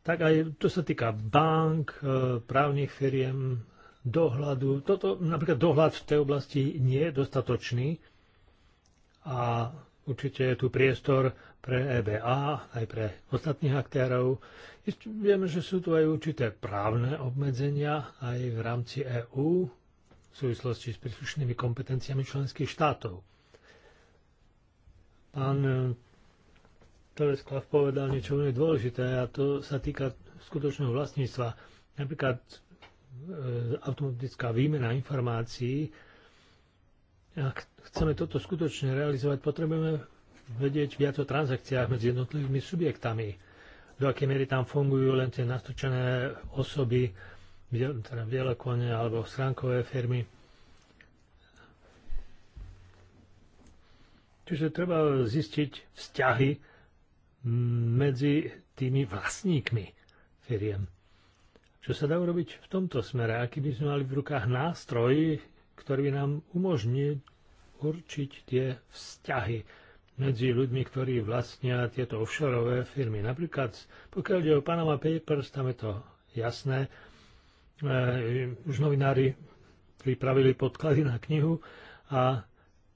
Tak aj to sa týka bank, e, právnych firiem, dohľadu. Toto, napríklad dohľad v tej oblasti nie je dostatočný a určite je tu priestor pre EBA, aj pre ostatných aktérov. Vieme, že sú tu aj určité právne obmedzenia aj v rámci EÚ v súvislosti s príslušnými kompetenciami členských štátov. Pán Telesklav povedal niečo veľmi dôležité a to sa týka skutočného vlastníctva. Napríklad e, automatická výmena informácií ak chceme toto skutočne realizovať, potrebujeme vedieť viac o transakciách medzi jednotlivými subjektami. Do akej miery tam fungujú len tie natočené osoby, teda bielokone alebo schránkové firmy. Čiže treba zistiť vzťahy medzi tými vlastníkmi firiem. Čo sa dá urobiť v tomto smere? Aký by sme mali v rukách nástroj, ktorý by nám umožnil určiť tie vzťahy medzi ľuďmi, ktorí vlastnia tieto offshore firmy. Napríklad, pokiaľ ide o Panama Papers, tam je to jasné. E, už novinári pripravili podklady na knihu a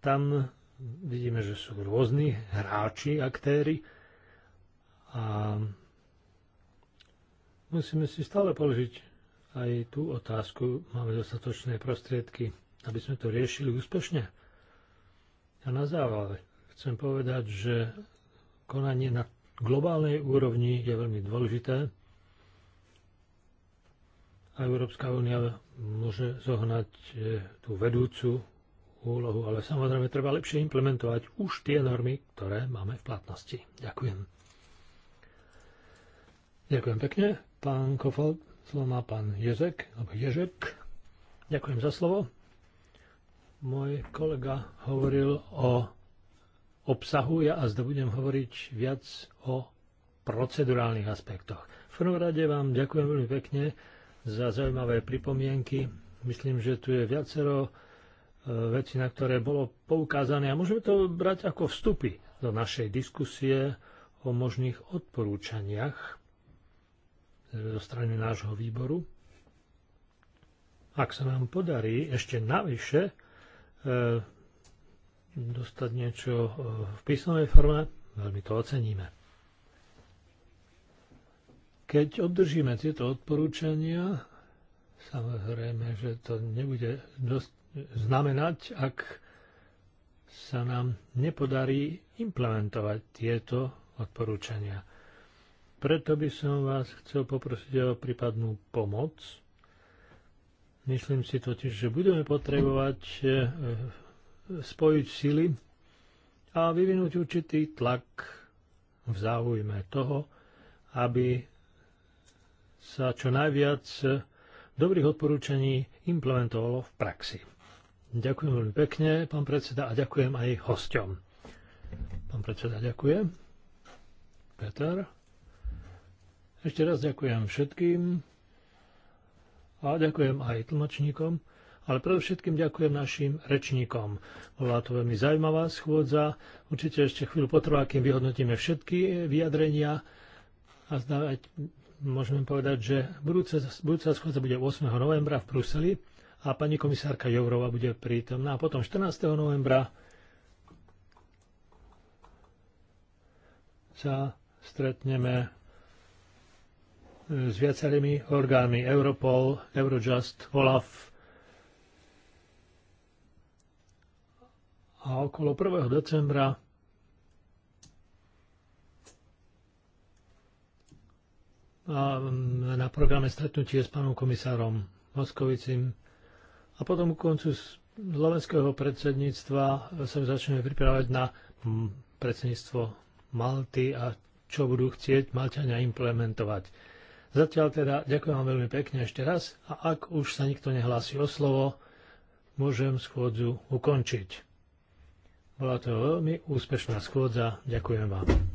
tam vidíme, že sú rôzni hráči, aktéry a musíme si stále položiť aj tú otázku, máme dostatočné prostriedky aby sme to riešili úspešne. A na záver chcem povedať, že konanie na globálnej úrovni je veľmi dôležité a Európska únia môže zohnať eh, tú vedúcu úlohu, ale samozrejme treba lepšie implementovať už tie normy, ktoré máme v platnosti. Ďakujem. Ďakujem pekne. Pán Kofol, slovo má pán Jezek, alebo Ježek. Ďakujem za slovo. Môj kolega hovoril o obsahu, ja a zda budem hovoriť viac o procedurálnych aspektoch. V prvom rade vám ďakujem veľmi pekne za zaujímavé pripomienky. Myslím, že tu je viacero e, veci, na ktoré bolo poukázané a môžeme to brať ako vstupy do našej diskusie o možných odporúčaniach zo strany nášho výboru. Ak sa nám podarí ešte navyše E, dostať niečo e, v písomnej forme, veľmi to oceníme. Keď obdržíme tieto odporúčania, samozrejme, že to nebude dosť znamenať, ak sa nám nepodarí implementovať tieto odporúčania. Preto by som vás chcel poprosiť o prípadnú pomoc Myslím si totiž, že budeme potrebovať e, e, spojiť sily a vyvinúť určitý tlak v záujme toho, aby sa čo najviac dobrých odporúčaní implementovalo v praxi. Ďakujem veľmi pekne, pán predseda, a ďakujem aj hosťom. Pán predseda, ďakujem. Peter. Ešte raz ďakujem všetkým a ďakujem aj tlmočníkom, ale predovšetkým ďakujem našim rečníkom. Bola to veľmi zaujímavá schôdza, určite ešte chvíľu potrvá, kým vyhodnotíme všetky vyjadrenia a zdávať, môžeme povedať, že budúce, budúca schôdza bude 8. novembra v Bruseli a pani komisárka Jourova bude prítomná. A potom 14. novembra sa stretneme s viacerými orgánmi Europol, Eurojust, OLAF. A okolo 1. decembra a na programe stretnutie s pánom komisárom Moskovicim a potom u koncu slovenského predsedníctva sa začneme pripravať na hm, predsedníctvo Malty a čo budú chcieť Malťania implementovať. Zatiaľ teda ďakujem vám veľmi pekne ešte raz a ak už sa nikto nehlási o slovo, môžem schôdzu ukončiť. Bola to veľmi úspešná schôdza. Ďakujem vám.